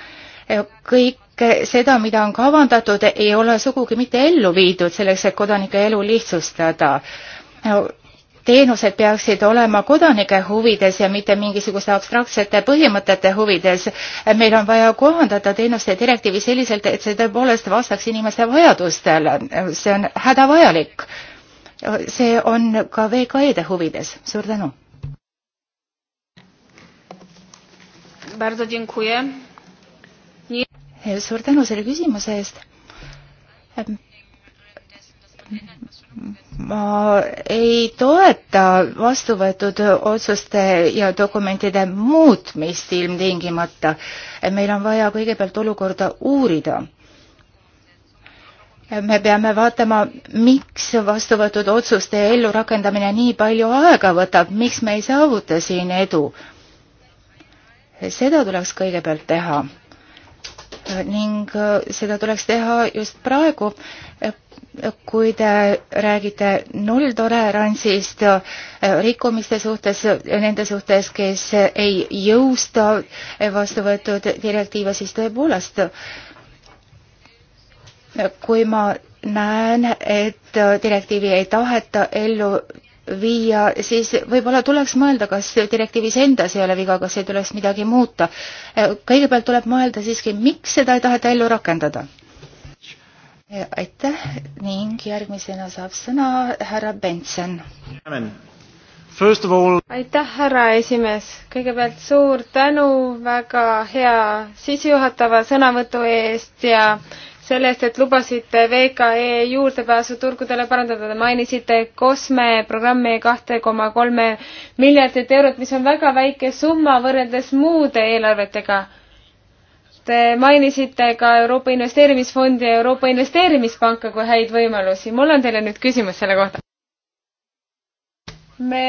Eh, kõik seda, mida on kavandatud, ei ole sugugi mitte ellu viidud selleks, et kodanike elu lihtsustada teenused peaksid olema kodanike huvides ja mitte mingisuguste abstraktsete põhimõtete huvides. meil on vaja kohandada teenuste direktiivi selliselt, et see tõepoolest vastaks inimeste vajadustele. see on hädavajalik. see on ka VKE-de huvides. suur tänu. suur tänu selle küsimuse eest ma ei toeta vastu võetud otsuste ja dokumentide muutmist ilmtingimata. meil on vaja kõigepealt olukorda uurida. me peame vaatama, miks vastu võetud otsuste ellurakendamine nii palju aega võtab, miks me ei saavuta siin edu. seda tuleks kõigepealt teha ning seda tuleks teha just praegu kui te räägite nulltolerantsist äh, rikkumiste suhtes, nende suhtes, kes ei jõusta vastu võetud direktiive, siis tõepoolest, kui ma näen, et direktiivi ei taheta ellu viia, siis võib-olla tuleks mõelda, kas direktiivis endas ei ole viga, kas ei tuleks midagi muuta. kõigepealt tuleb mõelda siiski, miks seda ei taheta ellu rakendada aitäh ning järgmisena saab sõna härra Benson. All... aitäh, härra esimees. kõigepealt suur tänu väga hea sissejuhatava sõnavõtu eest ja selle eest, et lubasite VKE juurdepääsu turgudele parandada. Te mainisite COSME programmi kahte koma kolme miljardit eurot, mis on väga väike summa võrreldes muude eelarvetega Te mainisite ka Euroopa Investeerimisfondi ja Euroopa Investeerimispanka kui häid võimalusi. mul on teile nüüd küsimus selle kohta. me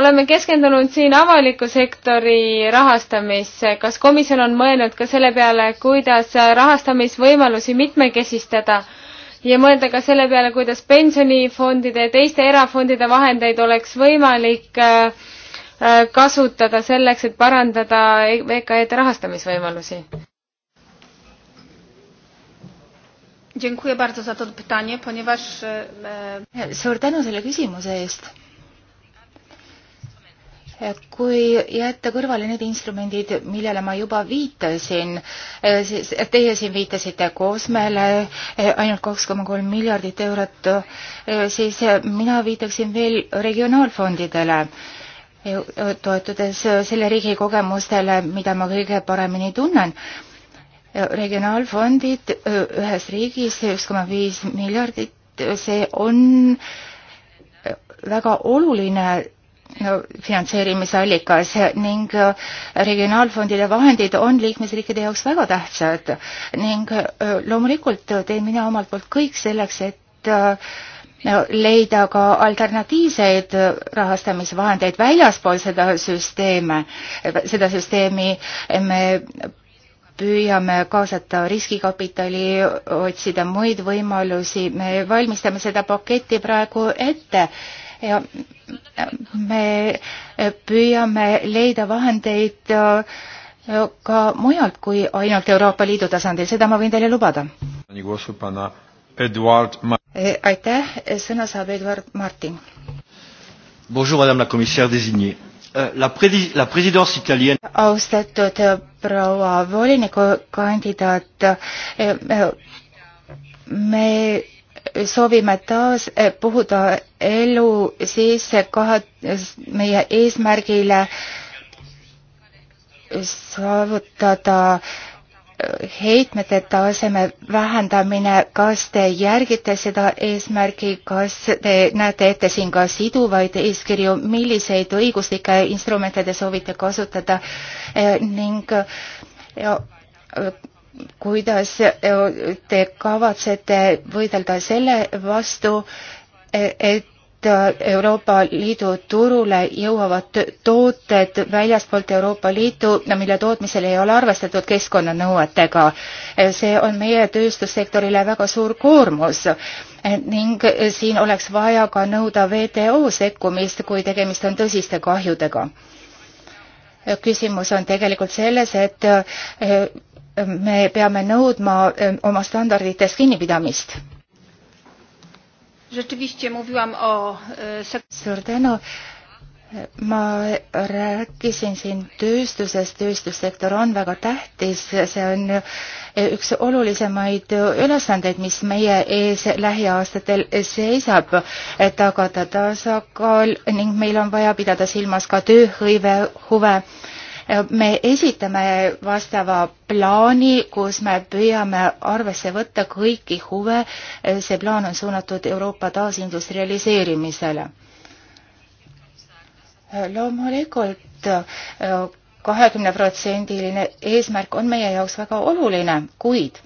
oleme keskendunud siin avaliku sektori rahastamisse. kas komisjon on mõelnud ka selle peale, kuidas rahastamisvõimalusi mitmekesistada ja mõelda ka selle peale, kuidas pensionifondide ja teiste erafondide vahendeid oleks võimalik äh, Äh, kasutada selleks, et parandada e- VKE-de rahastamisvõimalusi? Dziękuję bardzo za to pytanie, ponieważ... E, e, Suur tänu selle küsimuse eest. Kui jätta kõrvale need instrumendid, millele ma juba viitasin, siis teie siin viitasite koosmeele ainult 2,3 miljardit eurot, siis mina viitaksin veel regionaalfondidele toetudes selle riigi kogemustele, mida ma kõige paremini tunnen. regionaalfondid ühes riigis üks koma viis miljardit, see on väga oluline finantseerimisallikas ning regionaalfondide vahendid on liikmesriikide jaoks väga tähtsad ning loomulikult teen mina omalt poolt kõik selleks, et leida ka alternatiivseid rahastamisvahendeid väljaspool seda süsteeme, seda süsteemi me püüame kaasata riskikapitali, otsida muid võimalusi, me valmistame seda paketti praegu ette ja me püüame leida vahendeid äh, ka mujalt kui ainult Euroopa Liidu tasandil, seda ma võin teile lubada. Eduard Martin. Eh, aitäh, sõna saab Eduard Martin. Bonjour, madame la commissaire désignée. Euh, la presi-, la présidence italienne austatud euh, proua volinikukandidaat, eh, eh, me soovime taas puhuda elu sisse kahe, meie eesmärgile saavutada äh, heitmete taseme vähendamine, kas te järgite seda eesmärki, kas te näete ette siin ka siduvaid eeskirju, milliseid õiguslikke instrumente te soovite kasutada e, ning ja, e, kuidas e, te kavatsete võidelda selle vastu, et Äh, Euroopa Liidu turule jõuavad tooted väljaspoolt Euroopa Liitu, mille tootmisel ei ole arvestatud keskkonnanõuetega. see on meie tööstussektorile väga suur koormus ning siin oleks vaja ka nõuda WTO sekkumist, kui tegemist on tõsiste kahjudega. küsimus on tegelikult selles, et äh, me peame nõudma äh, oma standarditest kinnipidamist rzeczywiście mówiłam o... E, Suur tänu. Ma rääkisin siin tööstusest. Tööstussektor on väga tähtis. See on üks olulisemaid ülesandeid, mis meie ees lähiaastatel seisab, et tagada tasakaal ning meil on vaja pidada silmas ka tööhõive huve. huve me esitame vastava plaani, kus me püüame arvesse võtta kõiki huve. see plaan on suunatud Euroopa taasindustrialiseerimisele. loomulikult kahekümneprotsendiline eesmärk on meie jaoks väga oluline, kuid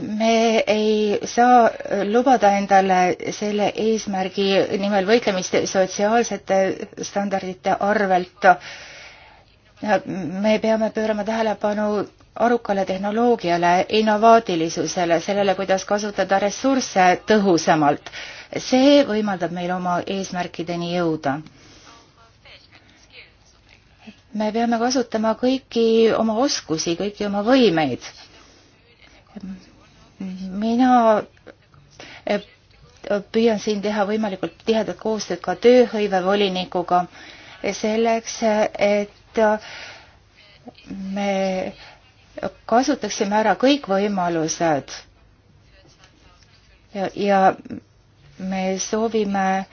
me ei saa lubada endale selle eesmärgi nimel võitlemist sotsiaalsete standardite arvelt. me peame pöörama tähelepanu arukale tehnoloogiale, innovaatilisusele, sellele, kuidas kasutada ressursse tõhusamalt. see võimaldab meil oma eesmärkideni jõuda me peame kasutama kõiki oma oskusi, kõiki oma võimeid mina eh, püüan siin teha võimalikult tihedat koostööd ka tööhõivevolinikuga eh, selleks, eh, et me kasutaksime ära kõik võimalused ja, ja me soovime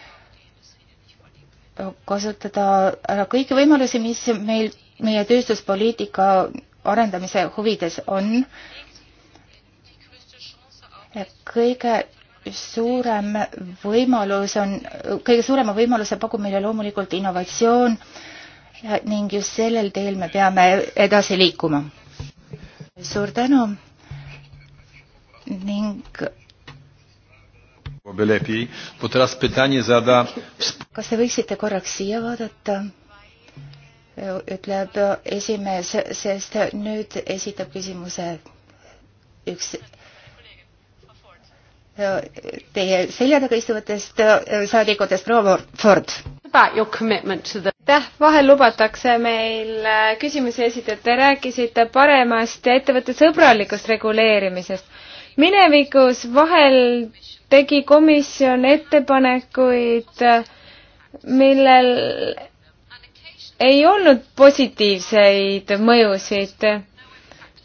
kasutada ära kõiki võimalusi, mis meil meie tööstuspoliitika arendamise huvides on äh, kõige suurem võimalus on, kõige suurema võimaluse pakub meile loomulikult innovatsioon ning just sellel teel me peame edasi liikuma. suur tänu ning kas te võiksite korraks siia vaadata? ütleb esimees, sest nüüd esitab küsimuse üks teie selja taga istuvatest äh, saadikutest, proua Ford. aitäh, vahel lubatakse meil äh, küsimusi esitada, te rääkisite paremast ja ettevõttesõbralikust reguleerimisest. minevikus vahel tegi komisjon ettepanekuid, äh, millel ei olnud positiivseid mõjusid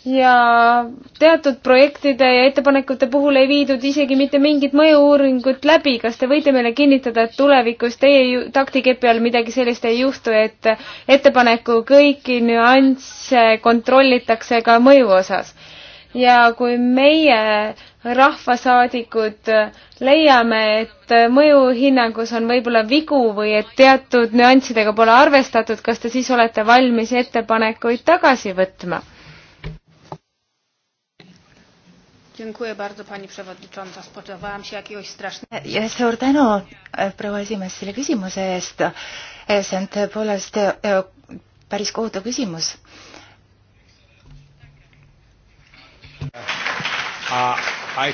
ja teatud projektide ja ettepanekute puhul ei viidud isegi mitte mingit mõju-uuringut läbi. kas te võite meile kinnitada, et tulevikus teie taktikepi all midagi sellist ei juhtu, et ettepaneku kõiki nüansse kontrollitakse ka mõju osas? ja kui meie rahvasaadikud leiame, et mõjuhinnangus on võib-olla vigu või et teatud nüanssidega pole arvestatud, kas te siis olete valmis ettepanekuid tagasi võtma? Dziękuję bardzo Pani Przewodnicząca. Spodziewałam się jakiegoś strasznego... Ja suur tänu, eh, proua esimees, selle küsimuse eest. Eh, see on tõepoolest eh, päris kohutav küsimus. Uh,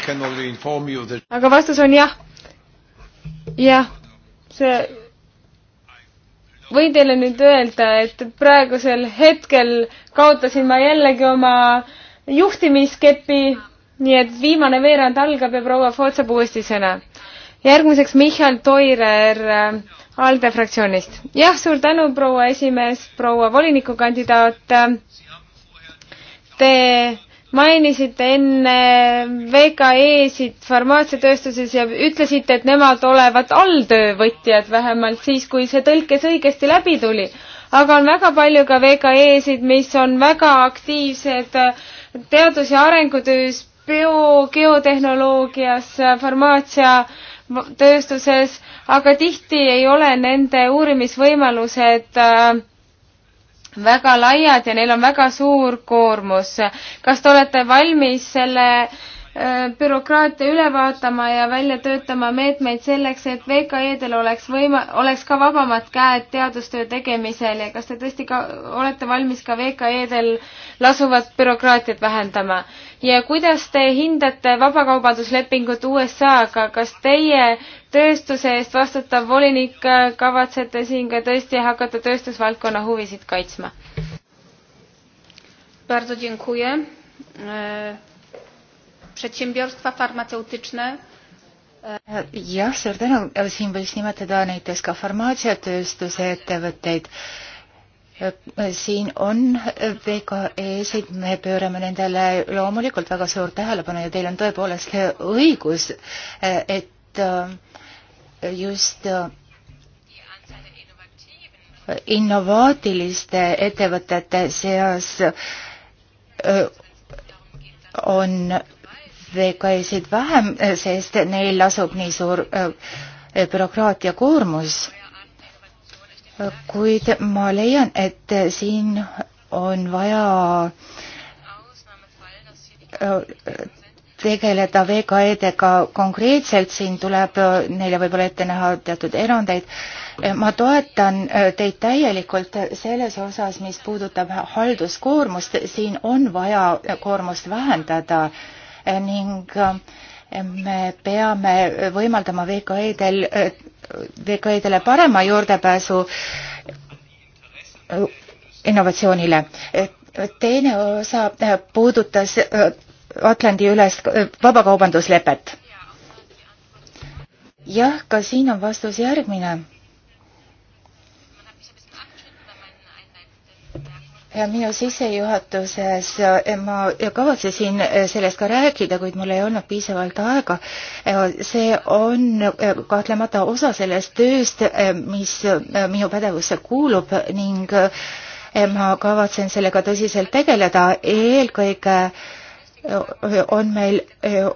aga vastus on jah. jah, see, võin teile nüüd öelda, et praegusel hetkel kaotasin ma jällegi oma juhtimiskepi nii et viimane veerand algab ja proua Ford saab uuesti sõna. järgmiseks Michal Toirer äh, ALDE fraktsioonist. jah, suur tänu, proua esimees, proua volinikukandidaat. Te mainisite enne VKE-sid farmaatsiatööstuses ja ütlesite, et nemad olevat alltöövõtjad, vähemalt siis, kui see tõlkes õigesti läbi tuli. aga on väga palju ka VKE-sid, mis on väga aktiivsed teadus- ja arengutöös bio, geotehnoloogias, farmaatsiatööstuses, aga tihti ei ole nende uurimisvõimalused äh, väga laiad ja neil on väga suur koormus. kas te olete valmis selle äh, Äh, bürokraatia üle vaatama ja välja töötama meetmeid selleks, et VKE-del oleks võima-, oleks ka vabamad käed teadustöö tegemisel ja kas te tõesti ka olete valmis ka VKE-del lasuvat bürokraatiat vähendama? ja kuidas te hindate vabakaubanduslepingut USA-ga, kas teie tööstuse eest vastutav volinik äh, kavatsete siin ka tõesti hakata tööstusvaldkonna huvisid kaitsma? Bardzo dziękuję e, Przedsiębiorstwa farmatseutyczne jah, suur tänu, siin võiks nimetada näiteks ka farmaatsiatööstuse ettevõtteid. siin on VKE-sid, me pöörame nendele loomulikult väga suurt tähelepanu ja teil on tõepoolest õigus, et äh, just äh, innovaatiliste ettevõtete seas äh, on VKE-sid vähem, eh, sest neil lasub nii suur eh, bürokraatia koormus. kuid ma leian, et siin on vaja eh, tegeleda VKE-dega konkreetselt, siin tuleb neile võib-olla ette näha teatud erandeid. ma toetan teid täielikult selles osas, mis puudutab halduskoormust, siin on vaja koormust vähendada ning eh, me peame võimaldama VKE-del, eh, VKE-dele parema juurdepääsu eh, innovatsioonile. teine osa puudutas Atlandi üles vabakaubanduslepet. jah, ka siin on vastus järgmine ja minu sissejuhatuses ma kavatsesin e, sellest ka rääkida, kuid mul ei olnud piisavalt aega. E, see on e, kahtlemata osa sellest tööst, mis minu pädevusse kuulub ning ma kavatsen sellega tõsiselt tegeleda, eelkõige on meil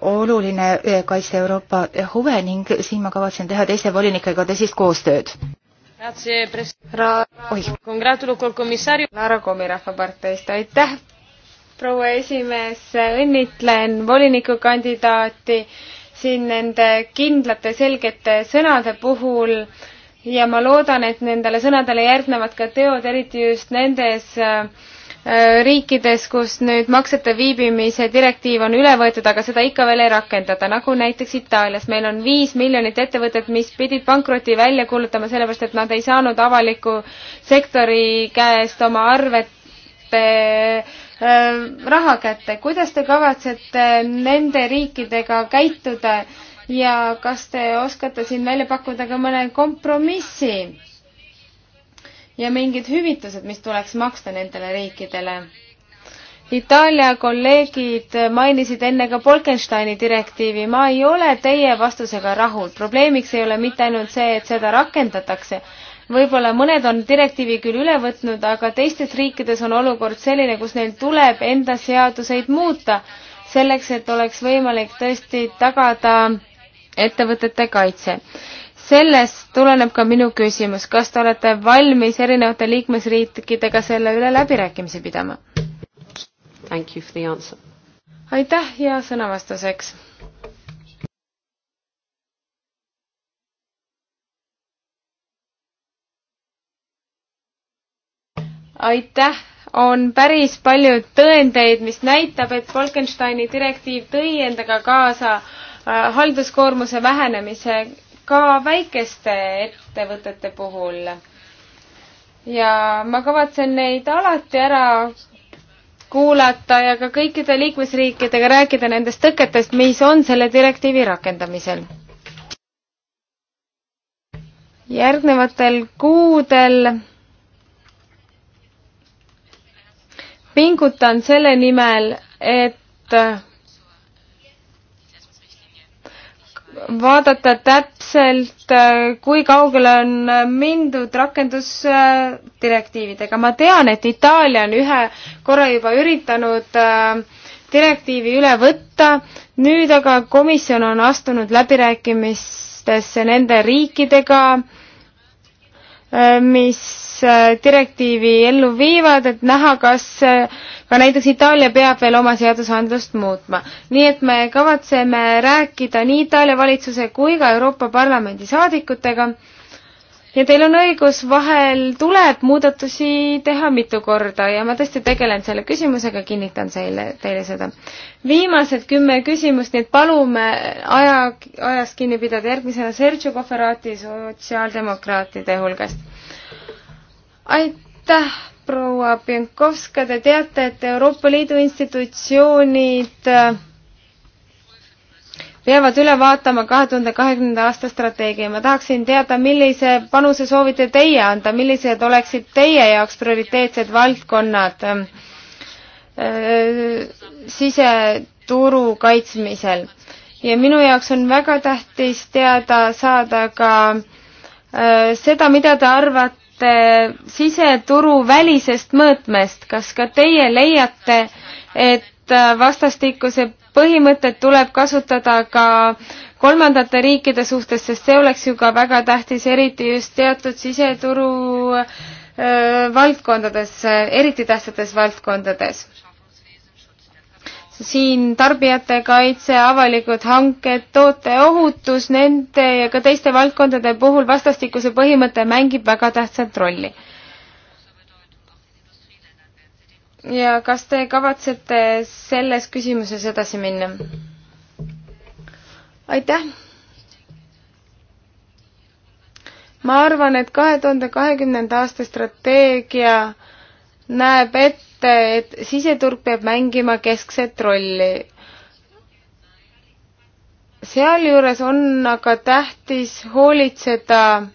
oluline kaitsta Euroopa huve ning siin ma kavatsen teha teiste volinikega tõsist koostööd congratulo col commissario. Lara Komi Rahvaparteist, aitäh, proua esimees, õnnitlen volinikukandidaati siin nende kindlate selgete sõnade puhul ja ma loodan, et nendele sõnadele järgnevad ka teod, eriti just nendes äh, Äh, riikides, kus nüüd maksete viibimise direktiiv on üle võetud, aga seda ikka veel ei rakendata, nagu näiteks Itaalias. meil on viis miljonit ettevõtet, mis pidid pankroti välja kuulutama, sellepärast et nad ei saanud avaliku sektori käest oma arvete äh, raha kätte. kuidas te kavatsete nende riikidega käituda ja kas te oskate siin välja pakkuda ka mõne kompromissi? ja mingid hüvitused, mis tuleks maksta nendele riikidele. Itaalia kolleegid mainisid enne ka Bolkensteini direktiivi. ma ei ole teie vastusega rahul. probleemiks ei ole mitte ainult see, et seda rakendatakse. võib-olla mõned on direktiivi küll üle võtnud, aga teistes riikides on olukord selline, kus neil tuleb enda seaduseid muuta selleks, et oleks võimalik tõesti tagada ettevõtete kaitse sellest tuleneb ka minu küsimus, kas te olete valmis erinevate liikmesriikidega selle üle läbirääkimisi pidama? aitäh hea sõna vastuseks. aitäh, on päris palju tõendeid, mis näitab, et Bolkensteini direktiiv tõi endaga kaasa äh, halduskoormuse vähenemise ka väikeste ettevõtete puhul. ja ma kavatsen neid alati ära kuulata ja ka kõikide liikmesriikidega rääkida nendest tõketest, mis on selle direktiivi rakendamisel. järgnevatel kuudel pingutan selle nimel, et vaadata täpselt, äh, kui kaugele on mindud rakendusdirektiividega. ma tean, et Itaalia on ühe korra juba üritanud äh, direktiivi üle võtta, nüüd aga komisjon on astunud läbirääkimistesse nende riikidega, äh, mis Äh, direktiivi ellu viivad, et näha, kas äh, ka näiteks Itaalia peab veel oma seadusandlust muutma. nii et me kavatseme rääkida nii Itaalia valitsuse kui ka Euroopa Parlamendi saadikutega ja teil on õigus, vahel tuleb muudatusi teha mitu korda ja ma tõesti tegelen selle küsimusega, kinnitan seile, teile seda. viimased kümme küsimust, nii et palume aja, ajast kinni pidada, järgmisena Sergio Cofferati sotsiaaldemokraatide hulgast aitäh, proua Pienkovska, te teate, et Euroopa Liidu institutsioonid äh, peavad üle vaatama kahe tuhande kahekümnenda aasta strateegia. ma tahaksin teada, millise panuse soovite teie anda, millised oleksid teie jaoks prioriteetsed valdkonnad äh, siseturu kaitsmisel? ja minu jaoks on väga tähtis teada saada ka äh, seda, mida te arvate räägite siseturu välisest mõõtmest, kas ka teie leiate, et vastastikuse põhimõtet tuleb kasutada ka kolmandate riikide suhtes, sest see oleks ju ka väga tähtis, eriti just teatud siseturu öö, äh, valdkondades, eriti tähtsates valdkondades siin tarbijate kaitse, avalikud hanked, tooteohutus, nende ja ka teiste valdkondade puhul vastastikuse põhimõte mängib väga tähtsat rolli. ja kas te kavatsete selles küsimuses edasi minna? aitäh! ma arvan, et kahe tuhande kahekümnenda aasta strateegia näeb ette et siseturg peab mängima keskset rolli. sealjuures on aga tähtis hoolitseda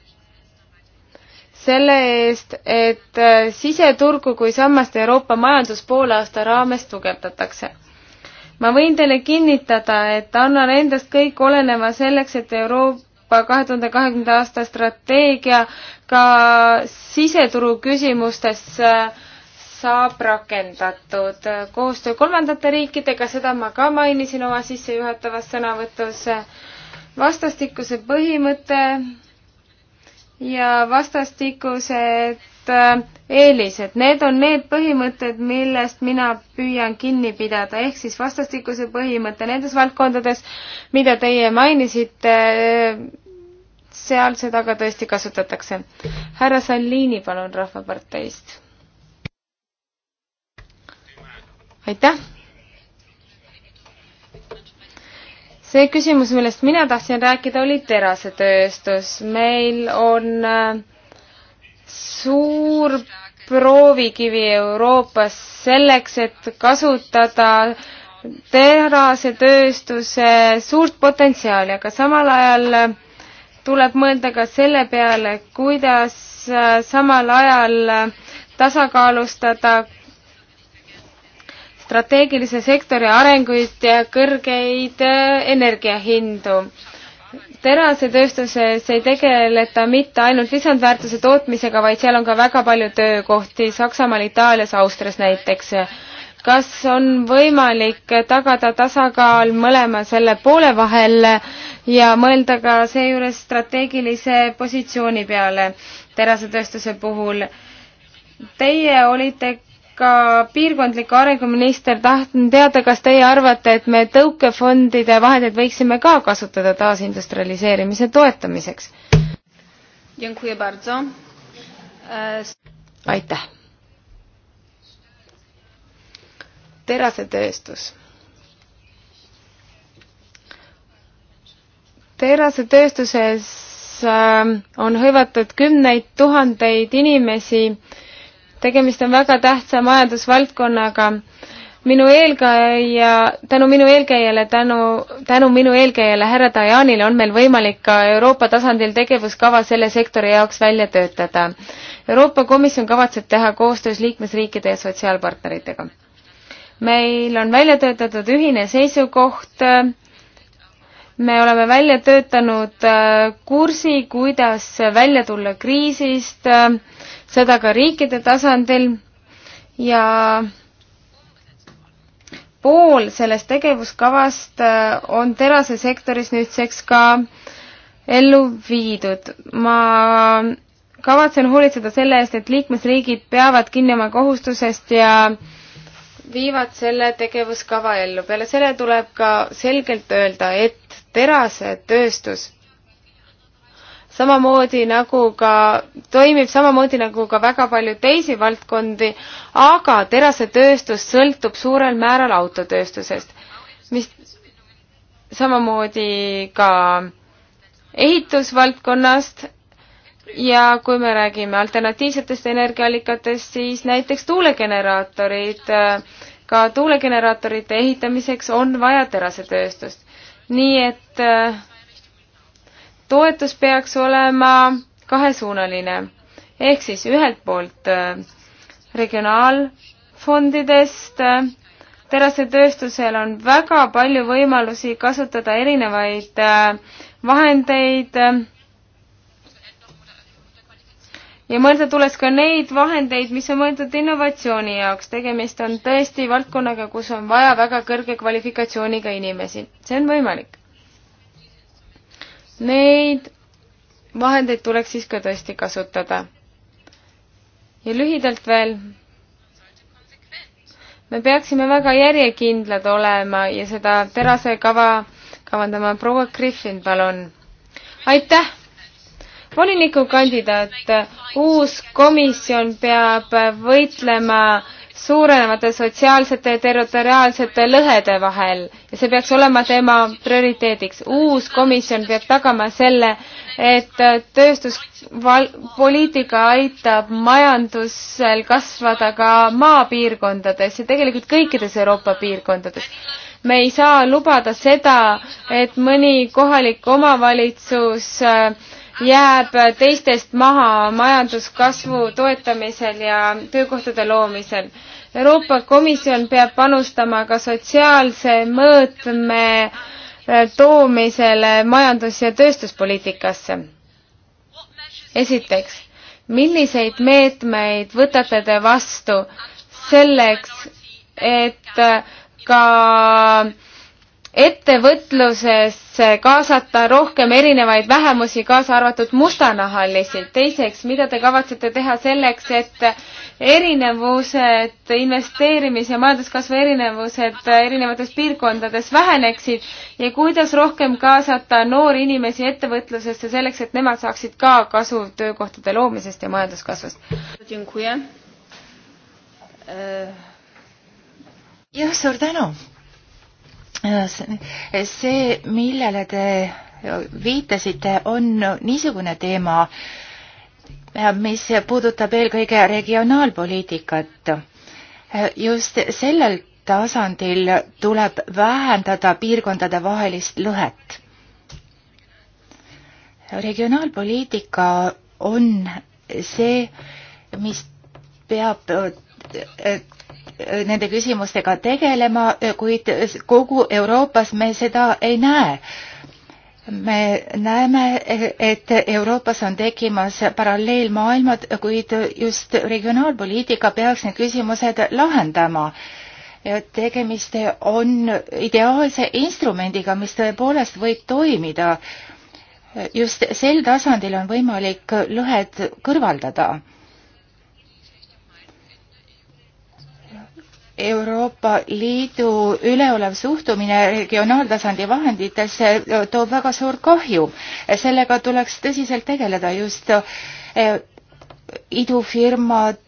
selle eest, et siseturgu kui sammast Euroopa majandus poolaasta raames tugevdatakse. ma võin teile kinnitada, et annan endast kõik oleneva selleks, et Euroopa kahe tuhande kahekümnenda aasta strateegia ka siseturu küsimustes äh, saab rakendatud. koostöö kolmandate riikidega, seda ma ka mainisin oma sissejuhatavas sõnavõtus, vastastikuse põhimõte ja vastastikused äh, eelised, need on need põhimõtted, millest mina püüan kinni pidada, ehk siis vastastikuse põhimõte nendes valdkondades, mida teie mainisite, äh, seal seda ka tõesti kasutatakse. härra Sallini, palun Rahvaparteist aitäh! see küsimus, millest mina tahtsin rääkida, oli terasetööstus. meil on äh, suur proovikivi Euroopas selleks, et kasutada terasetööstuse suurt potentsiaali, aga samal ajal äh, tuleb mõelda ka selle peale, kuidas äh, samal ajal tasakaalustada strateegilise sektori arenguid ja kõrgeid äh, energiahindu. terasetööstuses ei tegeleta mitte ainult lisandväärtuse tootmisega, vaid seal on ka väga palju töökohti Saksamaal, Itaalias, Austrias näiteks. kas on võimalik tagada tasakaal mõlema selle poole vahel ja mõelda ka seejuures strateegilise positsiooni peale terasetööstuse puhul? Teie olite ka piirkondliku arenguminister, tahtsin teada, kas teie arvate, et me tõukefondide vahendeid võiksime ka kasutada taasindustrialiseerimise toetamiseks? E, aitäh! terasetööstus. terasetööstuses ähm, on hõivatud kümneid tuhandeid inimesi tegemist on väga tähtsa majandusvaldkonnaga. minu eelkäija, tänu minu eelkäijale, tänu, tänu minu eelkäijale härra Dajanile on meil võimalik ka Euroopa tasandil tegevuskava selle sektori jaoks välja töötada. Euroopa Komisjon kavatseb teha koostöös liikmesriikide ja sotsiaalpartneritega. meil on välja töötatud ühine seisukoht me oleme välja töötanud äh, kursi, kuidas välja tulla kriisist, seda ka riikide tasandil ja pool sellest tegevuskavast äh, on terasesektoris nüüdseks ka ellu viidud. ma kavatsen hoolitseda selle eest, et liikmesriigid peavad kinni oma kohustusest ja viivad selle tegevuskava ellu. peale selle tuleb ka selgelt öelda, et terasetööstus samamoodi nagu ka, toimib samamoodi nagu ka väga palju teisi valdkondi, aga terasetööstus sõltub suurel määral autotööstusest, mis samamoodi ka ehitusvaldkonnast ja kui me räägime alternatiivsetest energiaallikatest, siis näiteks tuulegeneraatorid, ka tuulegeneraatorite ehitamiseks on vaja terasetööstust. nii et äh, toetus peaks olema kahesuunaline. ehk siis ühelt poolt äh, regionaalfondidest, äh, terasetööstusel on väga palju võimalusi kasutada erinevaid äh, vahendeid ja mõelda tuleks ka neid vahendeid, mis on mõeldud innovatsiooni jaoks. tegemist on tõesti valdkonnaga, kus on vaja väga kõrge kvalifikatsiooniga inimesi. see on võimalik. Neid vahendeid tuleks siis ka tõesti kasutada. ja lühidalt veel, me peaksime väga järjekindlad olema ja seda terase kava kavandama proua Griffin, palun. aitäh! volinikukandidaat, uus komisjon peab võitlema suurenevate sotsiaalsete ja territoriaalsete lõhede vahel ja see peaks olema tema prioriteediks. uus komisjon peab tagama selle, et tööstuspoliitika aitab majandusel kasvada ka maapiirkondades ja tegelikult kõikides Euroopa piirkondades. me ei saa lubada seda, et mõni kohalik omavalitsus äh, jääb teistest maha majanduskasvu toetamisel ja töökohtade loomisel. Euroopa Komisjon peab panustama ka sotsiaalse mõõtme eh, toomisele majandus- ja tööstuspoliitikasse. esiteks, milliseid meetmeid võtate te vastu selleks, et ka äh, ettevõtlusesse kaasata rohkem erinevaid vähemusi, kaasa arvatud mustanahalisi. teiseks, mida te kavatsete teha selleks, et erinevused, investeerimis- ja majanduskasvu erinevused erinevates piirkondades väheneksid ja kuidas rohkem kaasata noori inimesi ettevõtlusesse selleks, et nemad saaksid ka kasu töökohtade loomisest ja majanduskasvust? E, jah, suur tänu Äh, see, millele te viitasite, on niisugune teema, äh, mis puudutab eelkõige regionaalpoliitikat. Äh, just sellel tasandil tuleb vähendada piirkondade vahelist lõhet. regionaalpoliitika on see, mis peab nende küsimustega tegelema, kuid kogu Euroopas me seda ei näe. me näeme, et Euroopas on tekkimas paralleelmaailmad, kuid just regionaalpoliitika peaks need küsimused lahendama. tegemist on ideaalse instrumendiga, mis tõepoolest võib toimida just sel tasandil on võimalik lõhed kõrvaldada Euroopa Liidu üleolev suhtumine regionaaltasandi vahenditesse toob väga suurt kahju. sellega tuleks tõsiselt tegeleda just idufirmad,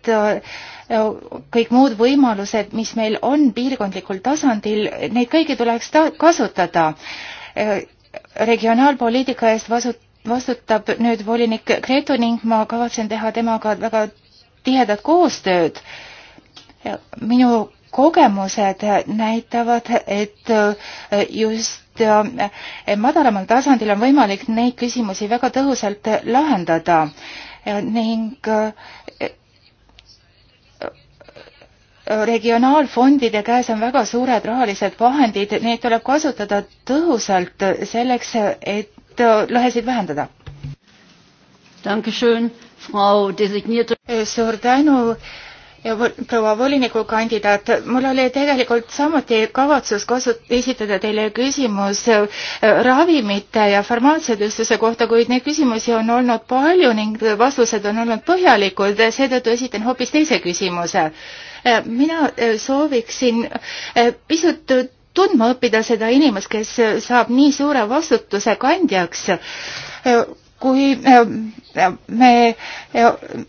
kõik muud võimalused, mis meil on piirkondlikul tasandil, neid kõiki tuleks ta-, kasutada. regionaalpoliitika eest vasu-, vastutab nüüd volinik Gretu ning ma kavatsen teha temaga väga tihedat koostööd. minu kogemused näitavad, et äh, just äh, madalamal tasandil on võimalik neid küsimusi väga tõhusalt lahendada äh, ning regionaalfondide käes on väga suured rahalised vahendid, neid tuleb kasutada tõhusalt selleks, et lõhesid vähendada. suur tänu ja proua volinikukandidaat, mul oli tegelikult samuti kavatsus kasu-, esitada teile küsimus äh, ravimite ja farmaatsiatööstuse kohta, kuid neid küsimusi on olnud palju ning vastused on olnud põhjalikud, seetõttu esitan hoopis teise küsimuse. Äh, mina äh, sooviksin pisut tundma õppida seda inimest, kes saab nii suure vastutuse kandjaks kui me,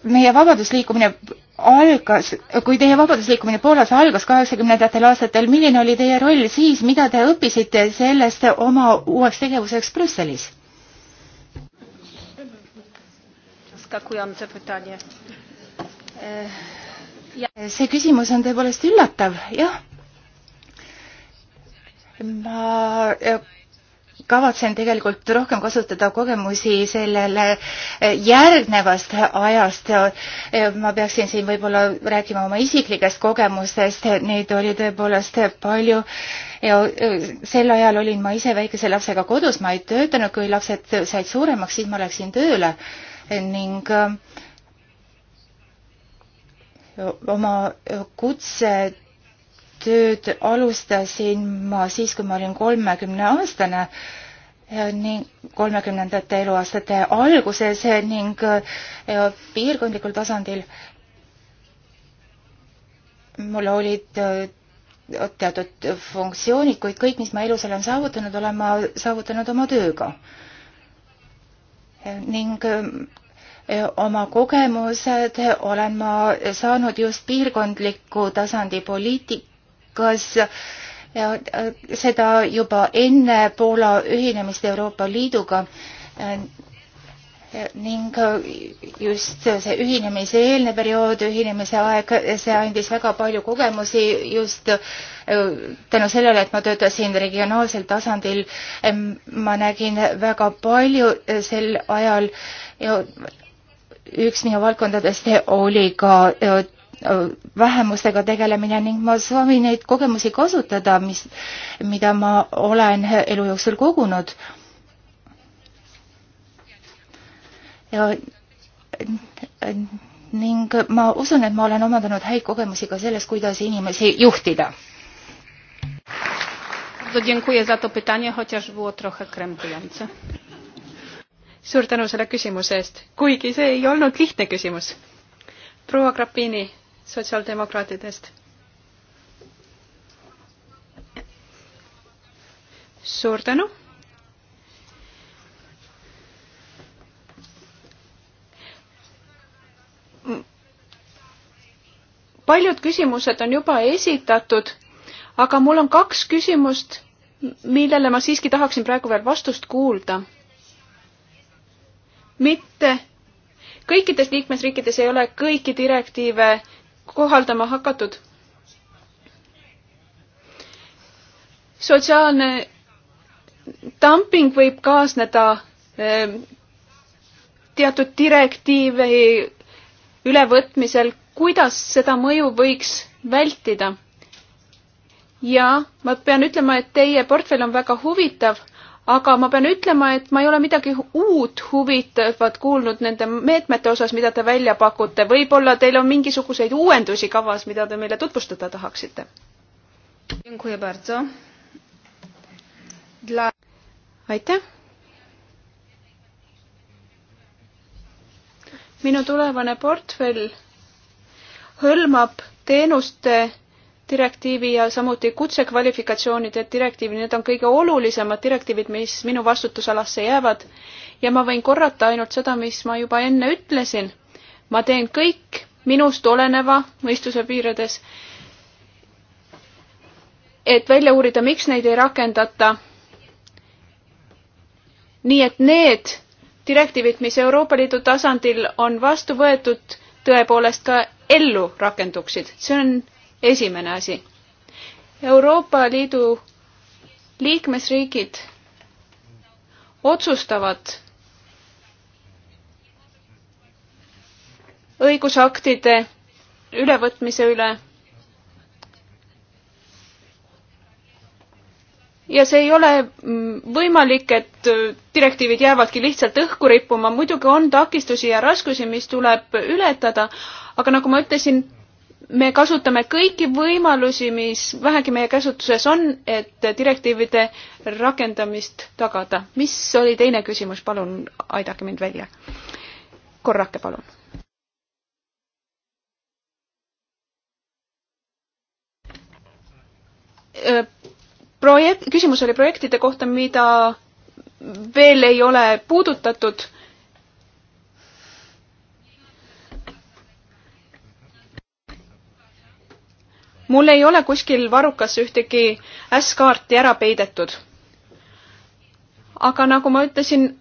meie vabadusliikumine algas, kui teie vabadusliikumine Poolas algas kaheksakümnendatel aastatel, milline oli teie roll siis, mida te õppisite sellest oma uueks tegevuseks Brüsselis? E, see küsimus on tõepoolest üllatav, jah. ma kavatsen tegelikult rohkem kasutada kogemusi sellele eh, järgnevast ajast. Eh, ma peaksin siin võib-olla rääkima oma isiklikest kogemustest, neid oli tõepoolest palju ja eh, sel ajal olin ma ise väikese lapsega kodus, ma ei töötanud, kui lapsed said suuremaks, siis ma läksin tööle ning oma kutse tööd alustasin ma siis, kui ma olin kolmekümne aastane eh, ning kolmekümnendate eluaastate alguses eh, ning eh, piirkondlikul tasandil mul olid teatud funktsioonid, kuid kõik, mis ma elus olen saavutanud, olen ma saavutanud oma tööga. ning oma kogemused olen ma saanud just piirkondliku tasandi poliitik-, hakkas ja äh, seda juba enne Poola ühinemist Euroopa Liiduga äh, ning äh, just see ühinemise eelne periood, ühinemise aeg, see andis väga palju kogemusi just tänu sellele, et ma töötasin regionaalsel tasandil. ma nägin väga palju sel ajal ja üks minu valdkondadest oli ka vähemustega tegelemine ning ma soovin neid kogemusi kasutada, mis, mida ma olen elu jooksul kogunud. ja ning ma usun, et ma olen omandanud häid kogemusi ka selles, kuidas inimesi juhtida. suur tänu selle küsimuse eest, kuigi see ei olnud lihtne küsimus. proua Grappini sotsiaaldemokraatidest. suur tänu. paljud küsimused on juba esitatud, aga mul on kaks küsimust, millele ma siiski tahaksin praegu veel vastust kuulda. mitte kõikides liikmesriikides ei ole kõiki direktiive kohaldama hakatud. sotsiaalne dumping võib kaasneda eh, teatud direktiivi ülevõtmisel, kuidas seda mõju võiks vältida. ja ma pean ütlema, et teie portfell on väga huvitav aga ma pean ütlema, et ma ei ole midagi uut huvitavat kuulnud nende meetmete osas, mida te välja pakute. võib-olla teil on mingisuguseid uuendusi kavas, mida te meile tutvustada tahaksite? aitäh. minu tulevane portfell hõlmab teenuste direktiivi ja samuti kutsekvalifikatsioonide direktiivi, need on kõige olulisemad direktiivid, mis minu vastutusalasse jäävad. ja ma võin korrata ainult seda, mis ma juba enne ütlesin. ma teen kõik minust oleneva mõistuse piirides, et välja uurida, miks neid ei rakendata. nii et need direktiivid, mis Euroopa Liidu tasandil on vastu võetud, tõepoolest ka ellu rakenduksid. see on esimene asi. Euroopa Liidu liikmesriigid otsustavad õigusaktide ülevõtmise üle. ja see ei ole võimalik, et direktiivid jäävadki lihtsalt õhku rippuma, muidugi on takistusi ja raskusi, mis tuleb ületada, aga nagu ma ütlesin, me kasutame kõiki võimalusi, mis vähegi meie käsutuses on, et direktiivide rakendamist tagada. mis oli teine küsimus, palun aidake mind välja. korrake, palun. Äh, projekt, küsimus oli projektide kohta, mida veel ei ole puudutatud mul ei ole kuskil varukas ühtegi S-kaarti ära peidetud. aga nagu ma ütlesin,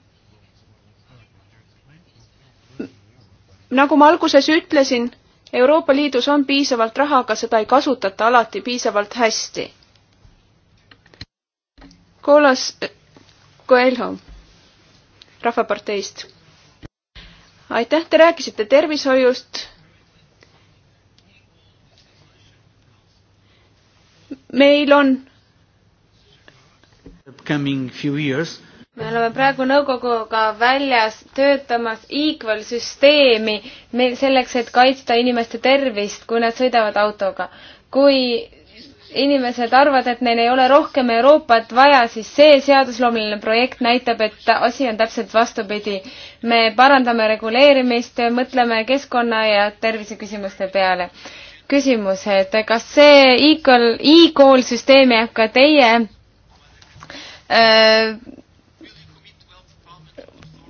nagu ma alguses ütlesin, Euroopa Liidus on piisavalt raha, aga seda ei kasutata alati piisavalt hästi. Kolas Coelho Rahvaparteist. aitäh, te rääkisite tervishoiust meil on me oleme praegu nõukoguga väljas töötamas equal süsteemi meil selleks, et kaitsta inimeste tervist, kui nad sõidavad autoga. kui inimesed arvavad, et neil ei ole rohkem Euroopat vaja, siis see seadusloomeline projekt näitab, et asi on täpselt vastupidi. me parandame reguleerimist, mõtleme keskkonna ja terviseküsimuste peale küsimus, et kas see e-kool, e-kool süsteem jääb ka teie äh,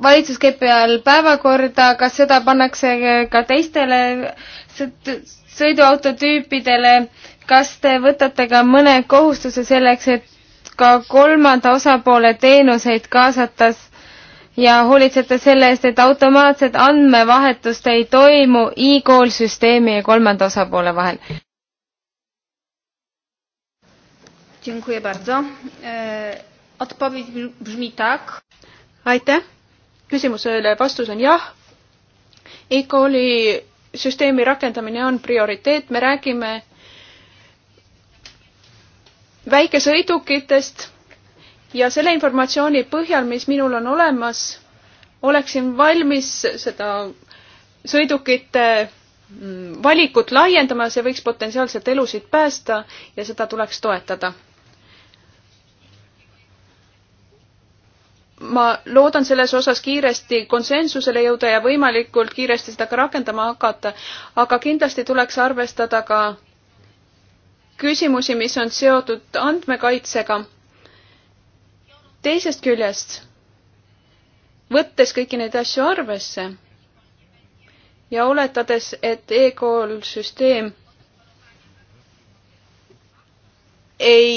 valitsuskepi all päevakorda, kas seda pannakse ka teistele sõiduautotüüpidele, kas te võtate ka mõne kohustuse selleks, et ka kolmanda osapoole teenuseid kaasates ja hoolitsete selle eest, et automaatset andmevahetust ei toimu e-call süsteemi ja kolmanda osapoole vahel. E, aitäh, küsimusele vastus on jah e. e-call'i süsteemi rakendamine on prioriteet, me räägime väikesõidukitest ja selle informatsiooni põhjal, mis minul on olemas, oleksin valmis seda sõidukite mm, valikut laiendama, see võiks potentsiaalselt elusid päästa ja seda tuleks toetada. ma loodan selles osas kiiresti konsensusele jõuda ja võimalikult kiiresti seda ka rakendama hakata, aga kindlasti tuleks arvestada ka küsimusi, mis on seotud andmekaitsega teisest küljest, võttes kõiki neid asju arvesse ja oletades, et e-kool süsteem ei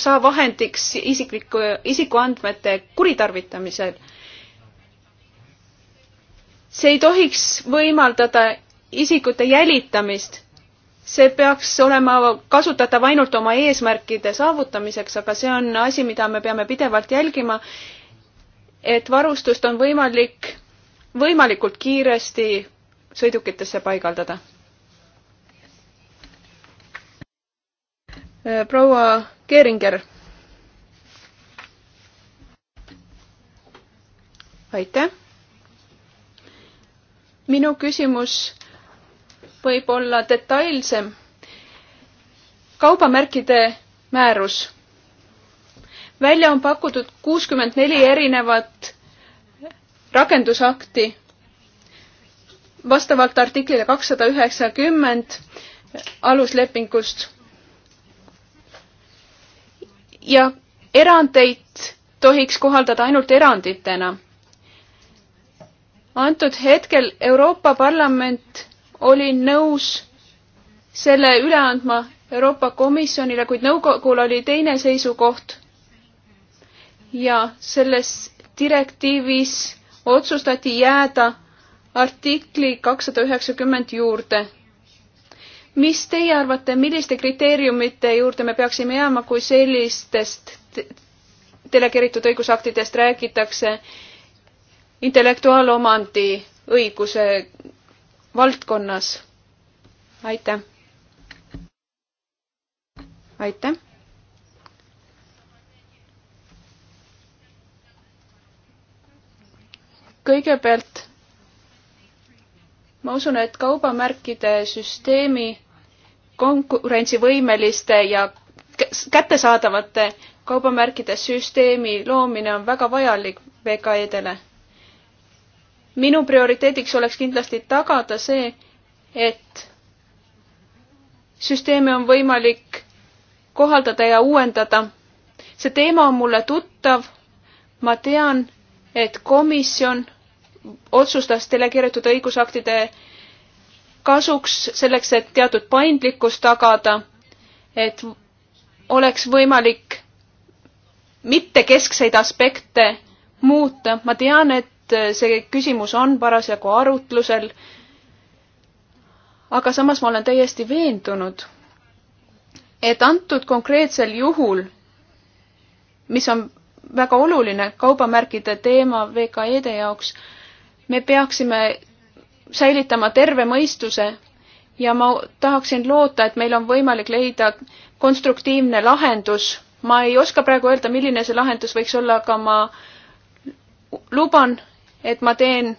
saa vahendiks isikliku, isikuandmete kuritarvitamisel, see ei tohiks võimaldada isikute jälitamist see peaks olema kasutatav ainult oma eesmärkide saavutamiseks, aga see on asi, mida me peame pidevalt jälgima, et varustust on võimalik võimalikult kiiresti sõidukitesse paigaldada. proua Keeringer. aitäh. minu küsimus võib olla detailsem. kaubamärkide määrus. välja on pakutud kuuskümmend neli erinevat rakendusakti vastavalt artiklile kakssada üheksakümmend aluslepingust. ja erandeid tohiks kohaldada ainult eranditena. antud hetkel Euroopa Parlament olin nõus selle üle andma Euroopa Komisjonile, kuid nõukogul oli teine seisukoht. ja selles direktiivis otsustati jääda artikli kakssada üheksakümmend juurde. mis teie arvate, milliste kriteeriumite juurde me peaksime jääma, kui sellistest delegeeritud õigusaktidest räägitakse intellektuaalomandi õiguse valdkonnas. aitäh! aitäh! kõigepealt ma usun, et kaubamärkide süsteemi konkurentsivõimeliste ja kättesaadavate kaubamärkide süsteemi loomine on väga vajalik VKE-dele minu prioriteediks oleks kindlasti tagada see, et süsteeme on võimalik kohaldada ja uuendada. see teema on mulle tuttav. ma tean, et komisjon otsustas delegeeritud õigusaktide kasuks selleks, et teatud paindlikkus tagada, et oleks võimalik mittekeskseid aspekte muuta. ma tean, et Äh, see küsimus on parasjagu arutlusel. aga samas ma olen täiesti veendunud, et antud konkreetsel juhul, mis on väga oluline kaubamärkide teema VKE-de jaoks, me peaksime säilitama terve mõistuse ja ma tahaksin loota, et meil on võimalik leida konstruktiivne lahendus. ma ei oska praegu öelda, milline see lahendus võiks olla, aga ma luban, et ma teen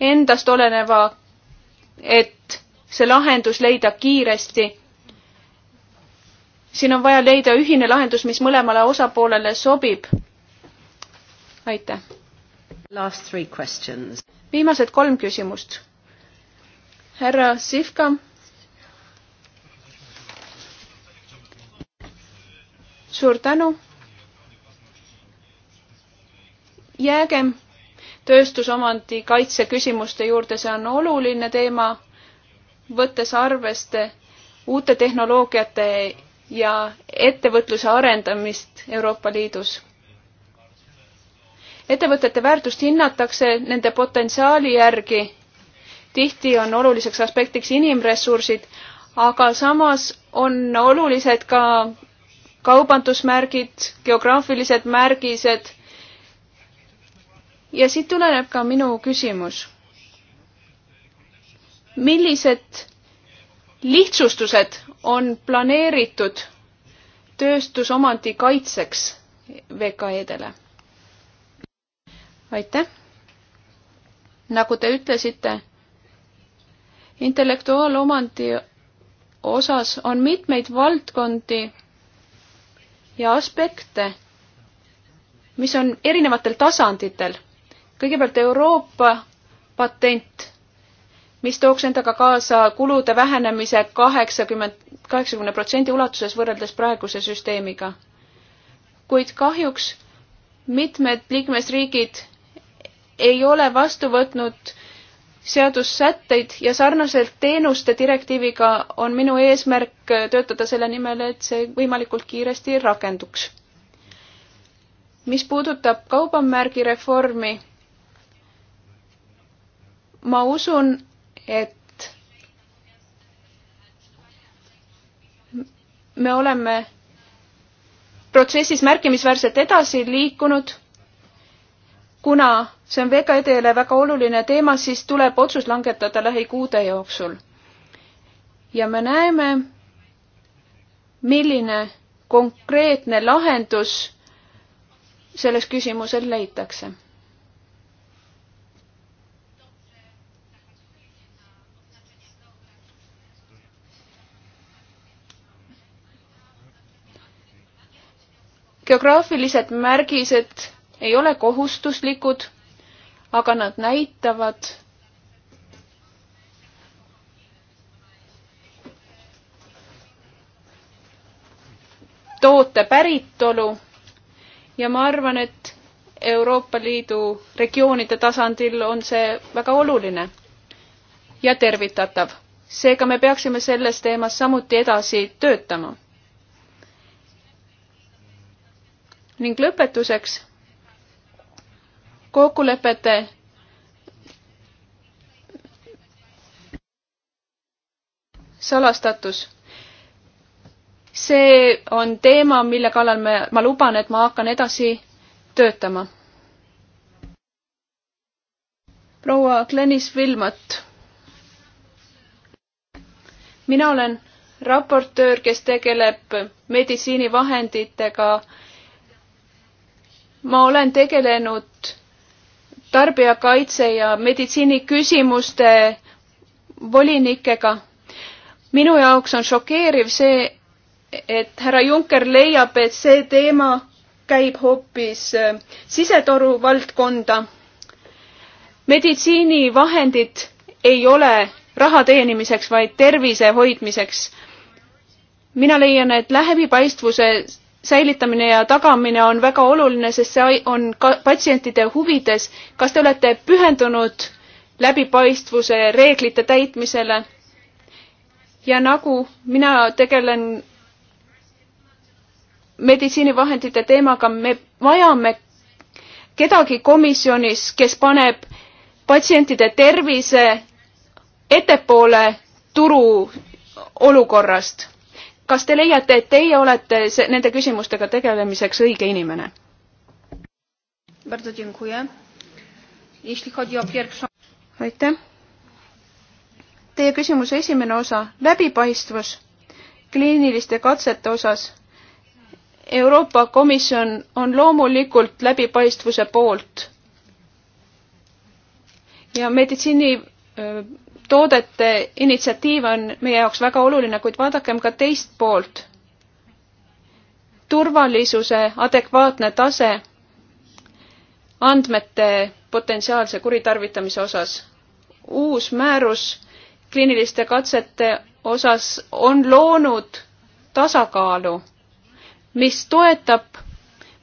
endast oleneva, et see lahendus leida kiiresti. siin on vaja leida ühine lahendus, mis mõlemale osapoolele sobib. aitäh. viimased kolm küsimust. härra Sivka. suur tänu. jäägem tööstusomandi kaitse küsimuste juurde, see on oluline teema, võttes arveste uute tehnoloogiate ja ettevõtluse arendamist Euroopa Liidus. ettevõtete väärtust hinnatakse nende potentsiaali järgi. tihti on oluliseks aspektiks inimressursid, aga samas on olulised ka kaubandusmärgid, geograafilised märgised ja siit tuleneb ka minu küsimus. millised lihtsustused on planeeritud tööstusomandi kaitseks VKE-dele? aitäh! nagu te ütlesite, intellektuaalomandi osas on mitmeid valdkondi ja aspekte, mis on erinevatel tasanditel kõigepealt Euroopa patent, mis tooks endaga kaasa kulude vähenemise kaheksakümmend, kaheksakümne protsendi ulatuses võrreldes praeguse süsteemiga. kuid kahjuks mitmed liikmesriigid ei ole vastu võtnud seadussätteid ja sarnaselt teenuste direktiiviga on minu eesmärk töötada selle nimel, et see võimalikult kiiresti rakenduks. mis puudutab kaubamärgi reformi, ma usun, et me oleme protsessis märkimisväärselt edasi liikunud. kuna see on VKD-le väga oluline teema, siis tuleb otsus langetada lähikuude jooksul. ja me näeme, milline konkreetne lahendus selles küsimuses leitakse geograafilised märgised ei ole kohustuslikud, aga nad näitavad, toote päritolu ja ma arvan, et Euroopa Liidu regioonide tasandil on see väga oluline ja tervitatav. seega me peaksime selles teemas samuti edasi töötama ning lõpetuseks kokkulepete salastatus. see on teema, mille kallal me, ma luban, et ma hakkan edasi töötama. proua Glenis Vilmat. mina olen raportöör, kes tegeleb meditsiinivahenditega äh, ma olen tegelenud tarbijakaitse ja meditsiiniküsimuste volinikega. minu jaoks on šokeeriv see, et härra Juncker leiab, et see teema käib hoopis äh, sisetoru valdkonda. meditsiinivahendid ei ole raha teenimiseks, vaid tervise hoidmiseks. mina leian, et läbipaistvuse säilitamine ja tagamine on väga oluline, sest see on ka patsientide huvides. kas te olete pühendunud läbipaistvuse reeglite täitmisele? ja nagu mina tegelen meditsiinivahendite teemaga, me vajame kedagi komisjonis, kes paneb patsientide tervise ettepoole turu olukorrast kas te leiate, et teie olete se-, nende küsimustega tegelemiseks õige inimene? aitäh. Teie küsimuse esimene osa, läbipaistvus kliiniliste katsete osas. Euroopa Komisjon on loomulikult läbipaistvuse poolt ja meditsiini toodete initsiatiiv on meie jaoks väga oluline, kuid vaadakem ka teist poolt. turvalisuse adekvaatne tase andmete potentsiaalse kuritarvitamise osas. uus määrus kliiniliste katsete osas on loonud tasakaalu, mis toetab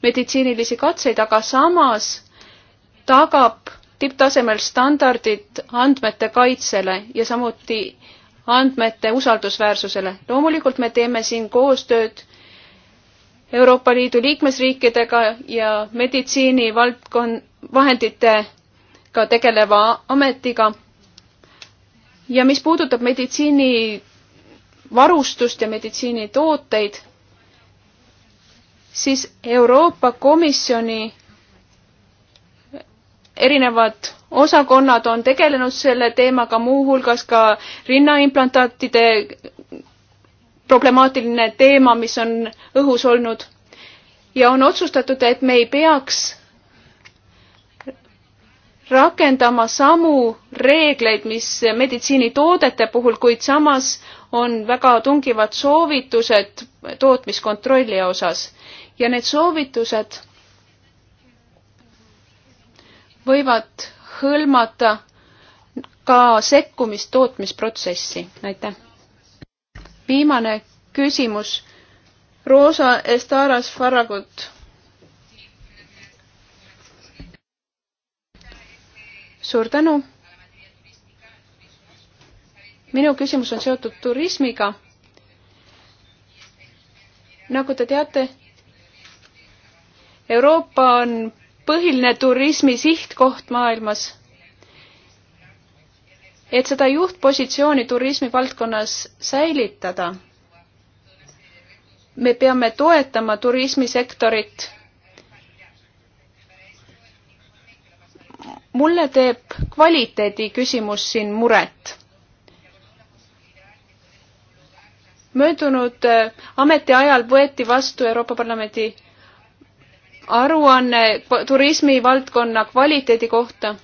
meditsiinilisi katseid, aga samas tagab tipptasemel standardid andmete kaitsele ja samuti andmete usaldusväärsusele. loomulikult me teeme siin koostööd Euroopa Liidu liikmesriikidega ja meditsiinivaldkond, vahenditega tegeleva ametiga. ja mis puudutab meditsiinivarustust ja meditsiinitooteid, siis Euroopa Komisjoni erinevad osakonnad on tegelenud selle teemaga, muuhulgas ka rinnaimplantaatide problemaatiline teema, mis on õhus olnud. ja on otsustatud, et me ei peaks rakendama samu reegleid, mis meditsiinitoodete puhul, kuid samas on väga tungivad soovitused tootmiskontrolli osas ja need soovitused võivad hõlmata ka sekkumist tootmisprotsessi. aitäh. viimane küsimus. Rosa Estaras Farragut. suur tänu. minu küsimus on seotud turismiga. nagu te teate, Euroopa on põhiline turismi sihtkoht maailmas. et seda juhtpositsiooni turismi valdkonnas säilitada, me peame toetama turismisektorit. mulle teeb kvaliteedi küsimus siin muret möödunud äh, ametiajal võeti vastu Euroopa Parlamendi aruanne turismivaldkonna kvaliteedi kohta.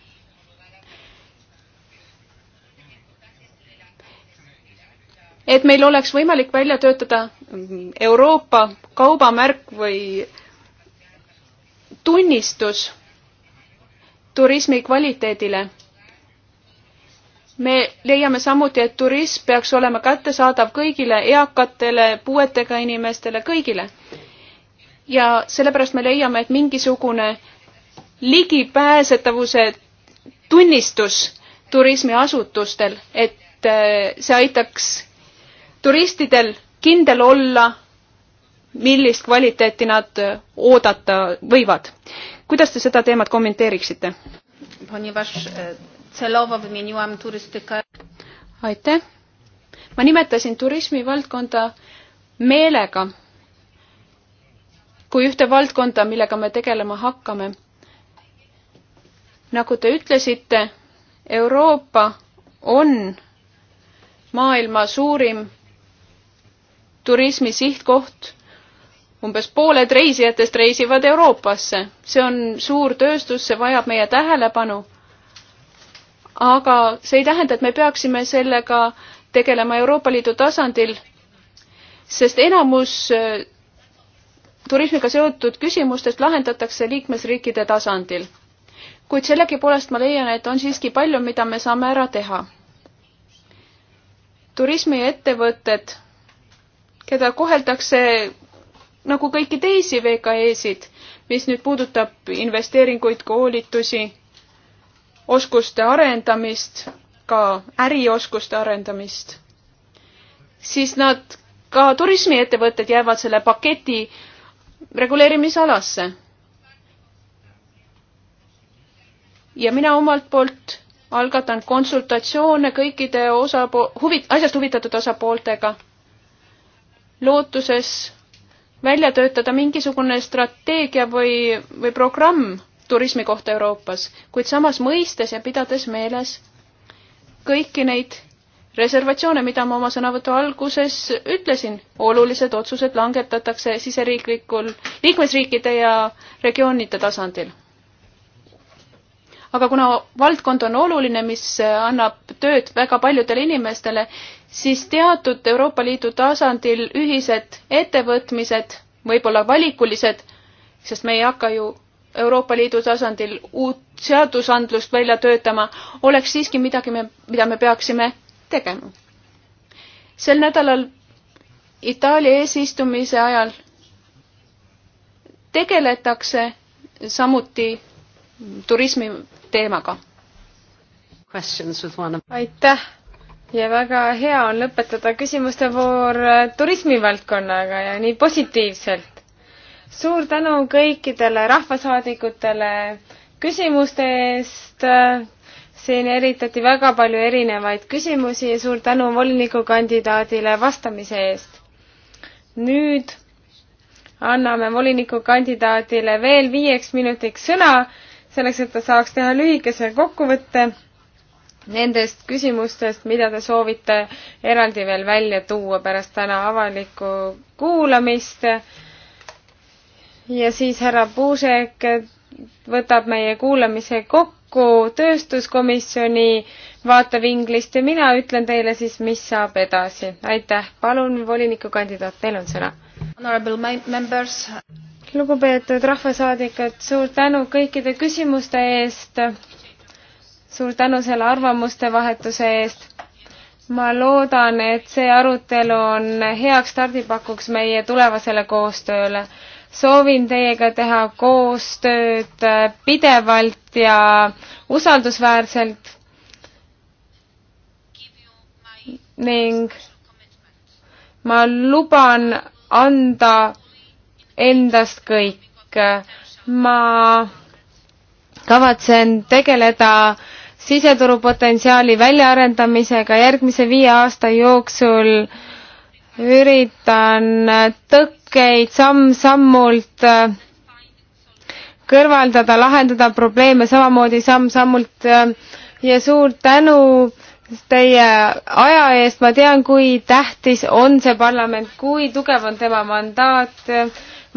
et meil oleks võimalik välja töötada Euroopa kaubamärk või tunnistus turismi kvaliteedile. me leiame samuti, et turism peaks olema kättesaadav kõigile eakatele, puuetega inimestele, kõigile ja sellepärast me leiame, et mingisugune ligipääsetavuse tunnistus turismiasutustel, et eh, see aitaks turistidel kindel olla, millist kvaliteeti nad oodata võivad. kuidas te seda teemat kommenteeriksite? E, aitäh. ma nimetasin turismivaldkonda meelega kui ühte valdkonda, millega me tegelema hakkame. nagu te ütlesite, Euroopa on maailma suurim turismi sihtkoht. umbes pooled reisijatest reisivad Euroopasse, see on suur tööstus, see vajab meie tähelepanu. aga see ei tähenda, et me peaksime sellega tegelema Euroopa Liidu tasandil, sest enamus turismiga seotud küsimustest lahendatakse liikmesriikide tasandil. kuid sellegipoolest ma leian, et on siiski palju, mida me saame ära teha. turismiettevõtted, keda koheldakse nagu kõiki teisi VKE-sid, mis nüüd puudutab investeeringuid, koolitusi, oskuste arendamist, ka ärioskuste arendamist, siis nad, ka turismiettevõtted jäävad selle paketi reguleerimisalasse. ja mina omalt poolt algatan konsultatsioone kõikide osapo-, huvi-, asjast huvitatud osapooltega, lootuses välja töötada mingisugune strateegia või, või programm turismi kohta Euroopas, kuid samas mõistes ja pidades meeles kõiki neid reservatsioone, mida ma oma sõnavõtu alguses ütlesin. olulised otsused langetatakse siseriiklikul, liikmesriikide ja regioonide tasandil. aga kuna valdkond on oluline, mis annab tööd väga paljudele inimestele, siis teatud Euroopa Liidu tasandil ühised ettevõtmised, võib-olla valikulised, sest me ei hakka ju Euroopa Liidu tasandil uut seadusandlust välja töötama, oleks siiski midagi, mida me peaksime tegema. sel nädalal Itaalia eesistumise ajal tegeletakse samuti turismi teemaga. aitäh ja väga hea on lõpetada küsimuste voor äh, turismivaldkonnaga ja nii positiivselt. suur tänu kõikidele rahvasaadikutele küsimuste eest äh, siin eritati väga palju erinevaid küsimusi ja suur tänu volinikukandidaadile vastamise eest. nüüd anname volinikukandidaadile veel viieks minutiks sõna, selleks et ta saaks teha lühikese kokkuvõtte nendest küsimustest, mida te soovite eraldi veel välja tuua pärast täna avalikku kuulamist. ja siis härra Puusek võtab meie kuulamise kokku kokku tööstuskomisjoni vaatevinklist ja mina ütlen teile siis, mis saab edasi. aitäh, palun, volinikukandidaat, teil on sõna. lugupeetud rahvasaadikud, suur tänu kõikide küsimuste eest. suur tänu selle arvamuste vahetuse eest. ma loodan, et see arutelu on heaks stardipakuks meie tulevasele koostööle soovin teiega teha koostööd pidevalt ja usaldusväärselt ning ma luban anda endast kõik. ma kavatsen tegeleda siseturu potentsiaali väljaarendamisega järgmise viie aasta jooksul üritan tõk-, tõkkeid samm-sammult äh, kõrvaldada, lahendada probleeme samamoodi samm-sammult äh, ja suur tänu teie aja eest, ma tean, kui tähtis on see parlament, kui tugev on tema mandaat.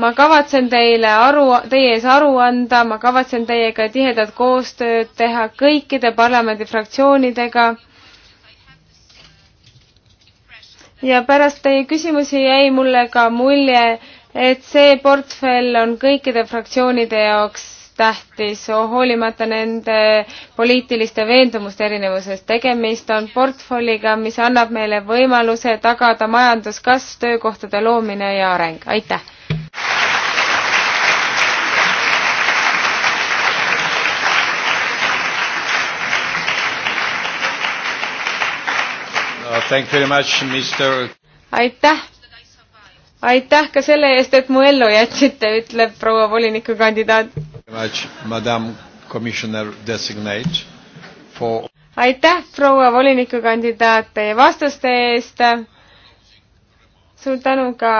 ma kavatsen teile aru, teie ees aru anda, ma kavatsen teiega tihedat koostööd teha kõikide parlamendifraktsioonidega ja pärast teie küsimusi jäi mulle ka mulje, et see portfell on kõikide fraktsioonide jaoks tähtis, hoolimata nende poliitiliste veendumuste erinevusest. tegemist on portfelliga, mis annab meile võimaluse tagada majanduskasv, töökohtade loomine ja areng. aitäh! aitäh! aitäh ka selle eest, et mu ellu jätsite, ütleb proua volinikukandidaat. For... aitäh, proua volinikukandidaat, teie vastuste eest. suur tänu ka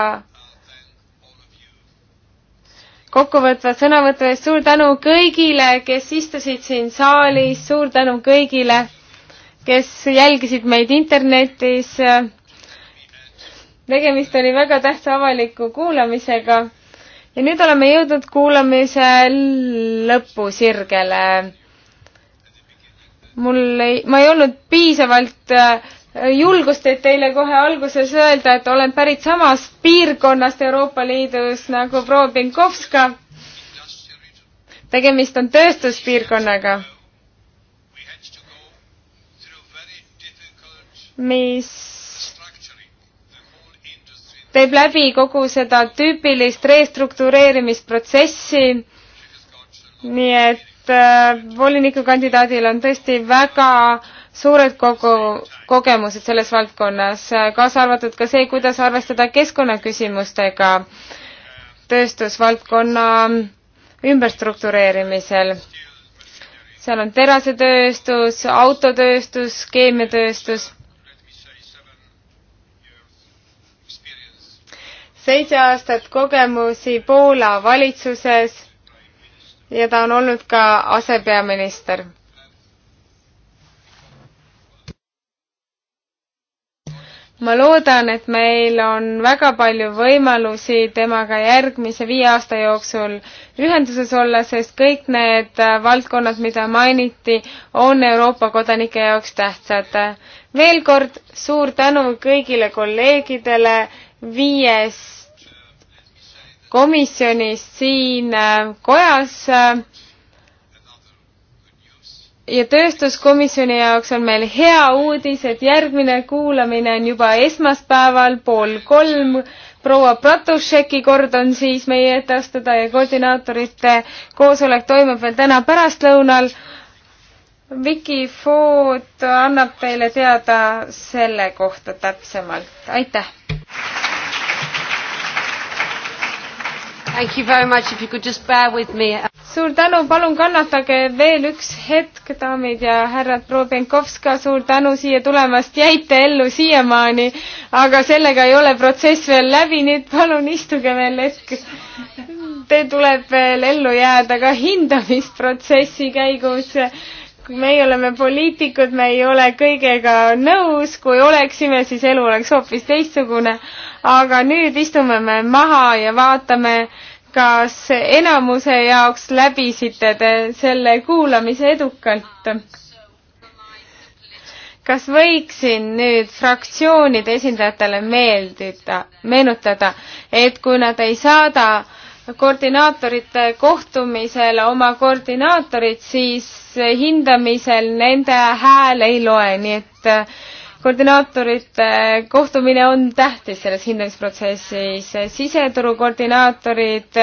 kokkuvõtva sõnavõtu eest, suur tänu kõigile, kes istusid siin saalis, suur tänu kõigile kes jälgisid meid internetis. tegemist oli väga tähtsa avaliku kuulamisega ja nüüd oleme jõudnud kuulamise lõpusirgele. mul ei, ma ei olnud piisavalt äh, julgust, et teile kohe alguses öelda, et olen pärit samast piirkonnast Euroopa Liidus nagu proua Pinkovska. tegemist on tööstuspiirkonnaga mis teeb läbi kogu seda tüüpilist restruktureerimisprotsessi. nii et äh, volinikukandidaadil on tõesti väga suured kogu kogemused selles valdkonnas, kaasa arvatud ka see, kuidas arvestada keskkonnaküsimustega tööstusvaldkonna ümberstruktureerimisel. seal on terasetööstus, autotööstus, keemiatööstus seitse aastat kogemusi Poola valitsuses ja ta on olnud ka asepeaminister. ma loodan, et meil on väga palju võimalusi temaga järgmise viie aasta jooksul ühenduses olla, sest kõik need valdkonnad, mida mainiti, on Euroopa kodanike jaoks tähtsad. veel kord suur tänu kõigile kolleegidele viiest komisjonist siin äh, kojas. Äh, ja tööstuskomisjoni jaoks on meil hea uudis, et järgmine kuulamine on juba esmaspäeval pool kolm. proua Pratušeki kord on siis meie ette astuda ja koordinaatorite koosolek toimub veel täna pärastlõunal. Vicky Food annab teile teada selle kohta täpsemalt. aitäh! suur tänu, palun kannatage veel üks hetk, daamid ja härrad, proua Penkovska, suur tänu siia tulemast, jäite ellu siiamaani, aga sellega ei ole protsess veel läbi, nii et palun istuge veel hetk. Te tuleb veel ellu jääda ka hindamisprotsessi käigus meie oleme poliitikud, me ei ole kõigega nõus, kui oleksime, siis elu oleks hoopis teistsugune. aga nüüd istume me maha ja vaatame, kas enamuse jaoks läbisite te selle kuulamise edukalt? kas võiksin nüüd fraktsioonide esindajatele meeldida, meenutada, et kui nad ei saada koordinaatorite kohtumisele oma koordinaatorid, siis hindamisel nende hääl ei loe, nii et äh, koordinaatorite kohtumine on tähtis selles hindamisprotsessis. siseturu koordinaatorid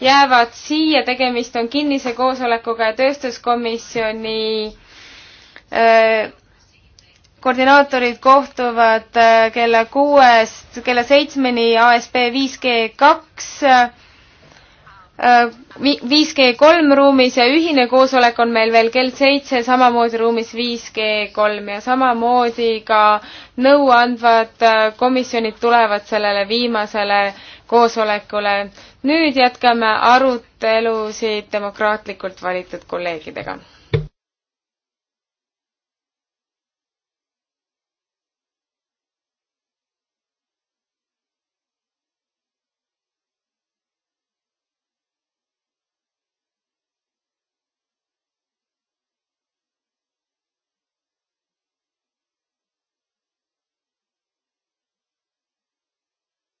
jäävad siia, tegemist on kinnise koosolekuga ja tööstuskomisjoni äh, koordinaatorid kohtuvad äh, kella kuuest kella seitsmeni ASB 5G kaks Äh, viis G kolm ruumis ja ühine koosolek on meil veel kell seitse, samamoodi ruumis viis G kolm ja samamoodi ka nõuandvad äh, komisjonid tulevad sellele viimasele koosolekule. nüüd jätkame arutelusid demokraatlikult valitud kolleegidega